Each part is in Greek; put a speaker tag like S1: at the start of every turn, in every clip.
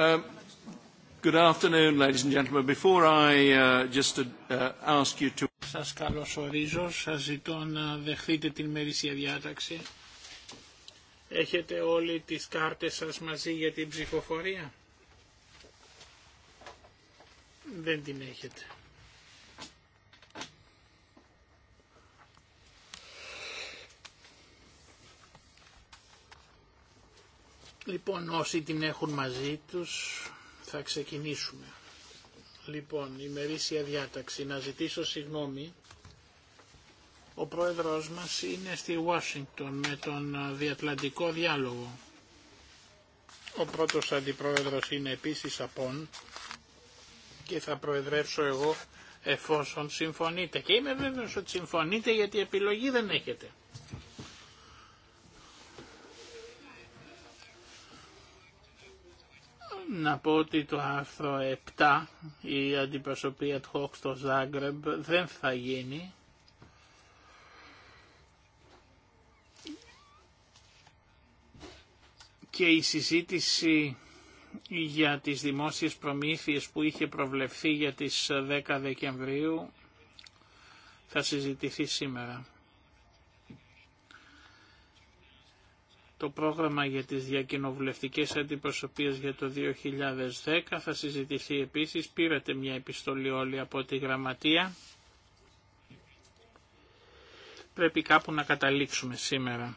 S1: Um, good afternoon, ladies and uh, uh, Σας καλωσορίζω, σας ζητώ να δεχθείτε την μερίσια διάταξη. Έχετε όλοι τις κάρτες σας μαζί για την ψηφοφορία. Δεν την έχετε. Λοιπόν, όσοι την έχουν μαζί τους, θα ξεκινήσουμε. Λοιπόν, η μερίσια διάταξη. Να ζητήσω συγγνώμη. Ο πρόεδρος μας είναι στη Ουάσιγκτον με τον Διατλαντικό Διάλογο. Ο πρώτος αντιπρόεδρος είναι επίσης απόν και θα προεδρεύσω εγώ εφόσον συμφωνείτε. Και είμαι βέβαιος ότι συμφωνείτε γιατί επιλογή δεν έχετε. να πω ότι το άρθρο 7, η αντιπροσωπεία του Χόκ στο Ζάγκρεμπ, δεν θα γίνει. Και η συζήτηση για τις δημόσιες προμήθειες που είχε προβλεφθεί για τις 10 Δεκεμβρίου θα συζητηθεί σήμερα. Το πρόγραμμα για τις διακοινοβουλευτικές αντιπροσωπείες για το 2010 θα συζητηθεί επίσης. Πήρατε μια επιστολή όλοι από τη γραμματεία. Πρέπει κάπου να καταλήξουμε σήμερα.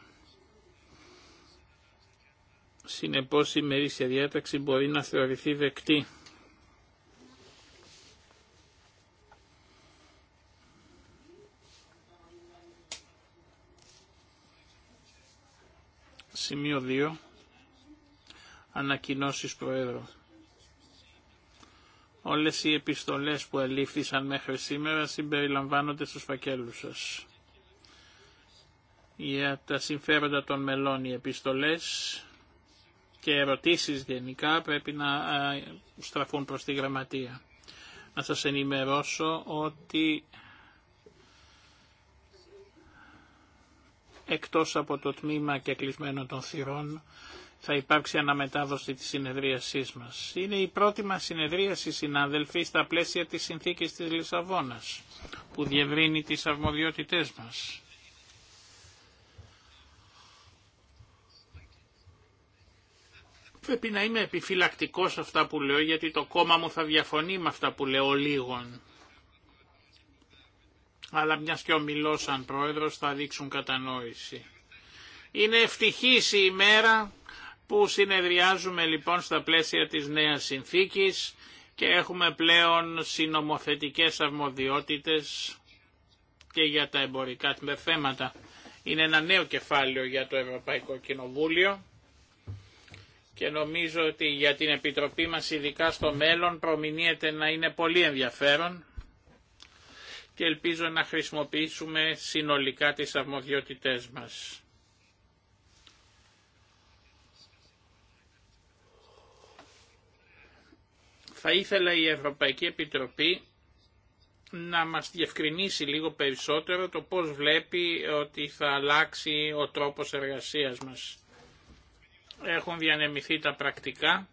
S1: Συνεπώς η μερίσια διάταξη μπορεί να θεωρηθεί δεκτή. Σημείο 2. Ανακοινώσεις Προέδρου. Όλες οι επιστολές που ελήφθησαν μέχρι σήμερα συμπεριλαμβάνονται στους φακέλους σας. Για τα συμφέροντα των μελών οι επιστολές και ερωτήσεις γενικά πρέπει να ε, στραφούν προς τη γραμματεία. Να σας ενημερώσω ότι εκτός από το τμήμα και κλεισμένο των θυρών θα υπάρξει αναμετάδοση της συνεδρίασής μας. Είναι η πρώτη μας συνεδρίαση, συνάδελφοι, στα πλαίσια της συνθήκης της Λισαβόνας, που διευρύνει τις αρμοδιότητές μας. Πρέπει να είμαι επιφυλακτικός αυτά που λέω, γιατί το κόμμα μου θα διαφωνεί με αυτά που λέω λίγον αλλά μιας και ομιλώ σαν πρόεδρος θα δείξουν κατανόηση. Είναι ευτυχής η ημέρα που συνεδριάζουμε λοιπόν στα πλαίσια της νέας συνθήκης και έχουμε πλέον συνομοθετικές αρμοδιότητες και για τα εμπορικά θέματα. Είναι ένα νέο κεφάλαιο για το Ευρωπαϊκό Κοινοβούλιο και νομίζω ότι για την Επιτροπή μας ειδικά στο μέλλον προμηνύεται να είναι πολύ ενδιαφέρον και ελπίζω να χρησιμοποιήσουμε συνολικά τις αρμοδιότητές μας. Θα ήθελα η Ευρωπαϊκή Επιτροπή να μας διευκρινίσει λίγο περισσότερο το πώς βλέπει ότι θα αλλάξει ο τρόπος εργασίας μας. Έχουν διανεμηθεί τα πρακτικά.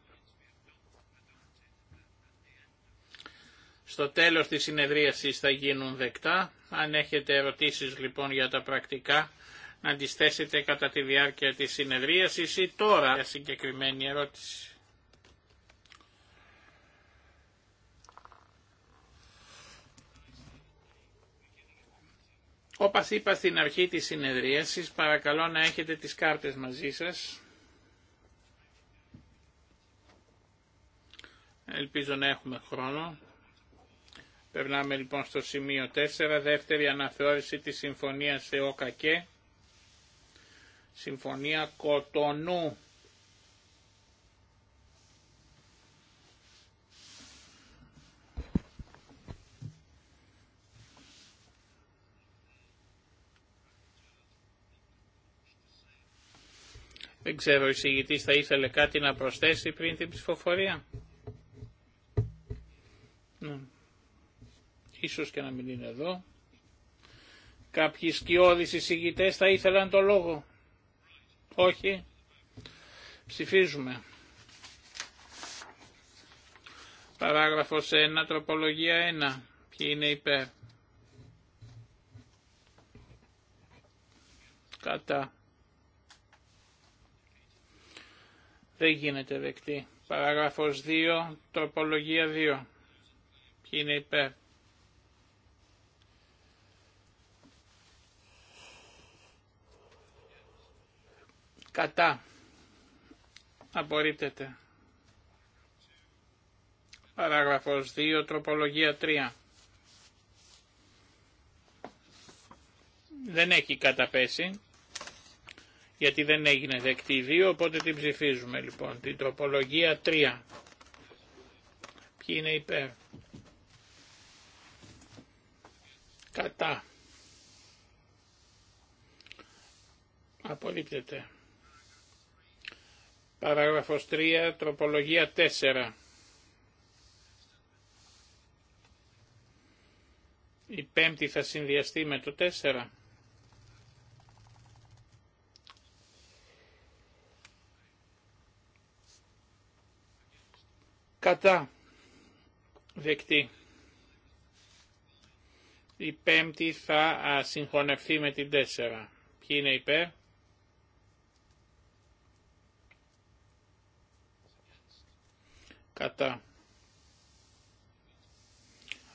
S1: Στο τέλος της συνεδρίασης θα γίνουν δεκτά. Αν έχετε ερωτήσεις λοιπόν για τα πρακτικά, να τις θέσετε κατά τη διάρκεια της συνεδρίασης ή τώρα για συγκεκριμένη ερώτηση. Όπως είπα στην αρχή της συνεδρίασης, παρακαλώ να έχετε τις κάρτες μαζί σας. Ελπίζω να έχουμε χρόνο. Περνάμε λοιπόν στο σημείο 4, δεύτερη αναθεώρηση της συμφωνίας ΟΚΑΚΕ, συμφωνία Κοτονού. Δεν ξέρω, ο εισηγητής θα ήθελε κάτι να προσθέσει πριν την ψηφοφορία. Ναι ίσως και να μην είναι εδώ. Κάποιοι σκιώδεις εισηγητές θα ήθελαν το λόγο. Όχι. Ψηφίζουμε. Παράγραφος 1, τροπολογία 1. Ποιοι είναι υπέρ. Κατά. Δεν γίνεται δεκτή. Παράγραφος 2, τροπολογία 2. Ποιοι είναι υπέρ. Κατά. Απορρίπτεται. Παράγραφος 2, τροπολογία 3. Δεν έχει καταπέσει, γιατί δεν έγινε δεκτή 2, οπότε την ψηφίζουμε λοιπόν. Την τροπολογία 3. Ποιοι είναι υπέρ. Κατά. Απολύπτεται. Παράγραφος 3, τροπολογία 4. Η πέμπτη θα συνδυαστεί με το 4. Κατά. Δεκτή. Η πέμπτη θα συγχωνευτεί με την 4. Ποιοι είναι υπέρ. κατά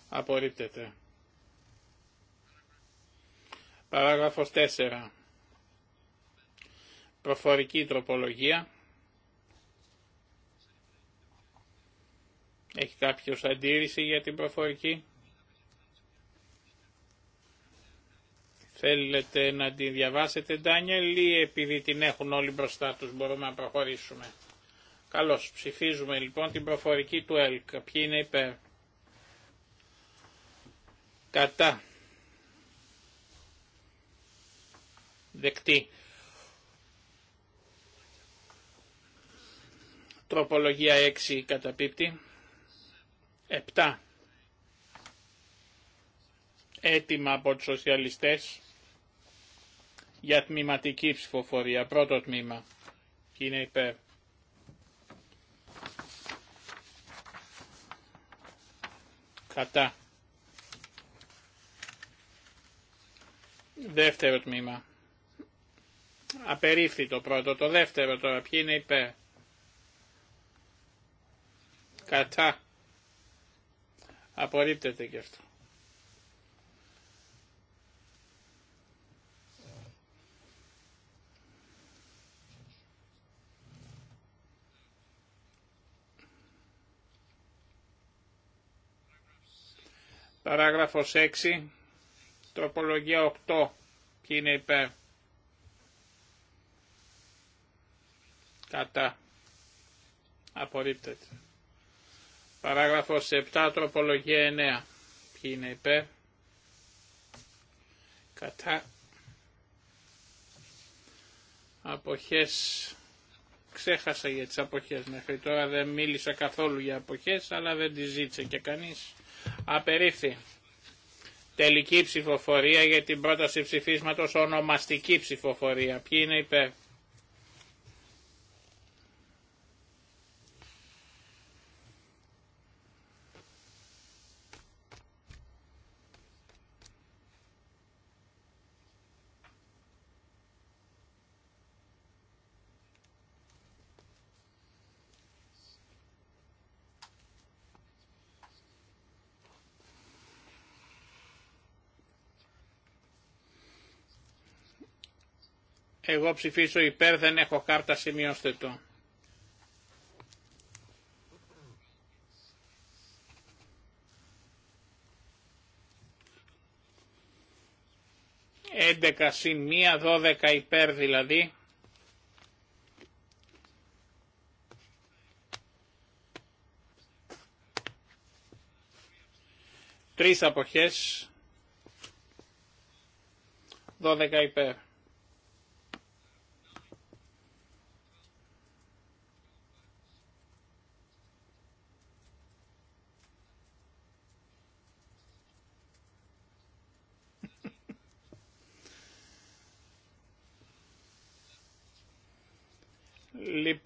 S1: απορρίπτεται. Παράγραφος 4. Προφορική τροπολογία. Έχει κάποιος αντίρρηση για την προφορική. Θέλετε να τη διαβάσετε, Ντάνιελ, ή επειδή την έχουν όλοι μπροστά τους μπορούμε να προχωρήσουμε. Καλώς. Ψηφίζουμε λοιπόν την προφορική του ΕΛΚ. Ποιοι είναι υπέρ. Κατά. Δεκτή. Τροπολογία 6 καταπίπτει. 7. Έτοιμα από τους σοσιαλιστές για τμηματική ψηφοφορία. Πρώτο τμήμα. Ποιοι είναι υπέρ. Κατά. Δεύτερο τμήμα. Απερίφθη το πρώτο. Το δεύτερο τώρα. Ποιοι είναι υπέρ. Κατά. Απορρίπτεται και αυτό. Παράγραφος 6. Τροπολογία 8. Ποιοι είναι υπέρ. Κατά. Απορρίπτεται. Παράγραφος 7. Τροπολογία 9. Ποιοι είναι υπέρ. Κατά. Αποχές. Ξέχασα για τις αποχές μέχρι τώρα. Δεν μίλησα καθόλου για αποχές αλλά δεν τις ζήτησε και κανείς. Απερίφθη. Τελική ψηφοφορία για την πρόταση ψηφίσματος ονομαστική ψηφοφορία. Ποιοι είναι υπέρ. Εγώ ψηφίσω υπέρ, δεν έχω κάρτα σημειώστε το. 11 σημεία, 12 υπέρ δηλαδή. Τρεις αποχές, 12 υπέρ.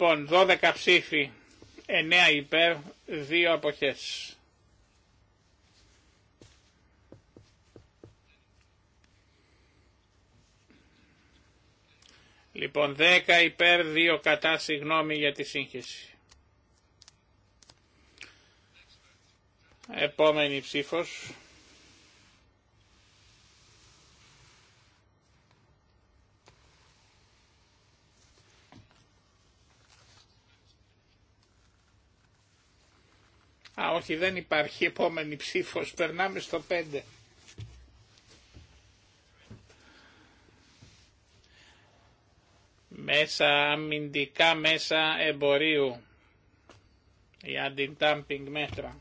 S1: Λοιπόν, 12 ψήφοι, 9 υπέρ, 2 αποχές. Λοιπόν, 10 υπέρ, 2 κατά, συγγνώμη για τη σύγχυση. Επόμενη ψήφος. Α, όχι, δεν υπάρχει επόμενη ψήφος. Περνάμε στο 5. Μέσα αμυντικά μέσα εμπορίου. Η αντιτάμπινγκ μέτρα.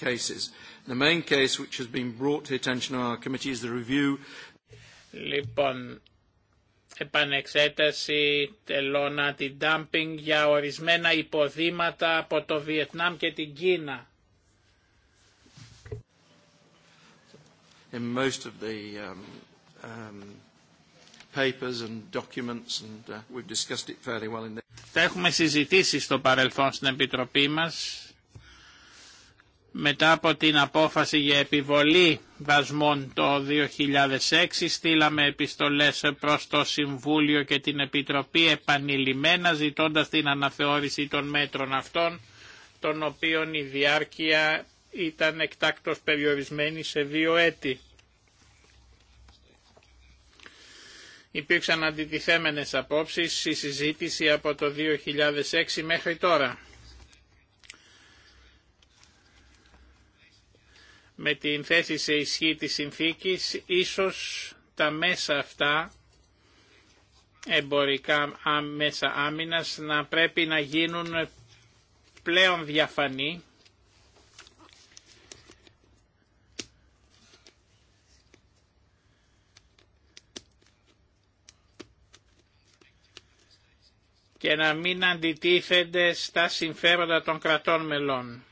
S1: Cases. The main case which has been brought to the attention of our committee is the review. Λοιπόν, επανεξέταση τελών αντι-dumping για ορισμένα υποδήματα από το Βιετνάμ και την Κίνα. In Τα έχουμε συζητήσει στο παρελθόν στην Επιτροπή μας μετά από την απόφαση για επιβολή δασμών το 2006 στείλαμε επιστολές προς το Συμβούλιο και την Επιτροπή επανειλημμένα ζητώντας την αναθεώρηση των μέτρων αυτών των οποίων η διάρκεια ήταν εκτάκτως περιορισμένη σε δύο έτη. Υπήρξαν αντιτιθέμενες απόψεις στη συζήτηση από το 2006 μέχρι τώρα. με την θέση σε ισχύ της συνθήκης, ίσως τα μέσα αυτά, εμπορικά μέσα άμυνας, να πρέπει να γίνουν πλέον διαφανή και να μην αντιτίθενται στα συμφέροντα των κρατών μελών.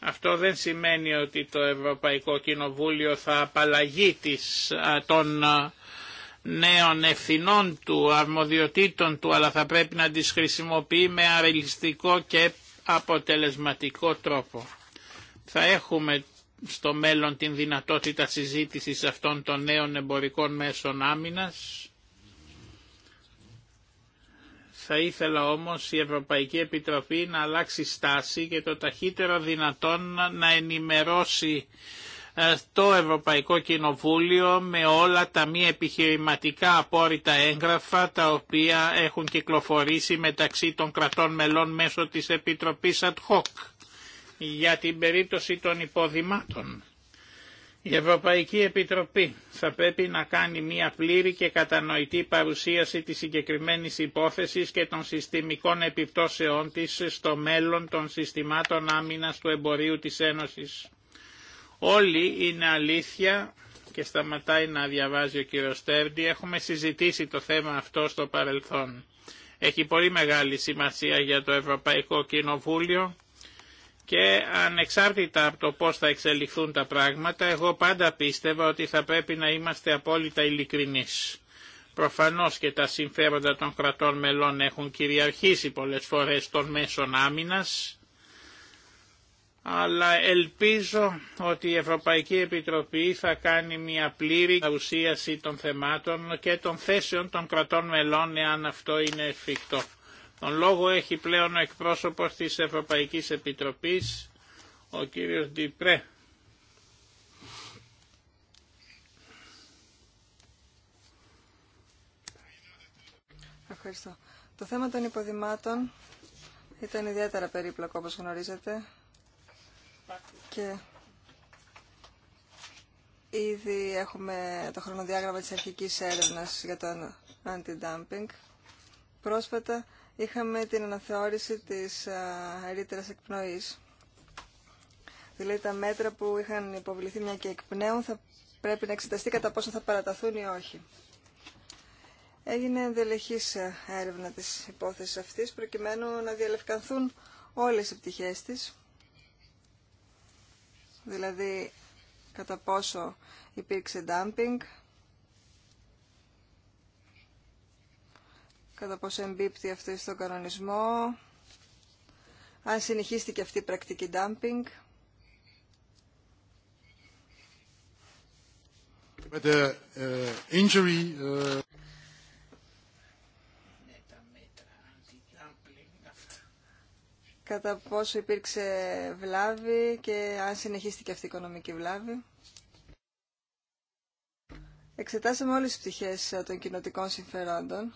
S1: Αυτό δεν σημαίνει ότι το Ευρωπαϊκό Κοινοβούλιο θα απαλλαγεί της, των νέων ευθυνών του, αρμοδιοτήτων του, αλλά θα πρέπει να τις χρησιμοποιεί με αρελιστικό και αποτελεσματικό τρόπο. Θα έχουμε στο μέλλον την δυνατότητα συζήτησης αυτών των νέων εμπορικών μέσων άμυνας θα ήθελα όμως η Ευρωπαϊκή Επιτροπή να αλλάξει στάση και το ταχύτερο δυνατόν να ενημερώσει ε, το Ευρωπαϊκό Κοινοβούλιο με όλα τα μη επιχειρηματικά απόρριτα έγγραφα τα οποία έχουν κυκλοφορήσει μεταξύ των κρατών μελών μέσω της Επιτροπής Ad για την περίπτωση των υποδημάτων. Η Ευρωπαϊκή Επιτροπή θα πρέπει να κάνει μια πλήρη και κατανοητή παρουσίαση της συγκεκριμένης υπόθεσης και των συστημικών επιπτώσεών της στο μέλλον των συστημάτων άμυνας του εμπορίου της Ένωσης. Όλοι είναι αλήθεια και σταματάει να διαβάζει ο κύριο Στέρντι. Έχουμε συζητήσει το θέμα αυτό στο παρελθόν. Έχει πολύ μεγάλη σημασία για το Ευρωπαϊκό Κοινοβούλιο και ανεξάρτητα από το πώς θα εξελιχθούν τα πράγματα, εγώ πάντα πίστευα ότι θα πρέπει να είμαστε απόλυτα ειλικρινείς. Προφανώς και τα συμφέροντα των κρατών μελών έχουν κυριαρχήσει πολλές φορές των μέσων άμυνας, αλλά ελπίζω ότι η Ευρωπαϊκή Επιτροπή θα κάνει μια πλήρη παρουσίαση των θεμάτων και των θέσεων των κρατών μελών, εάν αυτό είναι εφικτό. Τον λόγο έχει πλέον ο εκπρόσωπος της Ευρωπαϊκής Επιτροπής, ο κύριος Ντιπρέ.
S2: Ευχαριστώ. Το θέμα των υποδημάτων ήταν ιδιαίτερα περίπλοκο, όπως γνωρίζετε. Και ήδη έχουμε το χρονοδιάγραμμα της αρχικής έρευνας για το αντι-dumping Πρόσφατα είχαμε την αναθεώρηση της ρήτρας εκπνοής. Δηλαδή τα μέτρα που είχαν υποβληθεί μια και εκπνέουν θα πρέπει να εξεταστεί κατά πόσο θα παραταθούν ή όχι. Έγινε ενδελεχής έρευνα της υπόθεσης αυτής προκειμένου να διαλευκανθούν όλες οι πτυχές της. Δηλαδή κατά πόσο υπήρξε dumping, κατά πόσο εμπίπτει αυτό στον κανονισμό, αν συνεχίστηκε αυτή η πρακτική dumping.
S3: Uh, uh, uh,
S2: κατά πόσο υπήρξε βλάβη και αν συνεχίστηκε αυτή η οικονομική βλάβη. Εξετάσαμε όλες τις πτυχές ε, των κοινοτικών συμφερόντων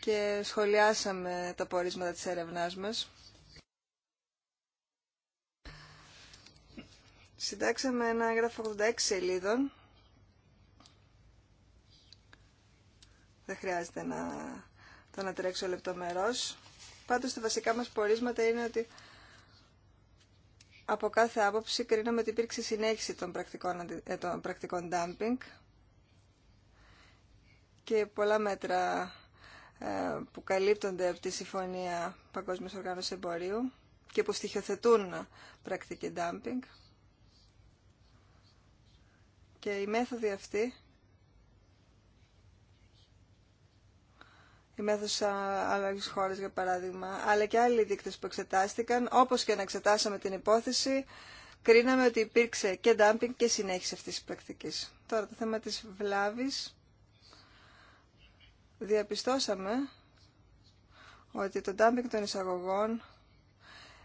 S2: και σχολιάσαμε τα πορίσματα της έρευνάς μας. Συντάξαμε ένα έγγραφο 86 σελίδων. Δεν χρειάζεται να το ανατρέξω λεπτομερώς. Πάντως τα βασικά μας πορίσματα είναι ότι από κάθε άποψη κρίναμε ότι υπήρξε συνέχιση των πρακτικών, ε, των πρακτικών dumping και πολλά μέτρα ε, που καλύπτονται από τη Συμφωνία Παγκόσμιας Οργάνωσης Εμπορίου και που στοιχειοθετούν πρακτική dumping. Και η μέθοδοι αυτή, η μέθοδος άλλες χώρες για παράδειγμα, αλλά και άλλοι δείκτες που εξετάστηκαν, όπως και να εξετάσαμε την υπόθεση, κρίναμε ότι υπήρξε και dumping και συνέχιση αυτής της πρακτικής. Τώρα το θέμα της βλάβης διαπιστώσαμε ότι το ντάμπινγκ των εισαγωγών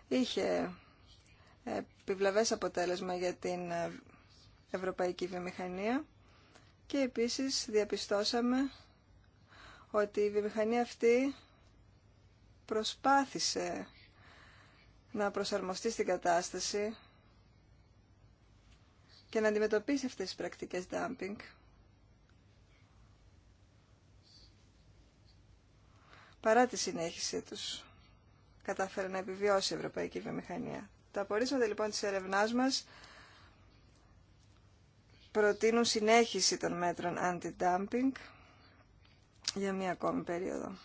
S2: είχε επιβλαβές αποτέλεσμα για την ευρωπαϊκή βιομηχανία και επίσης διαπιστώσαμε ότι η βιομηχανία αυτή προσπάθησε να προσαρμοστεί στην κατάσταση και να αντιμετωπίσει αυτές τις πρακτικές dumping παρά τη συνέχιση τους κατάφερε να επιβιώσει η ευρωπαϊκή βιομηχανία. Τα απορίσματα λοιπόν της ερευνάς μας προτείνουν συνέχιση των μέτρων anti-dumping για μία ακόμη περίοδο.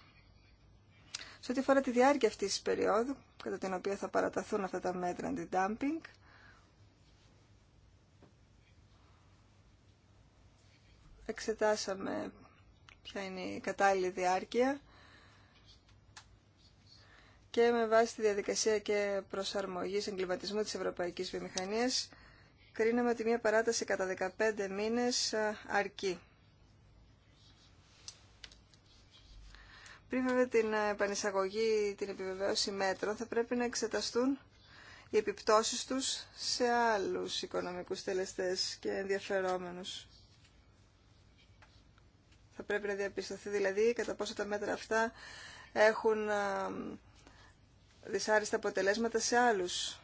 S2: Σε ό,τι αφορά τη διάρκεια αυτής της περίοδου, κατά την οποία θα παραταθούν αυτά τα μέτρα anti-dumping, εξετάσαμε ποια είναι η κατάλληλη διάρκεια και με βάση τη διαδικασία και προσαρμογή εγκληματισμού της Ευρωπαϊκής Βιομηχανίας κρίναμε ότι μια παράταση κατά 15 μήνες αρκεί. Πριν βέβαια την ε, επανεισαγωγή, την επιβεβαίωση μέτρων, θα πρέπει να εξεταστούν οι επιπτώσεις τους σε άλλους οικονομικούς τελεστές και ενδιαφερόμενους. Θα πρέπει να διαπιστωθεί δηλαδή κατά πόσο τα μέτρα αυτά έχουν δυσάρεστα αποτελέσματα σε άλλους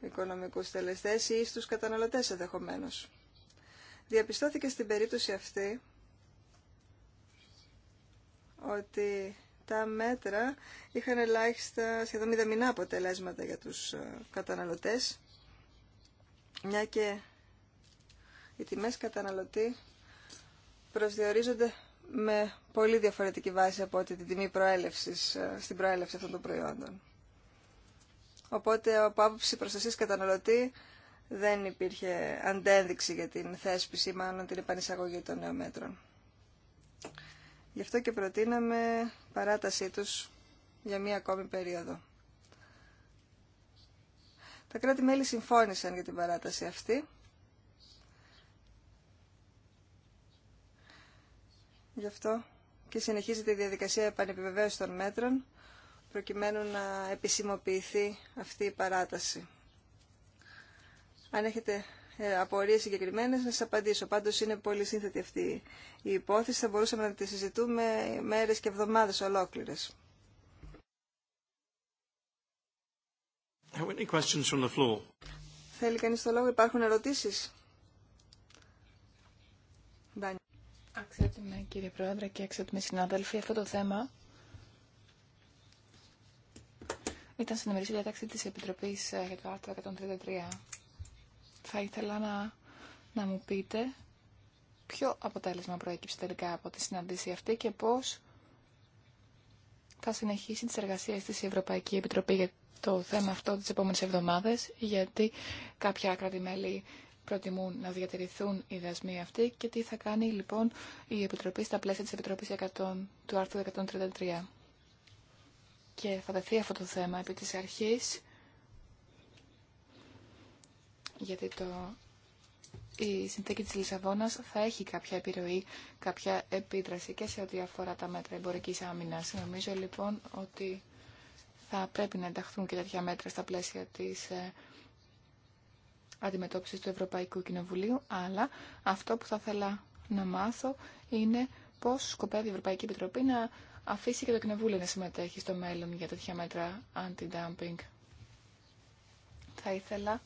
S2: οικονομικούς τελεστές ή στους καταναλωτές ενδεχομένω. Διαπιστώθηκε στην περίπτωση αυτή ότι τα μέτρα είχαν ελάχιστα σχεδόν μηδαμινά αποτελέσματα για τους ε, καταναλωτές μια και οι τιμές καταναλωτή προσδιορίζονται με πολύ διαφορετική βάση από ότι την τιμή προέλευσης, ε, στην προέλευση αυτών των προϊόντων. Οπότε από άποψη προστασία καταναλωτή δεν υπήρχε αντένδειξη για την θέσπιση, μάλλον την επανεισαγωγή των νέων μέτρων. Γι' αυτό και προτείναμε παράτασή τους για μία ακόμη περίοδο. Τα κράτη-μέλη συμφώνησαν για την παράταση αυτή. Γι' αυτό και συνεχίζεται η διαδικασία επανεπιβεβαίωσης των μέτρων προκειμένου να επισημοποιηθεί αυτή η παράταση. Αν έχετε ε, απορίες συγκεκριμένε να σα απαντήσω. Πάντως είναι πολύ σύνθετη αυτή η υπόθεση. Θα μπορούσαμε να τη συζητούμε μέρες και εβδομάδες ολόκληρες. Θέλει κανείς το λόγο, υπάρχουν ερωτήσεις.
S3: Αξιότιμε κύριε Πρόεδρε και αξιότιμοι συνάδελφοι, αυτό το θέμα ήταν στην ημερήσια διάταξη της Επιτροπής ε, για το άρθρο 133. Θα ήθελα να, μου πείτε ποιο αποτέλεσμα προέκυψε τελικά από τη συναντήση αυτή και πώς θα συνεχίσει τις εργασίες της Ευρωπαϊκή Επιτροπή για το θέμα αυτό τις επόμενες εβδομάδες, γιατί κάποια κράτη-μέλη προτιμούν να διατηρηθούν οι δασμοί αυτοί και τι θα κάνει λοιπόν η Επιτροπή στα πλαίσια της Επιτροπής 100, του άρθρου 133 και θα δεθεί αυτό το θέμα επί της αρχής γιατί το... η συνθήκη της Λισαβόνας θα έχει κάποια επιρροή, κάποια επίδραση και σε ό,τι αφορά τα μέτρα εμπορικής άμυνας. Νομίζω λοιπόν ότι θα πρέπει να ενταχθούν και τέτοια μέτρα στα πλαίσια της ε, αντιμετώπισης του Ευρωπαϊκού Κοινοβουλίου, αλλά αυτό που θα ήθελα να μάθω είναι πώς σκοπεύει η Ευρωπαϊκή Επιτροπή να αφήσει και το Κοινοβούλιο να συμμετέχει στο μέλλον για τέτοια μέτρα anti-dumping. Θα ήθελα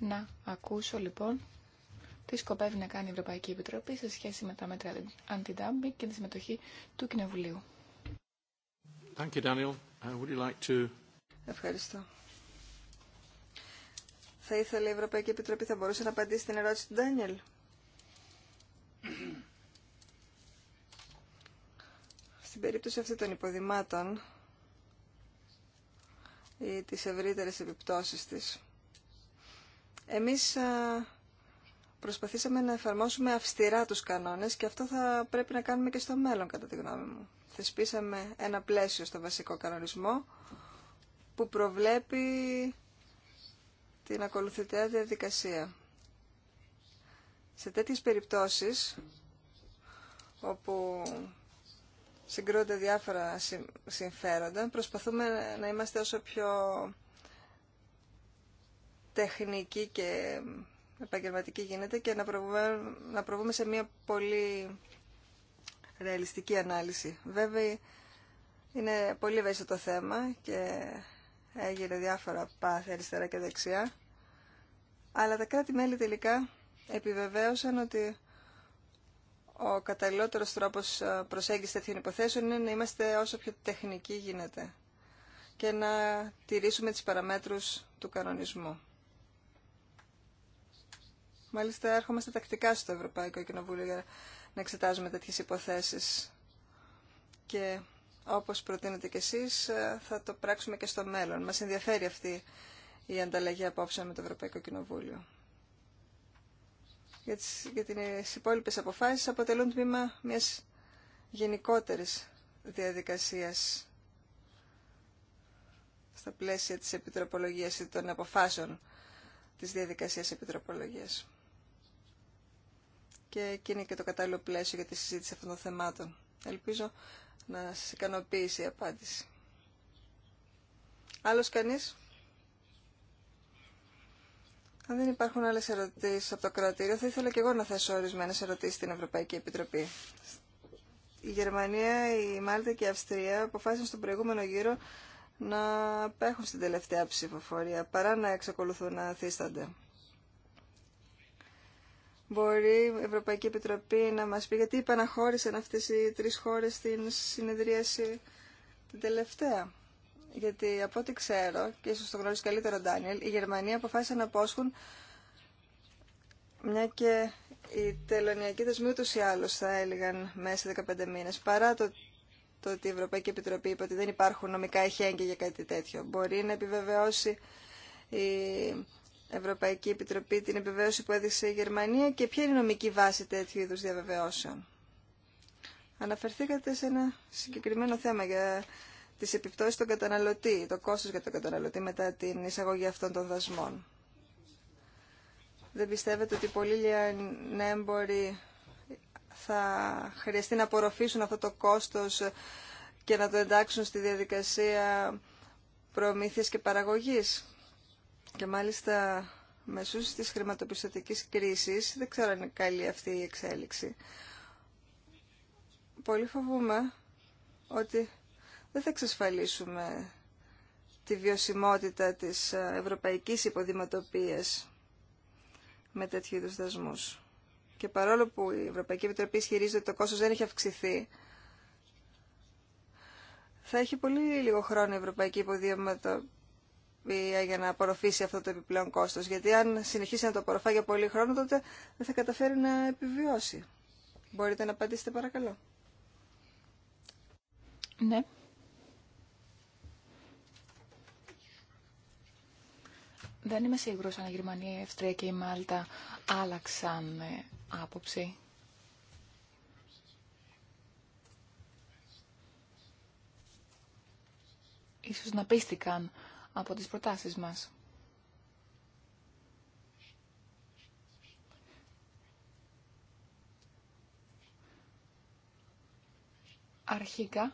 S3: να ακούσω λοιπόν τι σκοπεύει να κάνει η Ευρωπαϊκή Επιτροπή σε σχέση με τα μέτρα anti-dumping και τη συμμετοχή του Κοινοβουλίου.
S1: Uh, Ευχαριστώ.
S2: Θα ήθελε η Ευρωπαϊκή Επιτροπή θα μπορούσε να απαντήσει την ερώτηση του Ντάνιελ. Στην περίπτωση αυτή των υποδημάτων ή τις ευρύτερες επιπτώσεις της, εμείς προσπαθήσαμε να εφαρμόσουμε αυστηρά τους κανόνες και αυτό θα πρέπει να κάνουμε και στο μέλλον κατά τη γνώμη μου. Θεσπίσαμε ένα πλαίσιο στο βασικό κανονισμό που προβλέπει την ακολουθητέα διαδικασία. Σε τέτοιες περιπτώσεις όπου συγκρούνται διάφορα συμφέροντα. Προσπαθούμε να είμαστε όσο πιο τεχνικοί και επαγγελματικοί γίνεται και να προβούμε, να προβούμε σε μια πολύ ρεαλιστική ανάλυση. Βέβαια είναι πολύ ευαίσθητο το θέμα και έγινε διάφορα πάθη αριστερά και δεξιά αλλά τα κράτη-μέλη τελικά επιβεβαίωσαν ότι ο καταλληλότερος τρόπος ε, προσέγγισης τέτοιων υποθέσεων είναι να είμαστε όσο πιο τεχνικοί γίνεται και να τηρήσουμε τις παραμέτρους του κανονισμού. Μάλιστα έρχομαστε τακτικά στο Ευρωπαϊκό Κοινοβούλιο για να εξετάζουμε τέτοιες υποθέσεις και όπως προτείνετε κι εσείς ε, θα το πράξουμε και στο μέλλον. Μας ενδιαφέρει αυτή η ανταλλαγή απόψε με το Ευρωπαϊκό Κοινοβούλιο για τις, για ε, τις υπόλοιπες αποφάσεις αποτελούν τμήμα μιας γενικότερης διαδικασίας στα πλαίσια της επιτροπολογίας ή των αποφάσεων της διαδικασίας επιτροπολογίας. Και είναι και το κατάλληλο πλαίσιο για τη συζήτηση αυτών των θεμάτων. Ελπίζω να σας ικανοποιήσει η απάντηση. Άλλος κανείς? Αν δεν υπάρχουν άλλες ερωτήσεις από το κρατήριο, θα ήθελα και εγώ να θέσω ορισμένες ερωτήσεις στην Ευρωπαϊκή Επιτροπή. Η Γερμανία, η Μάλτα και η Αυστρία αποφάσισαν στον προηγούμενο γύρο να απέχουν στην τελευταία ψηφοφορία, παρά να εξακολουθούν να θίστανται. Μπορεί η Ευρωπαϊκή Επιτροπή να μας πει γιατί επαναχώρησαν αυτές οι τρεις χώρες στην συνεδρίαση την τελευταία γιατί από ό,τι ξέρω, και ίσως το γνωρίζει καλύτερο ο Ντάνιελ, οι Γερμανοί αποφάσισαν να πόσχουν μια και οι τελωνιακοί δεσμοί ούτως ή άλλως θα έλεγαν μέσα σε 15 μήνες, παρά το, το ότι η Ευρωπαϊκή Επιτροπή είπε ότι δεν υπάρχουν νομικά εχέγγυα για κάτι τέτοιο. Μπορεί να επιβεβαιώσει η Ευρωπαϊκή Επιτροπή την επιβεβαίωση που έδειξε η Γερμανία και ποια είναι η νομική βάση τέτοιου είδους διαβεβαιώσεων. Αναφερθήκατε σε ένα συγκεκριμένο θέμα για τις επιπτώσεις στον καταναλωτή, το κόστος για τον καταναλωτή μετά την εισαγωγή αυτών των δασμών. Δεν πιστεύετε ότι πολλοί λιανέμποροι θα χρειαστεί να απορροφήσουν αυτό το κόστος και να το εντάξουν στη διαδικασία προμήθειας και παραγωγής. Και μάλιστα μεσούς της χρηματοπιστωτικής κρίσης, δεν ξέρω αν είναι καλή αυτή η εξέλιξη. Πολύ φοβούμαι ότι δεν θα εξασφαλίσουμε τη βιωσιμότητα της ε, ευρωπαϊκής υποδηματοποίησης με τέτοιου είδους δασμούς. Και παρόλο που η Ευρωπαϊκή Επιτροπή ισχυρίζεται ότι το κόστος δεν έχει αυξηθεί, θα έχει πολύ λίγο χρόνο η Ευρωπαϊκή Υποδηματοποίηση για να απορροφήσει αυτό το επιπλέον κόστος. Γιατί αν συνεχίσει να το απορροφά για πολύ χρόνο, τότε δεν θα καταφέρει να επιβιώσει. Μπορείτε να απαντήσετε παρακαλώ.
S3: Ναι. Δεν είμαι σίγουρος αν η Γερμανία, η Ευστρία και η Μάλτα άλλαξαν άποψη. Ίσως να πίστηκαν από τις προτάσεις μας. Αρχικά,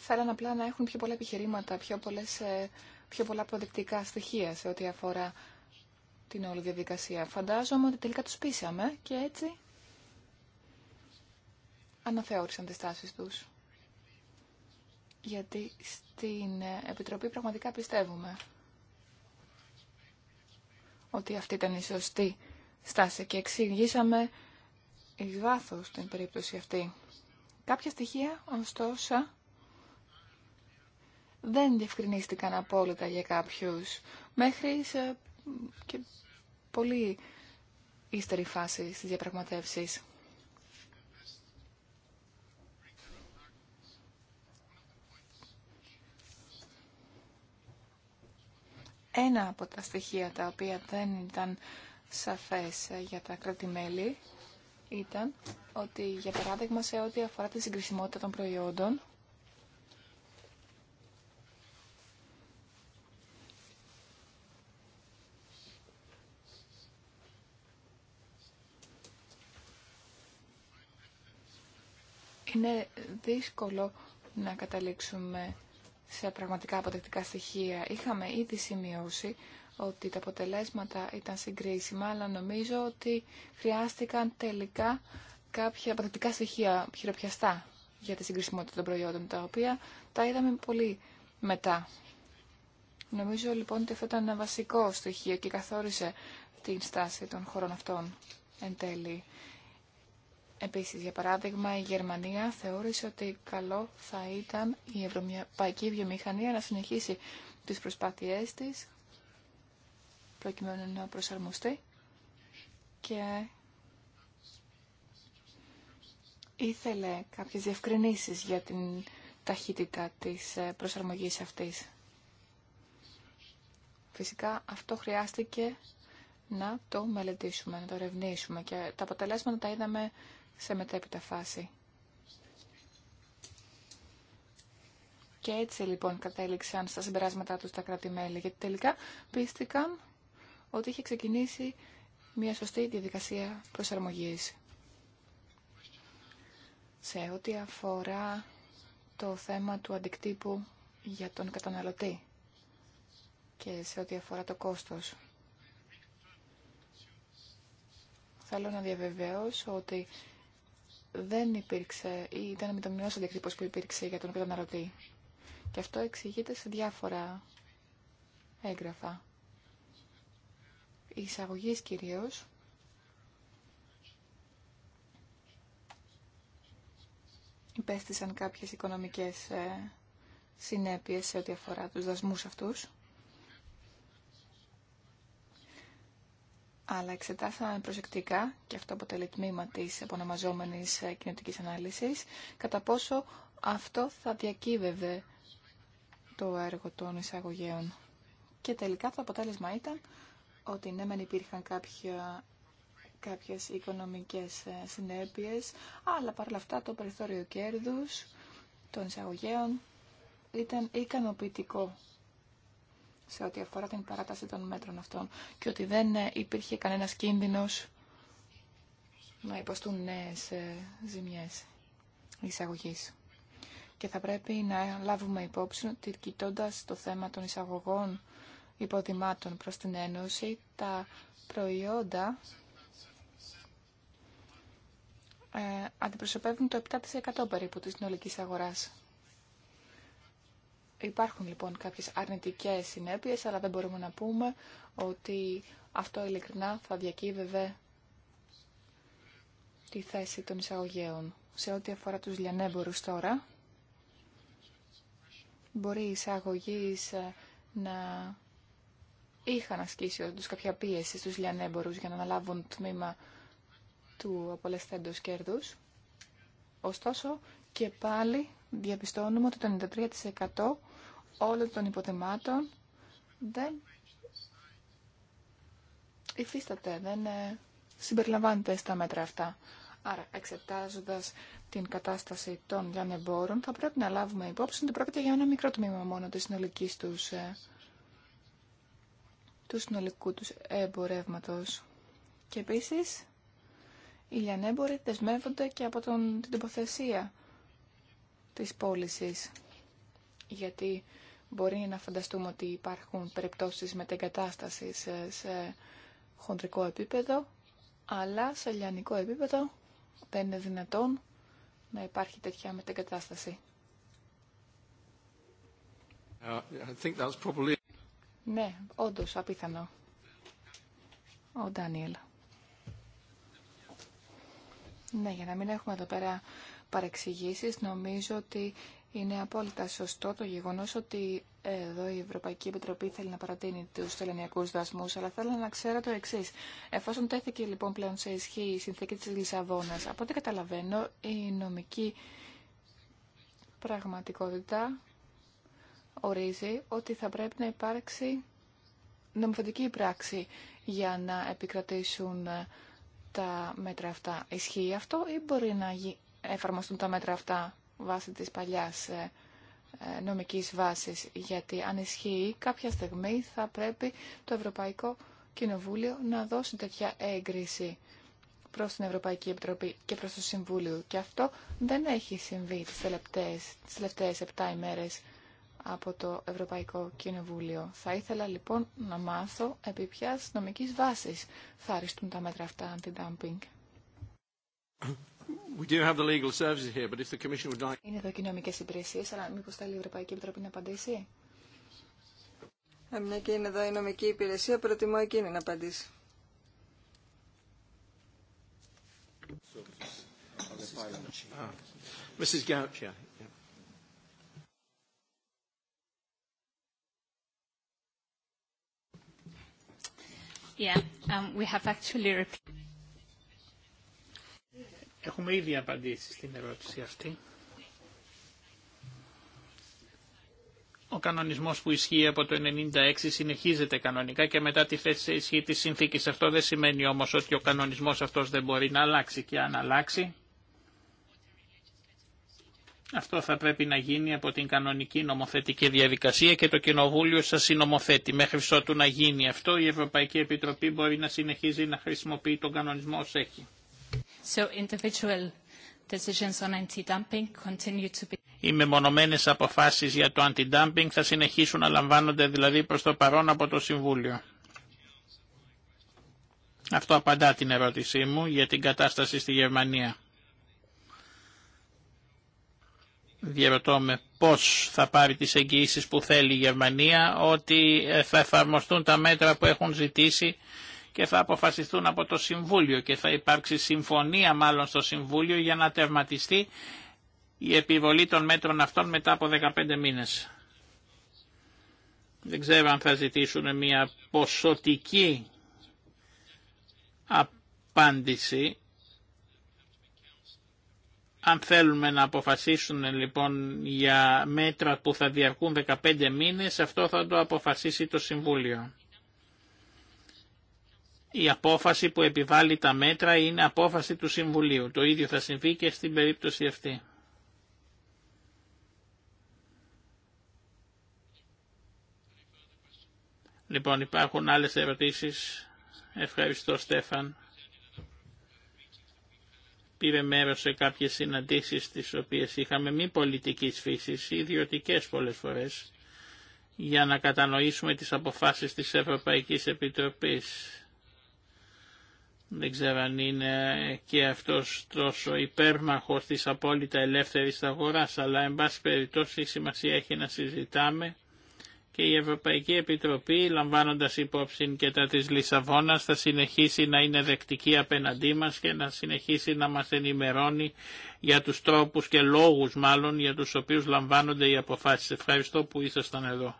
S3: θέλανε απλά να έχουν πιο πολλά επιχειρήματα, πιο πολλές ε, πιο πολλά προδεικτικά στοιχεία σε ό,τι αφορά την όλη διαδικασία. Φαντάζομαι ότι τελικά τους πείσαμε και έτσι αναθεώρησαν τις τάσεις τους. Γιατί στην Επιτροπή πραγματικά πιστεύουμε ότι αυτή ήταν η σωστή στάση και εξηγήσαμε εις την περίπτωση αυτή. Κάποια στοιχεία, ωστόσο, δεν διευκρινίστηκαν απόλυτα για κάποιους, μέχρι σε και πολύ ύστερη φάση στις διαπραγματεύσεις. Ένα από τα στοιχεία τα οποία δεν ήταν σαφές για τα κράτη-μέλη ήταν ότι, για παράδειγμα, σε ό,τι αφορά τη συγκρισιμότητα των προϊόντων, είναι δύσκολο να καταλήξουμε σε πραγματικά αποτεκτικά στοιχεία. Είχαμε ήδη σημειώσει ότι τα αποτελέσματα ήταν συγκρίσιμα, αλλά νομίζω ότι χρειάστηκαν τελικά κάποια αποτεκτικά στοιχεία χειροπιαστά για τη συγκρισιμότητα των προϊόντων, τα οποία τα είδαμε πολύ μετά. Νομίζω λοιπόν ότι αυτό ήταν ένα βασικό στοιχείο και καθόρισε την στάση των χωρών αυτών εν τέλει. Επίσης, για παράδειγμα, η Γερμανία θεώρησε ότι καλό θα ήταν η ευρωπαϊκή βιομηχανία να συνεχίσει τις προσπάθειές της προκειμένου να προσαρμοστεί και ήθελε κάποιες διευκρινήσεις για την ταχύτητα της ε, προσαρμογής αυτής. Φυσικά αυτό χρειάστηκε να το μελετήσουμε, να το ερευνήσουμε και τα αποτελέσματα τα είδαμε σε μετέπειτα φάση. Και έτσι λοιπόν κατέληξαν στα συμπεράσματά τους τα κράτη-μέλη, γιατί τελικά πίστηκαν ότι είχε ξεκινήσει μια σωστή διαδικασία προσαρμογής. Σε ό,τι αφορά το θέμα του αντικτύπου για τον καταναλωτή και σε ό,τι αφορά το κόστος. Θέλω να διαβεβαιώσω ότι δεν υπήρξε ή ήταν τον αντικτύπωση που υπήρξε για τον καταναλωτή. Και αυτό εξηγείται σε διάφορα έγγραφα. Εισαγωγής κυρίως, υπέστησαν κάποιες οικονομικές ε, συνέπειες σε ό,τι αφορά τους δασμούς αυτούς. αλλά εξετάσαμε προσεκτικά, και αυτό αποτελεί τμήμα της αποναμαζόμενης ε, κοινωτικής ανάλυσης, κατά πόσο αυτό θα διακύβευε το έργο των εισαγωγέων. Και τελικά το αποτέλεσμα ήταν ότι ναι δεν υπήρχαν κάποια, κάποιες οικονομικές ε, συνέπειες, αλλά παρ' αυτά το περιθώριο κέρδους των εισαγωγέων ήταν ικανοποιητικό σε ό,τι αφορά την παράταση των μέτρων αυτών και ότι δεν ε, υπήρχε κανένας κίνδυνος να υποστούν νέες ε, ζημιές εισαγωγής. Και θα πρέπει να λάβουμε υπόψη ότι κοιτώντα το θέμα των εισαγωγών υποδημάτων προς την Ένωση, τα προϊόντα ε, αντιπροσωπεύουν το 7% περίπου της συνολικής αγοράς. Υπάρχουν λοιπόν κάποιες αρνητικές συνέπειες, αλλά δεν μπορούμε να πούμε ότι αυτό ειλικρινά θα διακύβευε τη θέση των εισαγωγέων. Σε ό,τι αφορά τους λιανέμπορους τώρα, μπορεί οι εισαγωγείς ε, να είχαν ασκήσει όντως κάποια πίεση στους λιανέμπορους για να αναλάβουν τμήμα του απολεσθέντος κέρδους. Ωστόσο, και πάλι διαπιστώνουμε ότι το 93% όλων των υποτιμάτων, δεν υφίσταται, δεν ε, συμπεριλαμβάνεται στα μέτρα αυτά. Άρα, εξετάζοντας την κατάσταση των λιανεμπόρων, θα πρέπει να λάβουμε υπόψη ότι πρόκειται για ένα μικρό τμήμα μόνο της συνολικής τους, ε, του συνολικού τους εμπορεύματος. Και επίσης, οι λιανέμποροι δεσμεύονται και από τον, την τοποθεσία της πώληση. Γιατί Μπορεί να φανταστούμε ότι υπάρχουν περιπτώσεις μετεγκατάστασης σε χοντρικό επίπεδο, αλλά σε λιανικό επίπεδο δεν είναι δυνατόν να υπάρχει τέτοια μετεγκατάσταση.
S1: Uh, I think
S3: Ναι, όντως, απίθανο. Ο Ντάνιελ. Ναι, για να μην έχουμε εδώ πέρα παρεξηγήσεις, νομίζω ότι είναι απόλυτα σωστό το γεγονός ότι εδώ η Ευρωπαϊκή Επιτροπή θέλει να παρατείνει του τελενιακού δασμού, αλλά θέλω να ξέρω το εξή. Εφόσον τέθηκε λοιπόν πλέον σε ισχύ η συνθήκη τη Λισαβόνα, από ό,τι καταλαβαίνω η νομική πραγματικότητα ορίζει ότι θα πρέπει να υπάρξει νομοθετική πράξη για να επικρατήσουν τα μέτρα αυτά. Ισχύει αυτό ή μπορεί να εφαρμοστούν τα μέτρα αυτά βάσει της παλιάς ε, ε, νομικής βάσης, γιατί αν ισχύει κάποια στιγμή θα πρέπει το Ευρωπαϊκό Κοινοβούλιο να δώσει τέτοια έγκριση προς την Ευρωπαϊκή Επιτροπή και προς το Συμβούλιο. Και αυτό δεν έχει συμβεί τις τελευταίες, τις τελευταίες 7 ημέρες από το Ευρωπαϊκό Κοινοβούλιο. Θα ήθελα λοιπόν να μάθω επί ποιας νομικής βάσης θα αριστούν τα μέτρα αυτά είναι εδώ και οι νομικές υπηρεσίες, αλλά μήπως θέλει η Ευρωπαϊκή Επιτροπή να απαντήσει. Ε, μια και είναι εδώ η νομική υπηρεσία,
S2: προτιμώ εκείνη να απαντήσει.
S1: Ah,
S3: yeah, um, we have actually...
S1: Έχουμε ήδη απαντήσει στην ερώτηση αυτή. Ο κανονισμός που ισχύει από το 1996 συνεχίζεται κανονικά και μετά τη θέση σε ισχύ της συνθήκης. Αυτό δεν σημαίνει όμως ότι ο κανονισμός αυτός δεν μπορεί να αλλάξει και αν αλλάξει. Αυτό θα πρέπει να γίνει από την κανονική νομοθετική διαδικασία και το Κοινοβούλιο σα συνομοθέτει. Μέχρι ότου να γίνει αυτό η Ευρωπαϊκή Επιτροπή μπορεί να συνεχίζει να χρησιμοποιεί τον κανονισμό ως έχει. Οι μεμονωμένες αποφάσεις για το anti-dumping θα συνεχίσουν να λαμβάνονται δηλαδή προς το παρόν από το Συμβούλιο. Αυτό απαντά την ερώτησή μου για την κατάσταση στη Γερμανία. Διερωτώ με πώς θα πάρει τις εγγυήσεις που θέλει η Γερμανία ότι θα εφαρμοστούν τα μέτρα που έχουν ζητήσει και θα αποφασιστούν από το Συμβούλιο και θα υπάρξει συμφωνία μάλλον στο Συμβούλιο για να τερματιστεί η επιβολή των μέτρων αυτών μετά από 15 μήνες. Δεν ξέρω αν θα ζητήσουν μια ποσοτική απάντηση. Αν θέλουμε να αποφασίσουν λοιπόν για μέτρα που θα διαρκούν 15 μήνες, αυτό θα το αποφασίσει το Συμβούλιο η απόφαση που επιβάλλει τα μέτρα είναι απόφαση του Συμβουλίου. Το ίδιο θα συμβεί και στην περίπτωση αυτή. Λοιπόν, υπάρχουν άλλες ερωτήσεις. Ευχαριστώ, Στέφαν. Πήρε μέρος σε κάποιες συναντήσεις τις οποίες είχαμε μη πολιτικής φύσης, ιδιωτικές πολλές φορές, για να κατανοήσουμε τις αποφάσεις της Ευρωπαϊκής Επιτροπής. Δεν ξέρω αν είναι και αυτός τόσο υπέρμαχος της απόλυτα ελεύθερης αγοράς, αλλά εν πάση περιπτώσει σημασία έχει να συζητάμε και η Ευρωπαϊκή Επιτροπή, λαμβάνοντας υπόψη και τα της Λισαβόνας, θα συνεχίσει να είναι δεκτική απέναντί μας και να συνεχίσει να μας ενημερώνει για τους τρόπους και λόγους μάλλον για τους οποίους λαμβάνονται οι αποφάσεις. Ευχαριστώ που ήσασταν εδώ.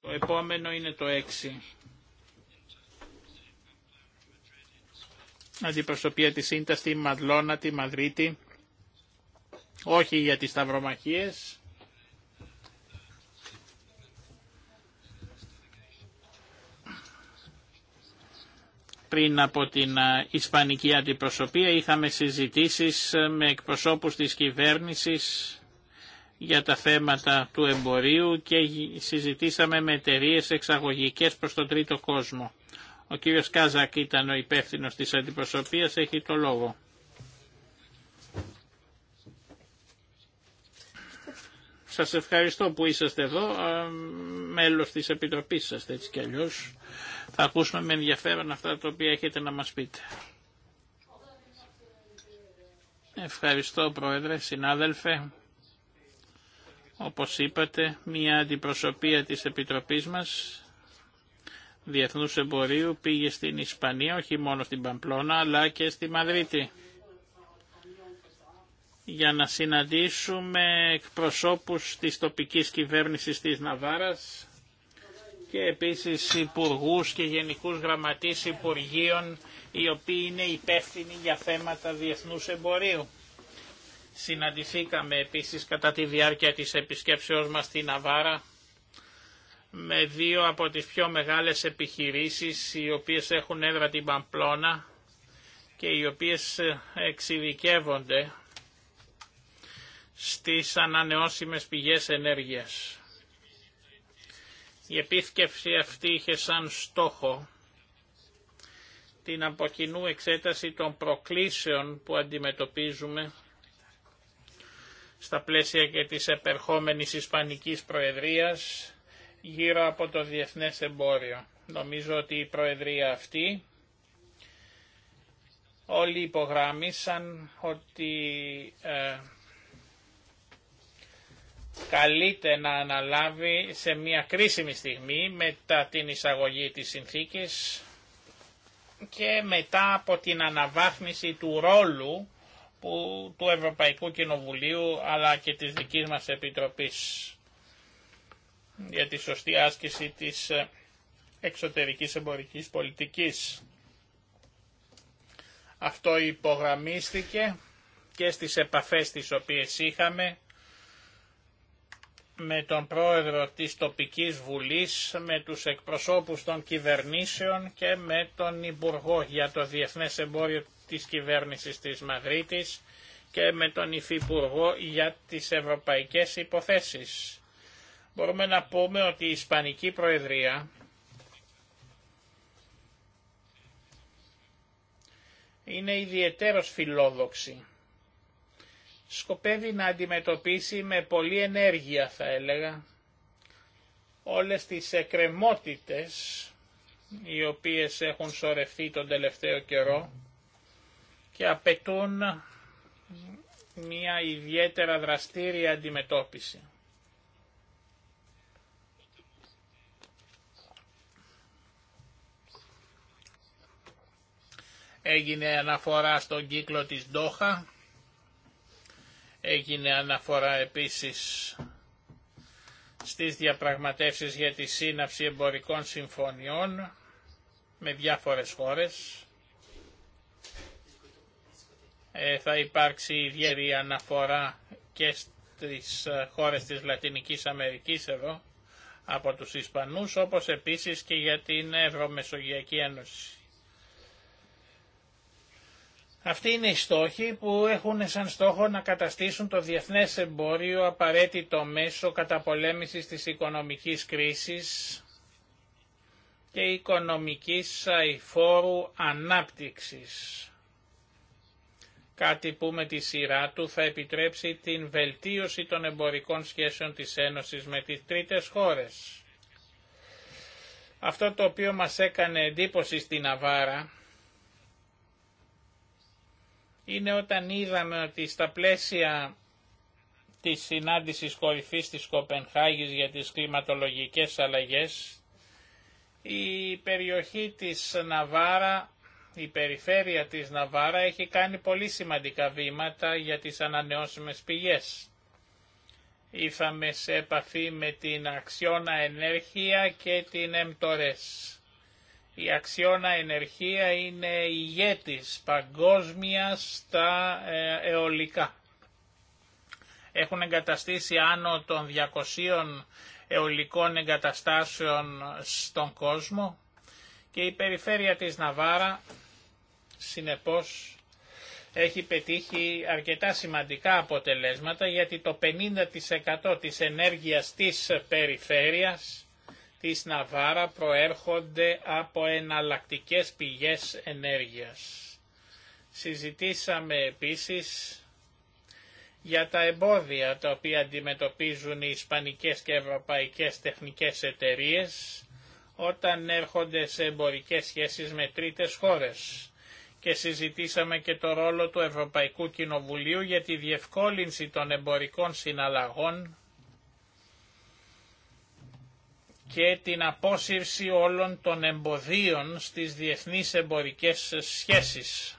S1: Το επόμενο είναι το 6. Αντιπροσωπεία της ΣΥΝΤΑ Μαδλώνα, τη Μαδρίτη. Όχι για τις σταυρομαχίε. Πριν από την Ισπανική αντιπροσωπεία είχαμε συζητήσεις ε, με εκπροσώπους της κυβέρνησης για τα θέματα του εμπορίου και συζητήσαμε με εταιρείε εξαγωγικές προς τον τρίτο κόσμο. Ο κύριος Κάζακ ήταν ο υπεύθυνο της αντιπροσωπείας, έχει το λόγο. Σας ευχαριστώ που είσαστε εδώ, μέλος της Επιτροπής σας έτσι κι Θα ακούσουμε με ενδιαφέρον αυτά τα οποία έχετε να μας πείτε. Ευχαριστώ Πρόεδρε, συνάδελφε. Όπως είπατε, μια αντιπροσωπεία της Επιτροπής μας Διεθνούς Εμπορίου πήγε στην Ισπανία, όχι μόνο στην Παμπλώνα, αλλά και στη Μαδρίτη για να συναντήσουμε εκπροσώπους της τοπικής κυβέρνησης της Ναβάρας και επίσης υπουργού και γενικούς γραμματείς υπουργείων οι οποίοι είναι υπεύθυνοι για θέματα διεθνούς εμπορίου. Συναντηθήκαμε επίσης κατά τη διάρκεια της επισκέψεώς μας στην Αβάρα με δύο από τις πιο μεγάλες επιχειρήσεις οι οποίες έχουν έδρα την Παμπλώνα και οι οποίες εξειδικεύονται στις ανανεώσιμες πηγές ενέργειας. Η επίσκεψη αυτή είχε σαν στόχο την αποκοινού εξέταση των προκλήσεων που αντιμετωπίζουμε στα πλαίσια και της επερχόμενης Ισπανικής Προεδρίας γύρω από το διεθνές εμπόριο. Νομίζω ότι η Προεδρία αυτή όλοι υπογράμμισαν ότι ε, καλείται να αναλάβει σε μια κρίσιμη στιγμή μετά την εισαγωγή της συνθήκης και μετά από την αναβάθμιση του ρόλου που, του Ευρωπαϊκού Κοινοβουλίου αλλά και της δικής μας Επιτροπής για τη σωστή άσκηση της ε, εξωτερικής εμπορικής πολιτικής. Αυτό υπογραμμίστηκε και στις επαφές τις οποίες είχαμε με τον πρόεδρο της τοπικής βουλής, με τους εκπροσώπους των κυβερνήσεων και με τον Υπουργό για το Διεθνές Εμπόριο της κυβέρνησης της Μαδρίτης και με τον Υφυπουργό για τις ευρωπαϊκές υποθέσεις. Μπορούμε να πούμε ότι η Ισπανική Προεδρία είναι ιδιαίτερος φιλόδοξη. Σκοπεύει να αντιμετωπίσει με πολλή ενέργεια θα έλεγα όλες τις εκκρεμότητες οι οποίες έχουν σωρευτεί τον τελευταίο καιρό και απαιτούν μια ιδιαίτερα δραστήρια αντιμετώπιση. Έγινε αναφορά στον κύκλο της Ντόχα, έγινε αναφορά επίσης στις διαπραγματεύσεις για τη σύναψη εμπορικών συμφωνιών με διάφορες χώρες. Ε, θα υπάρξει ιδιαίτερη αναφορά και στις ε, χώρες της Λατινικής Αμερικής εδώ από τους Ισπανούς, όπως επίσης και για την Ευρωμεσογειακή Ένωση. Αυτοί είναι οι στόχοι που έχουν σαν στόχο να καταστήσουν το διεθνές εμπόριο απαραίτητο μέσο καταπολέμησης της οικονομικής κρίσης και οικονομικής αηφόρου ανάπτυξης κάτι που με τη σειρά του θα επιτρέψει την βελτίωση των εμπορικών σχέσεων της Ένωσης με τις τρίτες χώρες. Αυτό το οποίο μας έκανε εντύπωση στη Ναβάρα, είναι όταν είδαμε ότι στα πλαίσια της συνάντησης κορυφής της Κοπενχάγης για τις κλιματολογικές αλλαγές η περιοχή της Ναβάρα η περιφέρεια της Ναβάρα έχει κάνει πολύ σημαντικά βήματα για τις ανανεώσιμες πηγές. Ήρθαμε σε επαφή με την Αξιώνα Ενέργεια και την Εμτορές. Η Αξιώνα Ενεργεία είναι ηγέτης παγκόσμια στα ε, αιωλικά. Έχουν εγκαταστήσει άνω των 200 αιωλικών εγκαταστάσεων στον κόσμο και η περιφέρεια της Ναβάρα συνεπώς έχει πετύχει αρκετά σημαντικά αποτελέσματα γιατί το 50% της ενέργειας της περιφέρειας της Ναβάρα προέρχονται από εναλλακτικές πηγές ενέργειας. Συζητήσαμε επίσης για τα εμπόδια τα οποία αντιμετωπίζουν οι ισπανικές και ευρωπαϊκές τεχνικές εταιρείες όταν έρχονται σε εμπορικές σχέσεις με τρίτες χώρες και συζητήσαμε και το ρόλο του Ευρωπαϊκού Κοινοβουλίου για τη διευκόλυνση των εμπορικών συναλλαγών και την απόσυρση όλων των εμποδίων στις διεθνείς εμπορικές σχέσεις.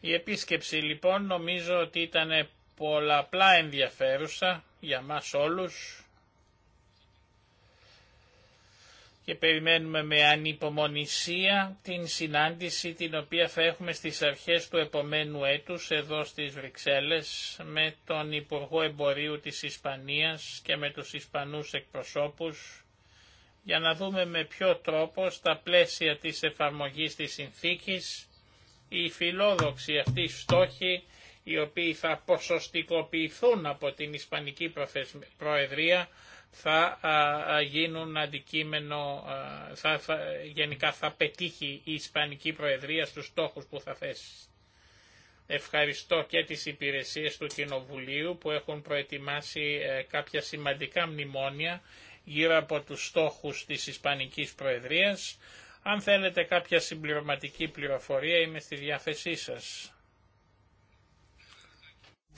S1: Η επίσκεψη λοιπόν νομίζω ότι ήταν πολλαπλά ενδιαφέρουσα για μας όλους και περιμένουμε με ανυπομονησία την συνάντηση την οποία θα έχουμε στις αρχές του επομένου έτους εδώ στις Βρυξέλλες με τον Υπουργό Εμπορίου της Ισπανίας και με τους Ισπανούς εκπροσώπους για να δούμε με ποιο τρόπο στα πλαίσια της εφαρμογής της συνθήκης η φιλόδοξη αυτή στόχη οι οποίοι θα ποσοστικοποιηθούν από την Ισπανική Προεδρία θα γίνουν αντικείμενο, θα, γενικά θα πετύχει η Ισπανική Προεδρία στους στόχους που θα θέσει. Ευχαριστώ και τις υπηρεσίες του Κοινοβουλίου που έχουν προετοιμάσει ε, κάποια σημαντικά μνημόνια γύρω από τους στόχους της Ισπανικής Προεδρίας. Αν θέλετε κάποια συμπληρωματική πληροφορία είμαι στη διάθεσή σας.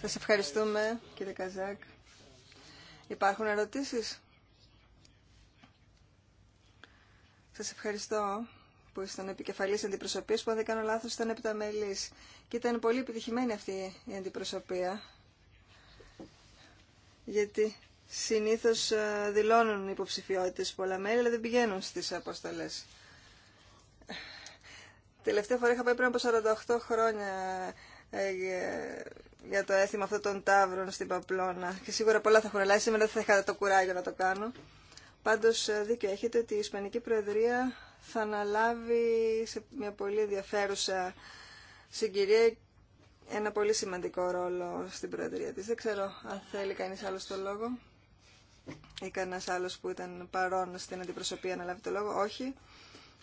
S2: Σας ευχαριστούμε κύριε Καζάκ. Υπάρχουν ερωτήσεις? Σας ευχαριστώ που ήσταν επικεφαλής αντιπροσωπείας που αν δεν κάνω λάθος ήταν επιταμελής. Και ήταν πολύ επιτυχημένη αυτή η αντιπροσωπεία γιατί συνήθως ε, δηλώνουν υποψηφιότητες πολλά μέλη αλλά δεν πηγαίνουν στις αποστολές. Τελευταία φορά είχα πάει πριν από 48 χρόνια ε, ε, για το έθιμο αυτό των τάβρων στην Παπλώνα. Και σίγουρα πολλά θα έχουν αλλάξει. Σήμερα δεν θα είχα το κουράγιο να το κάνω. Πάντως ε, δίκιο έχετε ότι η Ισπανική Προεδρία θα αναλάβει σε μια πολύ ενδιαφέρουσα συγκυρία ένα πολύ σημαντικό ρόλο στην Προεδρία της. Δεν ξέρω αν θέλει κανείς άλλος το λόγο ή κανένα άλλος που ήταν παρόν στην αντιπροσωπεία να λάβει το λόγο. Όχι.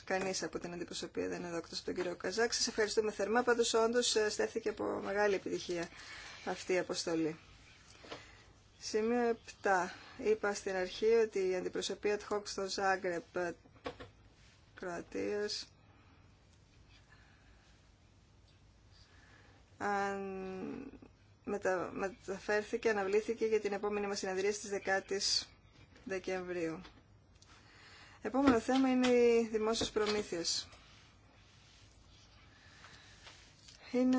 S2: Κανεί από την αντιπροσωπεία δεν είναι εδώ εκτό από τον κύριο Καζάκ. Σα ευχαριστούμε θερμά. Πάντω, όντω, ε, στέφθηκε από μεγάλη επιτυχία αυτή η αποστολή. Σημείο 7. Είπα στην αρχή ότι η αντιπροσωπεία του Χόκ στο Ζάγκρεπ ε, Κροατία μεταφέρθηκε, αναβλήθηκε για την επόμενη μας συνεδρία στις 10 Δεκεμβρίου. Επόμενο θέμα είναι οι δημόσιες προμήθειες. Είναι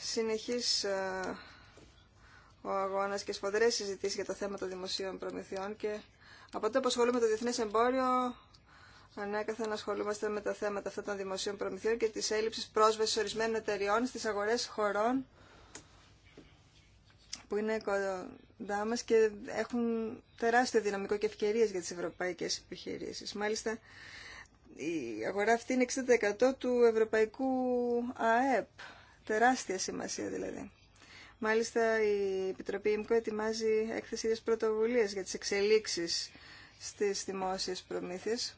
S2: συνεχής ε, ο αγώνας και σφοδρές συζητήσεις για το θέμα των δημοσίων προμηθειών και από τότε που ασχολούμαι με το διεθνές εμπόριο ανέκαθεν ασχολούμαστε με τα θέματα αυτά των δημοσίων προμηθειών και της έλλειψης πρόσβεσης ορισμένων εταιριών στις αγορές χωρών που είναι κοντά μας και έχουν τεράστιο δυναμικό και ευκαιρίες για τις ευρωπαϊκές επιχειρήσεις. Μάλιστα, η αγορά αυτή είναι 60% του ευρωπαϊκού ΑΕΠ. Τεράστια σημασία δηλαδή. Μάλιστα, η Επιτροπή ΕΜΚΟ ετοιμάζει έκθεση της πρωτοβουλίας για τις εξελίξεις στις δημόσιες προμήθειες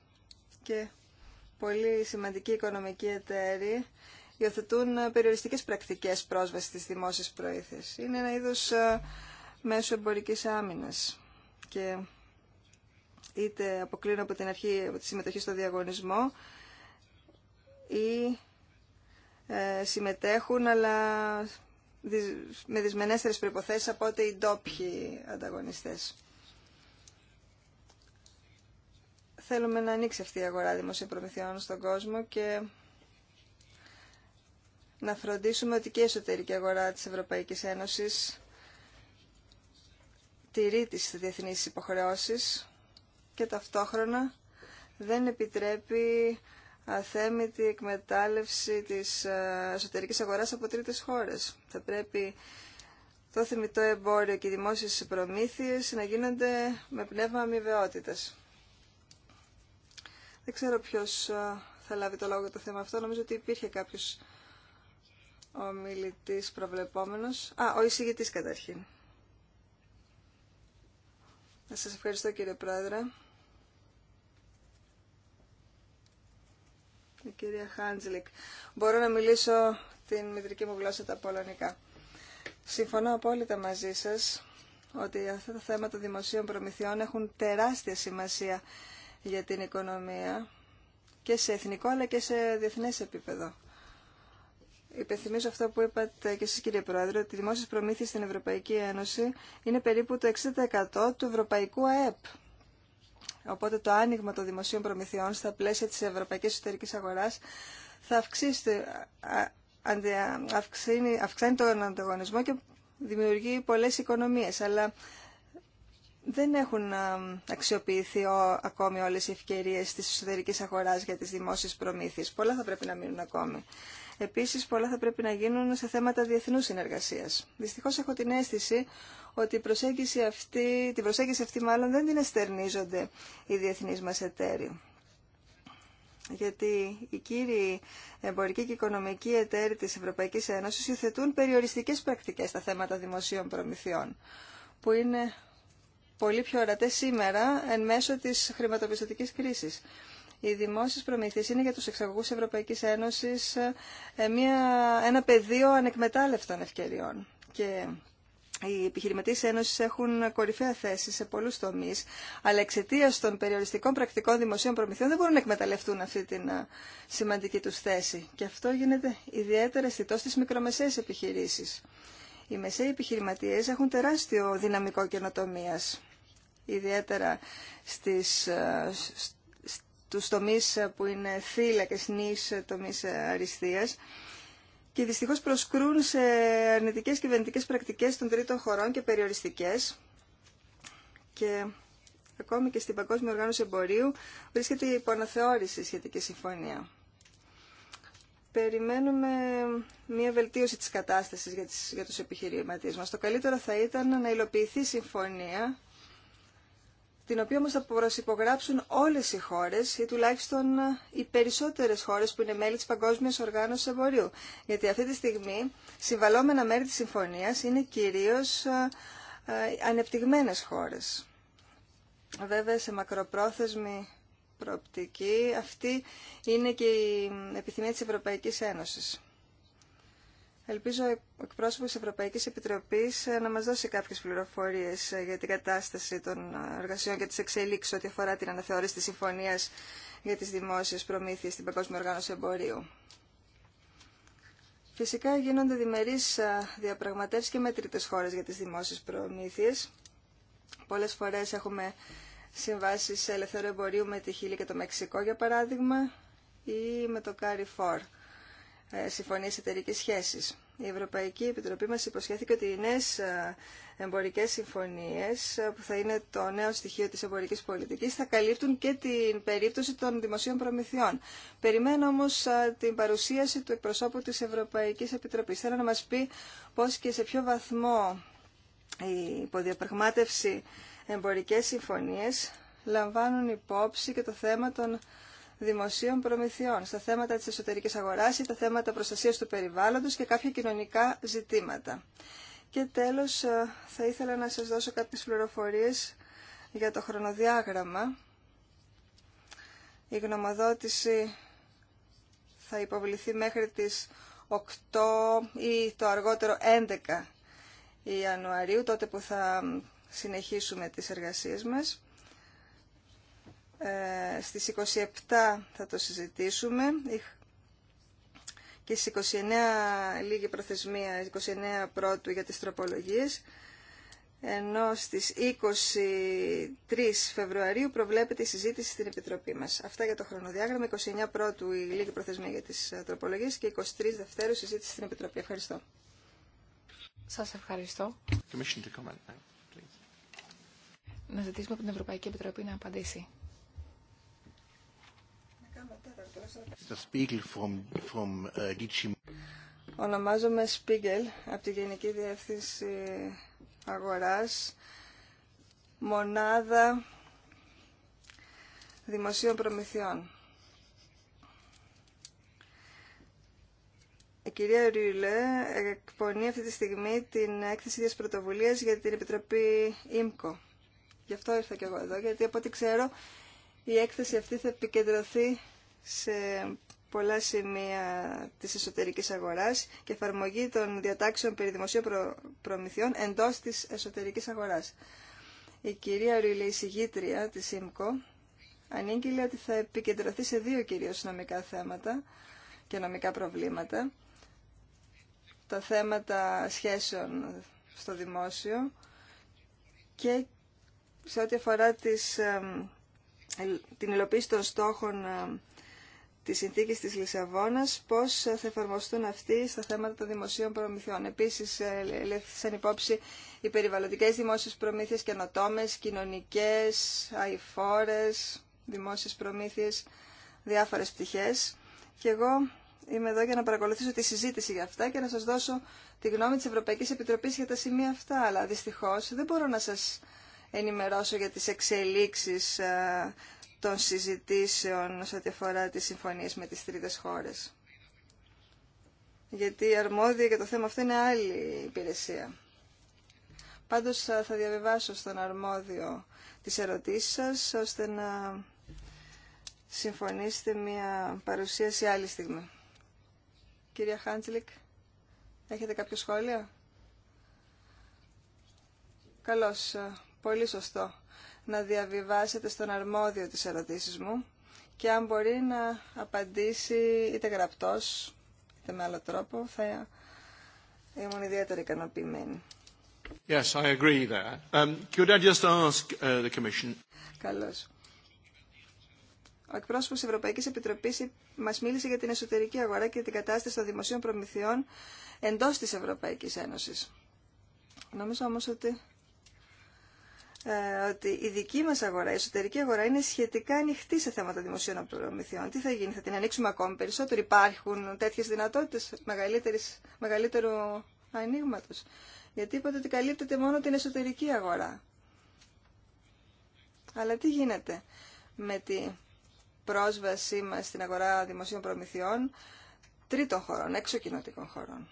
S2: και πολύ σημαντική οικονομική εταίρη υιοθετούν ε, περιοριστικές πρακτικές πρόσβασης στις δημόσιες προήθειες. Είναι ένα είδος ε, μέσω εμπορικής άμυνας και είτε αποκλίνω από την αρχή από τη συμμετοχή στο διαγωνισμό ή ε, συμμετέχουν αλλά με δυσμενέστερες προϋποθέσεις από ό,τι οι ντόπιοι ανταγωνιστές. Θέλουμε να ανοίξει αυτή η αγορά δημοσίων προμηθειών στον κόσμο και να φροντίσουμε ότι και η εσωτερική αγορά της Ευρωπαϊκής Ένωσης τηρεί τις διεθνείς υποχρεώσεις και ταυτόχρονα δεν επιτρέπει αθέμητη εκμετάλλευση της ε, εσωτερικής αγοράς από τρίτες χώρες. Θα πρέπει το θεμητό εμπόριο και οι δημόσιες προμήθειες να γίνονται με πνεύμα αμοιβαιότητας. Δεν ξέρω ποιος ε, θα λάβει το λόγο για το θέμα αυτό. Νομίζω ότι υπήρχε κάποιος ο μιλητής προβλεπόμενος. Α, ο εισηγητής καταρχήν. Να σας ευχαριστώ κύριε Πρόεδρε. Η κυρία Χάντζλικ. Μπορώ να μιλήσω την μητρική μου γλώσσα τα πολωνικά. Συμφωνώ απόλυτα μαζί σας ότι αυτά τα θέματα δημοσίων προμηθειών έχουν τεράστια σημασία για την οικονομία και σε εθνικό αλλά και σε διεθνές επίπεδο υπενθυμίζω αυτό που είπατε και εσείς κύριε Πρόεδρε, ότι οι δημόσιες προμήθειες στην Ευρωπαϊκή Ένωση είναι περίπου το 60% του ευρωπαϊκού ΑΕΠ. Οπότε το άνοιγμα των δημοσίων προμηθειών στα πλαίσια της ευρωπαϊκής εσωτερικής αγοράς θα αυξήσει, αυξάνει, τον ανταγωνισμό και δημιουργεί πολλές οικονομίες. Αλλά δεν έχουν αξιοποιηθεί ακόμη όλες οι ευκαιρίες της εσωτερικής αγοράς για τις δημόσιες προμήθειες. Πολλά θα πρέπει να μείνουν ακόμη. Επίσης, πολλά θα πρέπει να γίνουν σε θέματα διεθνούς συνεργασίας. Δυστυχώς έχω την αίσθηση ότι η προσέγγιση αυτή, την προσέγγιση αυτή μάλλον δεν την εστερνίζονται οι διεθνείς μας εταίροι. Γιατί οι κύριοι εμπορικοί και οικονομικοί εταίροι της Ευρωπαϊκής Ένωσης υιοθετούν περιοριστικές πρακτικές στα θέματα δημοσίων προμηθειών, που είναι πολύ πιο ορατές σήμερα εν μέσω της χρηματοπιστωτικής κρίσης οι δημόσιες προμήθειες είναι για τους εξαγωγούς Ευρωπαϊκής Ένωσης ε, μια, ένα πεδίο ανεκμετάλλευτων ευκαιριών. Και οι επιχειρηματίε Ένωση έχουν κορυφαία θέση σε πολλού τομεί, αλλά εξαιτία των περιοριστικών πρακτικών δημοσίων προμηθειών δεν μπορούν να εκμεταλλευτούν αυτή την ε, σημαντική του θέση. Και αυτό γίνεται ιδιαίτερα αισθητό στι μικρομεσαίε επιχειρήσει. Οι μεσαίοι επιχειρηματίε έχουν τεράστιο δυναμικό καινοτομία, ιδιαίτερα στις, ε, τους τομείς που είναι και νης τομείς αριστείας και δυστυχώς προσκρούν σε αρνητικές κυβερνητικές πρακτικές των τρίτων χωρών και περιοριστικές και ακόμη και στην Παγκόσμια Οργάνωση Εμπορίου βρίσκεται υπό αναθεώρηση σχετική συμφωνία. Περιμένουμε μια βελτίωση της κατάστασης για, τις, για τους επιχειρηματίες μας. Το καλύτερο θα ήταν να υλοποιηθεί συμφωνία την οποία όμως θα προσυπογράψουν όλες οι χώρες ή τουλάχιστον οι περισσότερες χώρες που είναι μέλη της Παγκόσμιας Οργάνωσης Εμπορίου. Γιατί αυτή τη στιγμή συμβαλόμενα μέρη της συμφωνίας είναι κυρίως ε, ε, ανεπτυγμένες χώρες. Βέβαια σε μακροπρόθεσμη προοπτική αυτή είναι και η επιθυμία της Ευρωπαϊκής Ένωσης. Ελπίζω ο εκπρόσωπο της Ευρωπαϊκής Επιτροπής ε, να μα δώσει κάποιε πληροφορίε ε, για την κατάσταση των ε, εργασιών και τι εξελίξει ό,τι αφορά την αναθεώρηση τη συμφωνία για τι δημόσιε προμήθειε στην Παγκόσμια Οργάνωση Εμπορίου. Φυσικά γίνονται διμερείς διαπραγματεύσεις και με χώρες για τις δημόσιες προμήθειες. Πολλές φορές έχουμε συμβάσεις ελευθερού εμπορίου με τη Χίλη και το Μεξικό, για παράδειγμα, ή με το Κάριφόρ. Ε, συμφωνίες εταιρική σχέσης. Η Ευρωπαϊκή Επιτροπή μας υποσχέθηκε ότι οι νέε ε, εμπορικές συμφωνίες, ε, που θα είναι το νέο στοιχείο της εμπορικής πολιτικής, θα καλύπτουν και την περίπτωση των δημοσίων προμηθειών. Περιμένω όμως την παρουσίαση του εκπροσώπου της Ευρωπαϊκής Επιτροπής. Θέλω να μας πει πώς και σε ποιο βαθμό η υποδιαπραγμάτευση εμπορικές συμφωνίες λαμβάνουν υπόψη και το θέμα των δημοσίων προμηθειών, στα θέματα της εσωτερικής αγοράς ή τα θέματα προστασίας του περιβάλλοντος και κάποια κοινωνικά ζητήματα. Και τέλος, ε, θα ήθελα να σας δώσω κάποιες πληροφορίες για το χρονοδιάγραμμα. Η γνωμοδότηση θα υποβληθεί μέχρι τις 8 ή το αργότερο 11 Ιανουαρίου, τότε που θα συνεχίσουμε τις εργασίες μας ε, στις 27 θα το συζητήσουμε και στις 29 λίγη προθεσμία, 29 πρώτου για τις τροπολογίες, ενώ στις 23 Φεβρουαρίου προβλέπεται η συζήτηση στην Επιτροπή μας. Αυτά για το χρονοδιάγραμμα, 29 πρώτου η λίγη προθεσμία για τις ε, τροπολογίες και 23 Δευτέρου συζήτηση στην Επιτροπή. Ευχαριστώ. Σας
S3: ευχαριστώ. Να ζητήσουμε από την Ευρωπαϊκή Επιτροπή να απαντήσει.
S1: Uh,
S2: Ονομάζομαι Σπίγκελ από τη Γενική Διεύθυνση Αγοράς, Μονάδα Δημοσίων Προμηθειών. Η κυρία Ρίλε εκπονεί αυτή τη στιγμή την έκθεση της πρωτοβουλίας για την Επιτροπή ΙΜΚΟ. Γι' αυτό ήρθα και εγώ εδώ, γιατί από ό,τι ξέρω η έκθεση αυτή θα επικεντρωθεί σε πολλά σημεία της εσωτερικής αγοράς και εφαρμογή των διατάξεων περί δημοσίου προμηθειών εντός της εσωτερικής αγοράς. Η κυρία Ρίλη, η της ΣΥΜΚΟ, ανήγγειλε ότι θα επικεντρωθεί σε δύο κυρίως νομικά θέματα και νομικά προβλήματα. Τα θέματα σχέσεων στο δημόσιο και σε ό,τι αφορά τις, την υλοποίηση των στόχων Τη συνθήκη τη Λισαβόνα, πώ θα εφαρμοστούν αυτοί στα θέματα των δημοσίων προμηθειών. Επίση, ε, λέφθησαν υπόψη οι περιβαλλοντικέ δημόσιε προμήθειε καινοτόμε, κοινωνικέ, αηφόρες, δημόσιε προμήθειε, διάφορε πτυχέ. Και εγώ είμαι εδώ για να παρακολουθήσω τη συζήτηση για αυτά και να σα δώσω τη γνώμη τη Ευρωπαϊκή Επιτροπή για τα σημεία αυτά. Αλλά δυστυχώ δεν μπορώ να σα ενημερώσω για τις εξελίξεις ε, των συζητήσεων σε ό,τι αφορά τις συμφωνίες με τις τρίτες χώρες. Γιατί η αρμόδια για το θέμα αυτό είναι άλλη υπηρεσία. Πάντως θα διαβιβάσω στον αρμόδιο τις ερωτήσεις σας, ώστε να συμφωνήσετε μια παρουσίαση άλλη στιγμή. Κυρία Χάντζλικ, έχετε κάποιο σχόλιο? Καλώς, ε, πολύ σωστό να διαβιβάσετε στον αρμόδιο τις ερωτήσεις μου και αν μπορεί να απαντήσει είτε γραπτός είτε με άλλο τρόπο θα ήμουν ιδιαίτερα ικανοποιημένη.
S1: Yes, I agree there. Um, could I just ask uh, the Commission?
S2: Καλώς. Ο εκπρόσωπο Ευρωπαϊκής Ευρωπαϊκή Επιτροπή μα μίλησε για την εσωτερική αγορά και την κατάσταση των δημοσίων προμηθειών εντό τη Ευρωπαϊκή Ένωση. Νομίζω όμω ότι ε, ότι η δική μας αγορά, η εσωτερική αγορά είναι σχετικά ανοιχτή σε θέματα δημοσίων προμηθειών. Τι θα γίνει, θα την ανοίξουμε ακόμη περισσότερο, υπάρχουν τέτοιες δυνατότητες μεγαλύτερου ανοίγματο. Γιατί είπατε ότι καλύπτεται μόνο την εσωτερική αγορά. Αλλά τι γίνεται με τη πρόσβασή μας στην αγορά δημοσίων προμηθειών τρίτων χωρών, έξω κοινοτικών χωρών.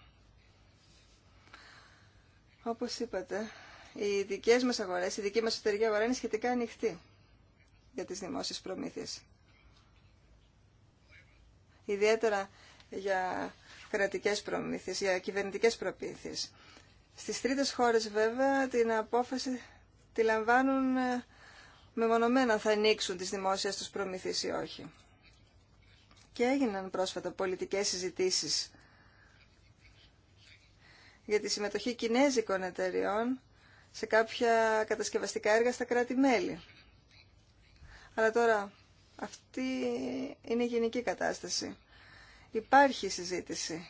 S2: Όπως είπατε, οι δικέ μας αγορέ, η δική μας εταιρεία αγορά είναι σχετικά ανοιχτή για τις δημόσιες προμήθειες. Ιδιαίτερα για κρατικές προμήθειες, για κυβερνητικέ προμήθειε. Στις τρίτες χώρες βέβαια την απόφαση τη λαμβάνουν ε, μεμονωμένα θα ανοίξουν τις δημόσιες τους προμήθειες ή όχι. Και έγιναν πρόσφατα πολιτικές συζητήσει. για τη συμμετοχή κινέζικων εταιριών σε κάποια κατασκευαστικά έργα στα κράτη-μέλη. Αλλά τώρα, αυτή είναι η γενική κατάσταση. Υπάρχει συζήτηση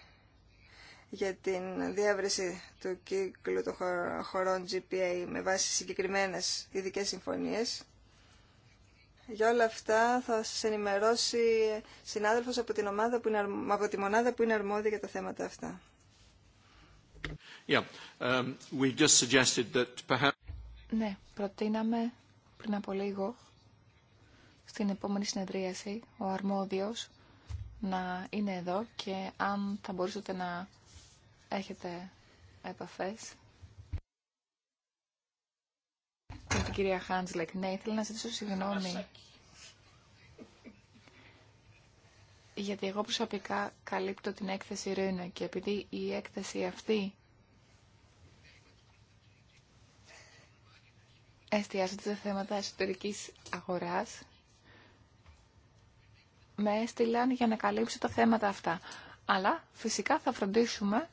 S2: για την διάβρεση του κύκλου των χωρών GPA με βάση συγκεκριμένες ειδικέ συμφωνίες. Για όλα αυτά θα σας ενημερώσει συνάδελφος από, την ομάδα που είναι, από τη μονάδα που είναι αρμόδια για τα θέματα αυτά.
S1: Um,
S3: ναι, προτείναμε πριν από λίγο στην επόμενη συνεδρίαση ο αρμόδιος να είναι εδώ και αν θα μπορούσατε να έχετε επαφές την κυρία Χάντζλεκ. Ναι, ήθελα να ζητήσω συγγνώμη γιατί εγώ προσωπικά καλύπτω την έκθεση Ρίνα και επειδή η έκθεση αυτή εστιάζεται σε θέματα εσωτερικής αγοράς, με έστειλαν για να καλύψω τα θέματα αυτά. Αλλά φυσικά θα φροντίσουμε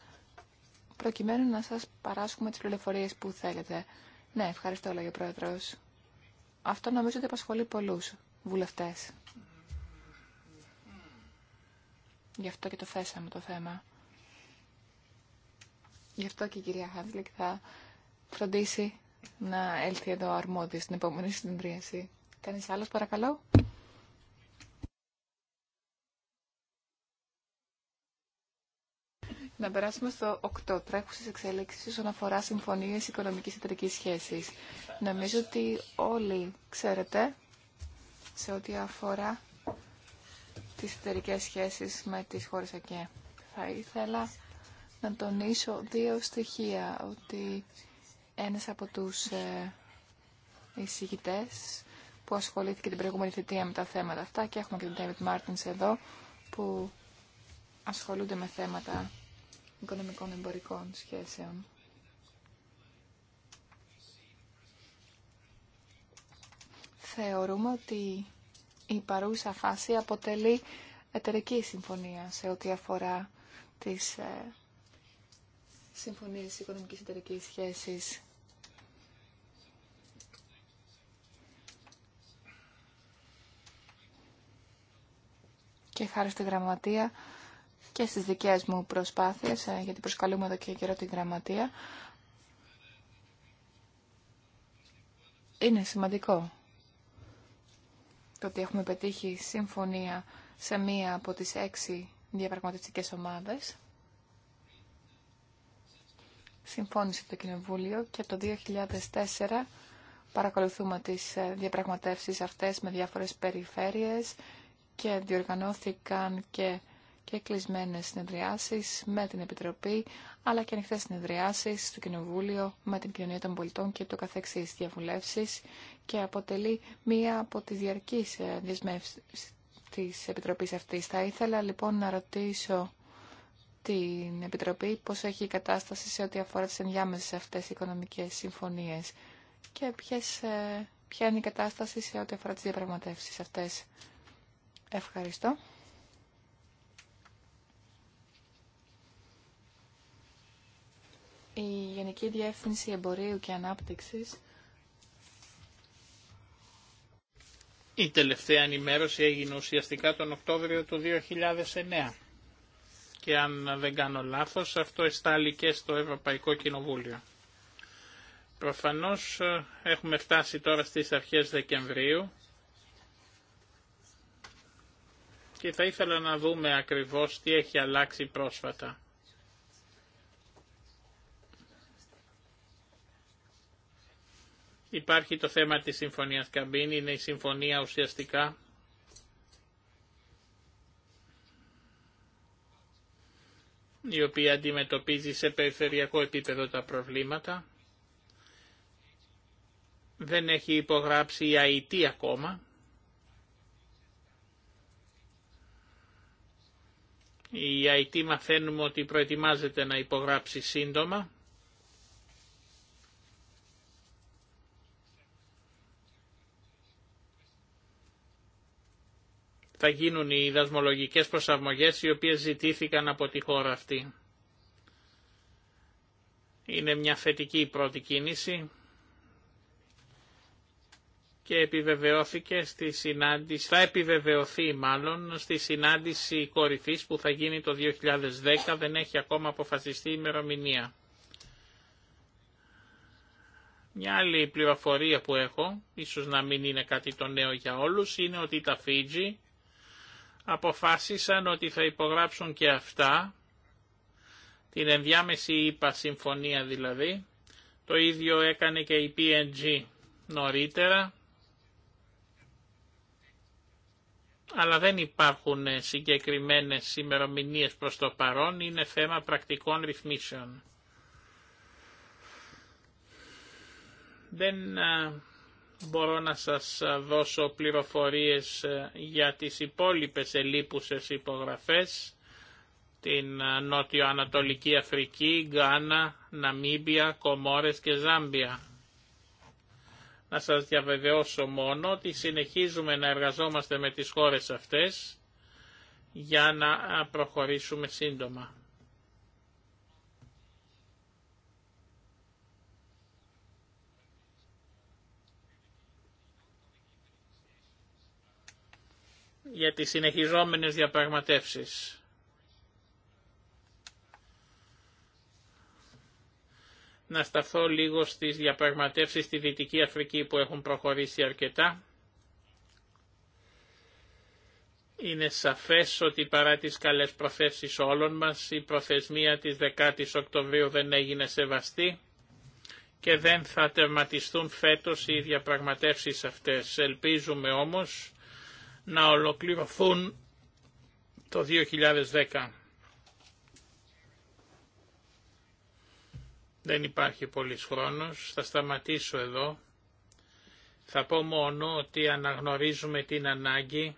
S3: προκειμένου να σας παράσχουμε τις πληροφορίες που θέλετε. Ναι, ευχαριστώ, λέγε ο Πρόεδρος. Αυτό νομίζω ότι απασχολεί πολλούς βουλευτές. Γι' αυτό και το θέσαμε το θέμα. Γι' αυτό και η κυρία Χάντλικ θα φροντίσει να έλθει εδώ αρμόδιο στην επόμενη συνεδρίαση. Κάνει άλλο παρακαλώ. Να περάσουμε στο 8. Τρέχουσε εξέλιξει όσον αφορά συμφωνίε οικονομική εταιρική σχέση. Νομίζω ότι όλοι ξέρετε σε ό,τι αφορά τις εταιρικές σχέσεις με τις χώρες ΑΚΕ. Θα ήθελα να τονίσω δύο στοιχεία, ότι ένας από τους ε, εισηγητές που ασχολήθηκε την προηγούμενη θητεία με τα θέματα αυτά και έχουμε και τον David Martins εδώ που ασχολούνται με θέματα οικονομικών εμπορικών σχέσεων. Θεωρούμε ότι η παρούσα φάση αποτελεί εταιρική συμφωνία σε ό,τι αφορά τις ε, συμφωνίες οικονομικής εταιρικής σχέσης. Και χάρη στη γραμματεία και στις δικές μου προσπάθειες, ε, γιατί προσκαλούμε εδώ και καιρό την γραμματεία, είναι σημαντικό το ότι έχουμε πετύχει συμφωνία σε μία από τις έξι διαπραγματευτικές ομάδες. Συμφώνησε το Κοινοβούλιο και το 2004 παρακολουθούμε τις ε, διαπραγματεύσεις αυτές με διάφορες περιφέρειες και διοργανώθηκαν και και κλεισμένε συνεδριάσει με την Επιτροπή, αλλά και ανοιχτέ συνεδριάσει στο Κοινοβούλιο με την Κοινωνία των Πολιτών και το καθεξή διαβουλεύσει και αποτελεί μία από τι διαρκεί ε, δεσμεύσει τη Επιτροπή αυτή. Θα ήθελα λοιπόν να ρωτήσω την Επιτροπή πώς έχει η κατάσταση σε ό,τι αφορά τις ενδιάμεσες αυτές οι οικονομικές συμφωνίες και ε, ποια είναι η κατάσταση σε ό,τι αφορά τις διαπραγματεύσεις αυτές. Ευχαριστώ. η Γενική Διεύθυνση Εμπορίου και Ανάπτυξης
S1: Η τελευταία ενημέρωση έγινε ουσιαστικά τον Οκτώβριο του 2009 και αν δεν κάνω λάθος αυτό εστάλει και στο Ευρωπαϊκό Κοινοβούλιο. Προφανώς ε, έχουμε φτάσει τώρα στις αρχές Δεκεμβρίου και θα ήθελα να δούμε ακριβώς τι έχει αλλάξει πρόσφατα. Υπάρχει το θέμα της Συμφωνίας Καμπίν, είναι η Συμφωνία ουσιαστικά η οποία αντιμετωπίζει σε περιφερειακό επίπεδο τα προβλήματα. Δεν έχει υπογράψει η ΑΕΤ ακόμα. Η ΑΕΤ μαθαίνουμε ότι προετοιμάζεται να υπογράψει σύντομα. θα γίνουν οι δασμολογικές προσαρμογές οι οποίες ζητήθηκαν από τη χώρα αυτή. Είναι μια θετική πρώτη κίνηση και επιβεβαιώθηκε στη συνάντηση, θα επιβεβαιωθεί μάλλον στη συνάντηση κορυφής που θα γίνει το 2010, δεν έχει ακόμα αποφασιστεί η ημερομηνία. Μια άλλη πληροφορία που έχω, ίσως να μην είναι κάτι το νέο για όλους, είναι ότι τα Φίτζι αποφάσισαν ότι θα υπογράψουν και αυτά, την ενδιάμεση είπα συμφωνία δηλαδή, το ίδιο έκανε και η PNG νωρίτερα, αλλά δεν υπάρχουν συγκεκριμένες ημερομηνίε προς το παρόν, είναι θέμα πρακτικών ρυθμίσεων. Δεν μπορώ να σας δώσω πληροφορίες ε, για τις υπόλοιπες ελίπουσες υπογραφές, την ε, Νότιο-Ανατολική Αφρική, Γκάνα, Ναμίμπια, Κομόρες και Ζάμπια. Να σας διαβεβαιώσω μόνο ότι συνεχίζουμε να εργαζόμαστε με τις χώρες αυτές για να ε, προχωρήσουμε σύντομα. για τις συνεχιζόμενες διαπραγματεύσεις. Να σταθώ λίγο στις διαπραγματεύσεις στη Δυτική Αφρική που έχουν προχωρήσει αρκετά. Είναι σαφές ότι παρά τις καλές προθέσεις όλων μας, η προθεσμία της 10ης Οκτωβρίου δεν έγινε σεβαστή και δεν θα τερματιστούν φέτος οι διαπραγματεύσεις αυτές. Ελπίζουμε όμως να ολοκληρωθούν το 2010. Δεν υπάρχει πολύς χρόνος, θα σταματήσω εδώ. Θα πω μόνο ότι αναγνωρίζουμε την ανάγκη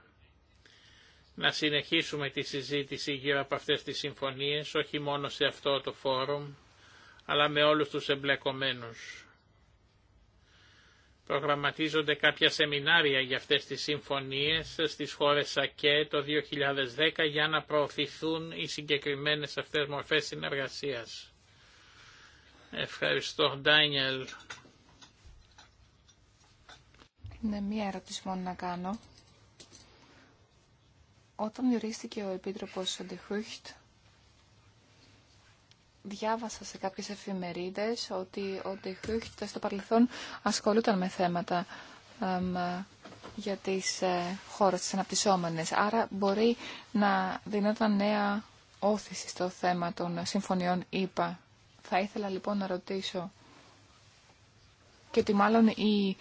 S1: να συνεχίσουμε τη συζήτηση γύρω από αυτές τις συμφωνίες, όχι μόνο σε αυτό το φόρουμ, αλλά με όλους τους εμπλεκομένους. Προγραμματίζονται κάποια σεμινάρια για αυτές τις συμφωνίες στις χώρες ΑΚΕ το 2010 για να προωθηθούν οι συγκεκριμένες αυτές μορφές συνεργασίας. Ευχαριστώ, Ντάνιελ.
S3: Ναι, μία ερώτηση μόνο να κάνω. Όταν γνωρίστηκε ο Επίτροπος διάβασα σε κάποιες εφημερίδες ότι ο Ντεχούχτ στο παρελθόν ασχολούταν με θέματα για τις ε, χώρες τις αναπτυσσόμενες. Άρα μπορεί να δίνονταν νέα όθηση στο θέμα των συμφωνιών ΙΠΑ. Θα ήθελα λοιπόν να ρωτήσω και ότι μάλλον η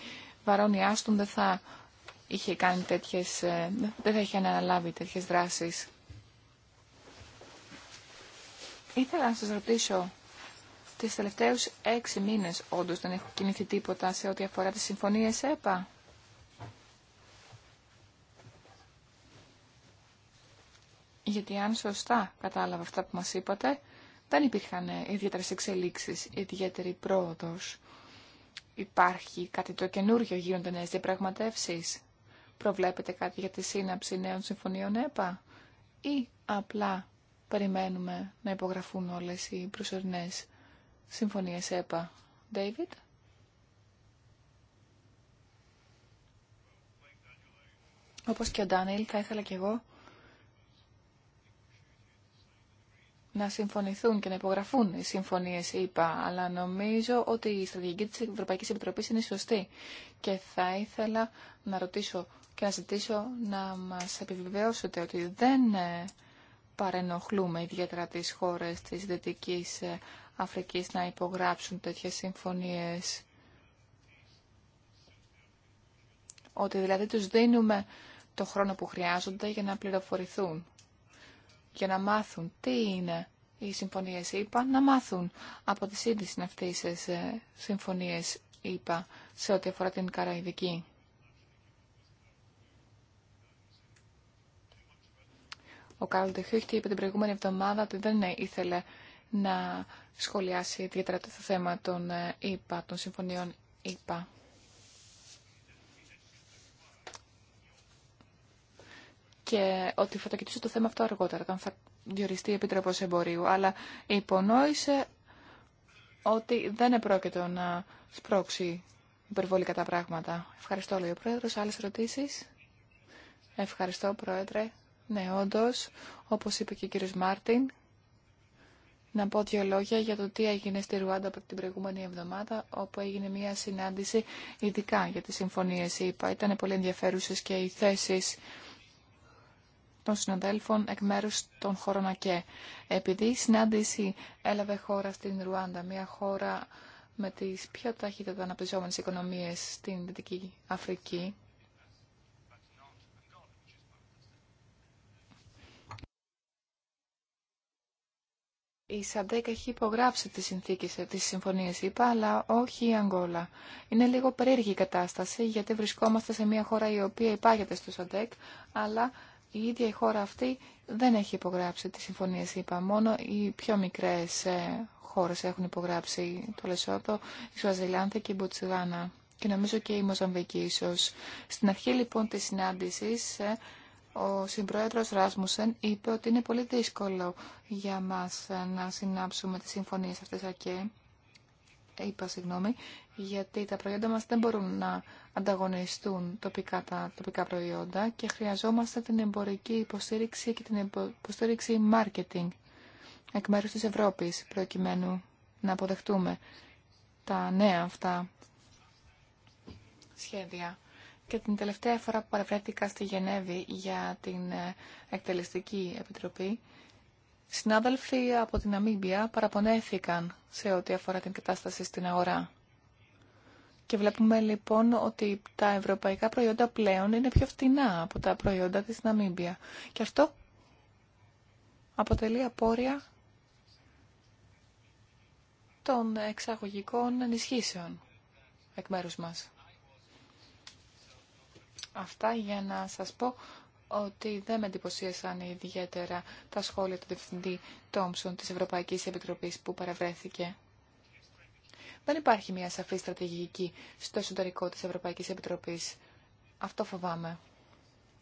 S3: Βαρόνι Άστον δεν θα είχε κάνει τέτοιες, ε, δεν θα είχε αναλάβει τέτοιες δράσεις Ήθελα να σας ρωτήσω, τις τελευταίους έξι μήνες όντως δεν έχει κινηθεί τίποτα σε ό,τι αφορά τις συμφωνίες ΕΠΑ. Γιατί αν σωστά κατάλαβα αυτά που μας είπατε, δεν υπήρχαν ιδιαίτερες εξελίξεις, ιδιαίτερη πρόοδος. Υπάρχει κάτι το καινούργιο, γίνονται νέες διαπραγματεύσεις. Προβλέπετε κάτι για τη σύναψη νέων συμφωνίων ΕΠΑ ή απλά περιμένουμε να υπογραφούν όλες οι προσωρινές συμφωνίες ΕΠΑ. David. Όπως και ο Ντάνιλ, θα ήθελα και εγώ να συμφωνηθούν και να υπογραφούν οι συμφωνίες, ΕΠΑ. αλλά νομίζω ότι η στρατηγική της Ευρωπαϊκής Επιτροπής είναι σωστή και θα ήθελα να ρωτήσω και να ζητήσω να μας επιβεβαιώσετε ότι δεν ε, παρενοχλούμε ιδιαίτερα τις χώρες της Δυτικής ε, Αφρικής να υπογράψουν τέτοιες συμφωνίες. Ότι δηλαδή τους δίνουμε το χρόνο που χρειάζονται για να πληροφορηθούν, για να μάθουν τι είναι οι συμφωνίες ΕΙΠΑ, να μάθουν από τις ίδιες αυτές τις ε, συμφωνίες ΕΙΠΑ σε ό,τι αφορά την Καραϊδική. Ο Κάρλ Ντεχούχτη είπε την προηγούμενη εβδομάδα ότι δεν ήθελε να σχολιάσει ιδιαίτερα το θέμα των ε, ΙΠΑ, των συμφωνιών ΙΠΑ. Και ότι θα το κοιτούσε το θέμα αυτό αργότερα, όταν θα διοριστεί η Επίτροπο Εμπορίου. Αλλά υπονόησε ότι δεν επρόκειτο να σπρώξει υπερβολικά τα πράγματα. Ευχαριστώ, λέει ο Πρόεδρος. Άλλες ερωτήσεις. Ευχαριστώ, Πρόεδρε. Ναι, όντω, όπως είπε και ο κύριος Μάρτιν, να πω δύο λόγια για το τι έγινε στη Ρουάντα την προηγούμενη εβδομάδα, όπου έγινε μια συνάντηση ειδικά για τι συμφωνίε ΕΙΠΑ. Ήταν πολύ ενδιαφέρουσε και οι θέσει των συναδέλφων εκ μέρου των χωρών ΑΚΕ. Επειδή η συνάντηση έλαβε χώρα στην Ρουάντα, μια χώρα με τις πιο ταχύτερα αναπτυσσόμενες οικονομίες στην Δυτική Αφρική, Η Σαντέκ έχει υπογράψει τις συνθήκες της συμφωνίας, είπα, αλλά όχι η Αγγόλα. Είναι λίγο περίεργη η κατάσταση, γιατί βρισκόμαστε σε μια χώρα η οποία υπάγεται στο Σαντέκ, αλλά η ίδια η χώρα αυτή δεν έχει υπογράψει τις συμφωνίες, είπα. Μόνο οι πιο μικρές ε, χώρες έχουν υπογράψει το Λεσότο, η Σουαζιλάνθη και η Μποτσιγάνα. Και νομίζω και η Μοζαμβική ίσως. Στην αρχή λοιπόν της συνάντησης ε, ο συμπρόεδρος Ράσμουσεν είπε ότι είναι πολύ δύσκολο για μας ε, να συνάψουμε τις συμφωνίες αυτές ΑΚΕ, είπα συγγνώμη, γιατί τα προϊόντα μας δεν μπορούν να ανταγωνιστούν τοπικά τα τοπικά προϊόντα και χρειαζόμαστε την εμπορική υποστήριξη και την υποστήριξη marketing εκ μέρους της Ευρώπης προκειμένου να αποδεχτούμε τα νέα αυτά σχέδια. Και την τελευταία φορά που παρευρέθηκα στη Γενέβη για την ε, εκτελεστική επιτροπή, συνάδελφοι από την Αμίμπια παραπονέθηκαν σε ό,τι αφορά την κατάσταση στην αγορά. Και βλέπουμε λοιπόν ότι τα ευρωπαϊκά προϊόντα πλέον είναι πιο φτηνά από τα προϊόντα της Ναμίμπια. Και αυτό αποτελεί απόρρια των εξαγωγικών ενισχύσεων εκ μέρους μας. Αυτά για να σας πω ότι δεν με εντυπωσίασαν ιδιαίτερα τα σχόλια του Διευθυντή Τόμψον της Ευρωπαϊκής Επιτροπής που παρευρέθηκε. Δεν υπάρχει μια σαφή στρατηγική στο εσωτερικό της Ευρωπαϊκής Επιτροπής. Αυτό φοβάμαι.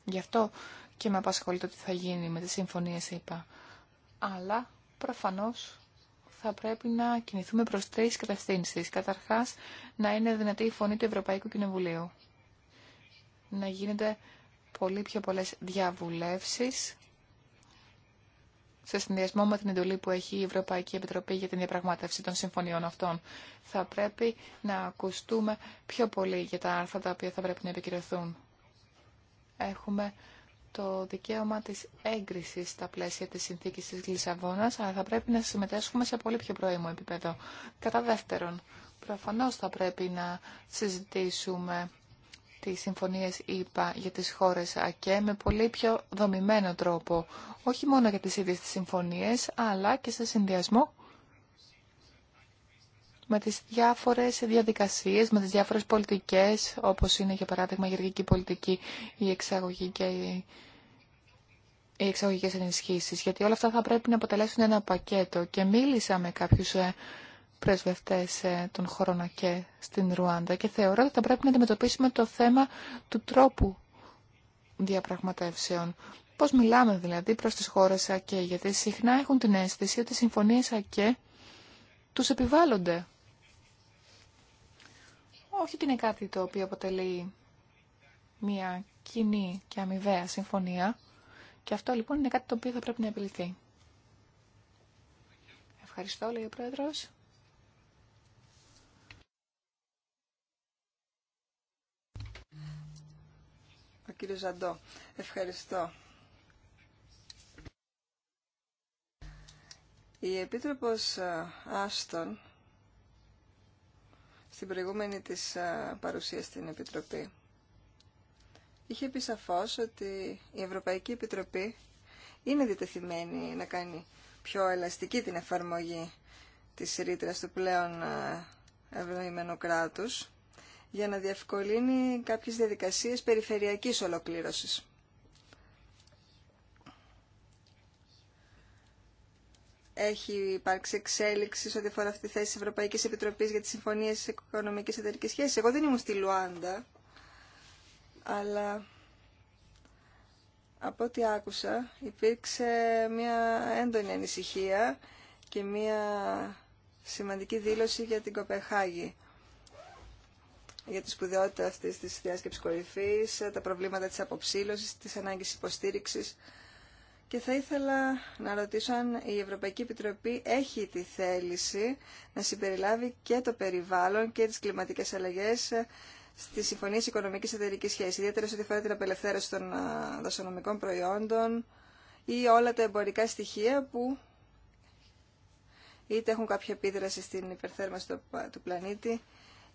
S3: Γι' αυτό και με απασχολεί το τι θα γίνει με τις συμφωνίες, είπα. Αλλά προφανώς θα πρέπει να κινηθούμε προς τρεις κατευθύνσεις. Καταρχάς, να είναι δυνατή η φωνή του Ευρωπαϊκού Κοινοβουλίου να γίνονται πολύ πιο πολλές διαβουλεύσεις σε συνδυασμό με την εντολή που έχει η Ευρωπαϊκή Επιτροπή για την διαπραγμάτευση των συμφωνιών αυτών. Θα πρέπει να ακουστούμε πιο πολύ για τα άρθρα τα οποία θα πρέπει να επικυρωθούν. Έχουμε το δικαίωμα της έγκρισης στα πλαίσια της συνθήκης της Λισαβόνας, αλλά θα πρέπει να συμμετέσχουμε σε πολύ πιο πρώιμο επίπεδο. Κατά δεύτερον, προφανώς θα πρέπει να συζητήσουμε τις συμφωνίες είπα, για τις χώρες ΑΚΕ με πολύ πιο δομημένο τρόπο. Όχι μόνο για τις ίδιες τις συμφωνίες, αλλά και σε συνδυασμό με τις διάφορες διαδικασίες, με τις διάφορες πολιτικές, όπως είναι για παράδειγμα η εργική πολιτική, η εξαγωγή και οι εξαγωγικέ ενισχύσει, γιατί όλα αυτά θα πρέπει να αποτελέσουν ένα πακέτο. Και μίλησα με κάποιου ε, πρεσβευτές ε, των χωρών και στην Ρουάντα και θεωρώ ότι θα πρέπει να αντιμετωπίσουμε το θέμα του τρόπου διαπραγματεύσεων. Πώς μιλάμε δηλαδή προς τις χώρες ΑΚΕ, γιατί συχνά έχουν την αίσθηση ότι οι συμφωνίες ΑΚΕ τους επιβάλλονται. Όχι ότι είναι κάτι το οποίο αποτελεί μια κοινή και αμοιβαία συμφωνία και αυτό λοιπόν είναι κάτι το οποίο θα πρέπει να επιληθεί. Ευχαριστώ, λέει ο Πρόεδρος.
S2: Κύριε Ζαντό. Ευχαριστώ. Η Επίτροπος ε, Άστον στην προηγούμενη της ε, παρουσία στην Επιτροπή είχε πει σαφώς ότι η Ευρωπαϊκή Επιτροπή είναι διτεθειμένη να κάνει πιο ελαστική την εφαρμογή της ρήτρας του πλέον ε, ευνοημένου κράτους για να διευκολύνει κάποιες διαδικασίες περιφερειακής ολοκλήρωσης. Έχει υπάρξει εξέλιξη σε ό,τι αφορά αυτή τη θέση της Ευρωπαϊκής Επιτροπής για τις Συμφωνίες Οικονομικής Εταιρικής Σχέσης. Εγώ δεν ήμουν στη Λουάντα, αλλά από ό,τι άκουσα υπήρξε μια έντονη ανησυχία και μια σημαντική δήλωση για την Κοπεχάγη για τη σπουδαιότητα αυτής της διάσκεψης κορυφή, τα προβλήματα της αποψήλωσης, τη ανάγκη υποστήριξη. Και θα ήθελα να ρωτήσω αν η Ευρωπαϊκή Επιτροπή έχει τη θέληση να συμπεριλάβει και το περιβάλλον και τις κλιματικές αλλαγές ε, στι Συμφωνία Οικονομικής Εταιρικής σχέση, ιδιαίτερα σε ό,τι αφορά την απελευθέρωση των ε, δασονομικών προϊόντων ή όλα τα εμπορικά στοιχεία που είτε έχουν κάποια επίδραση στην υπερθέρμανση του ε, πλανήτη,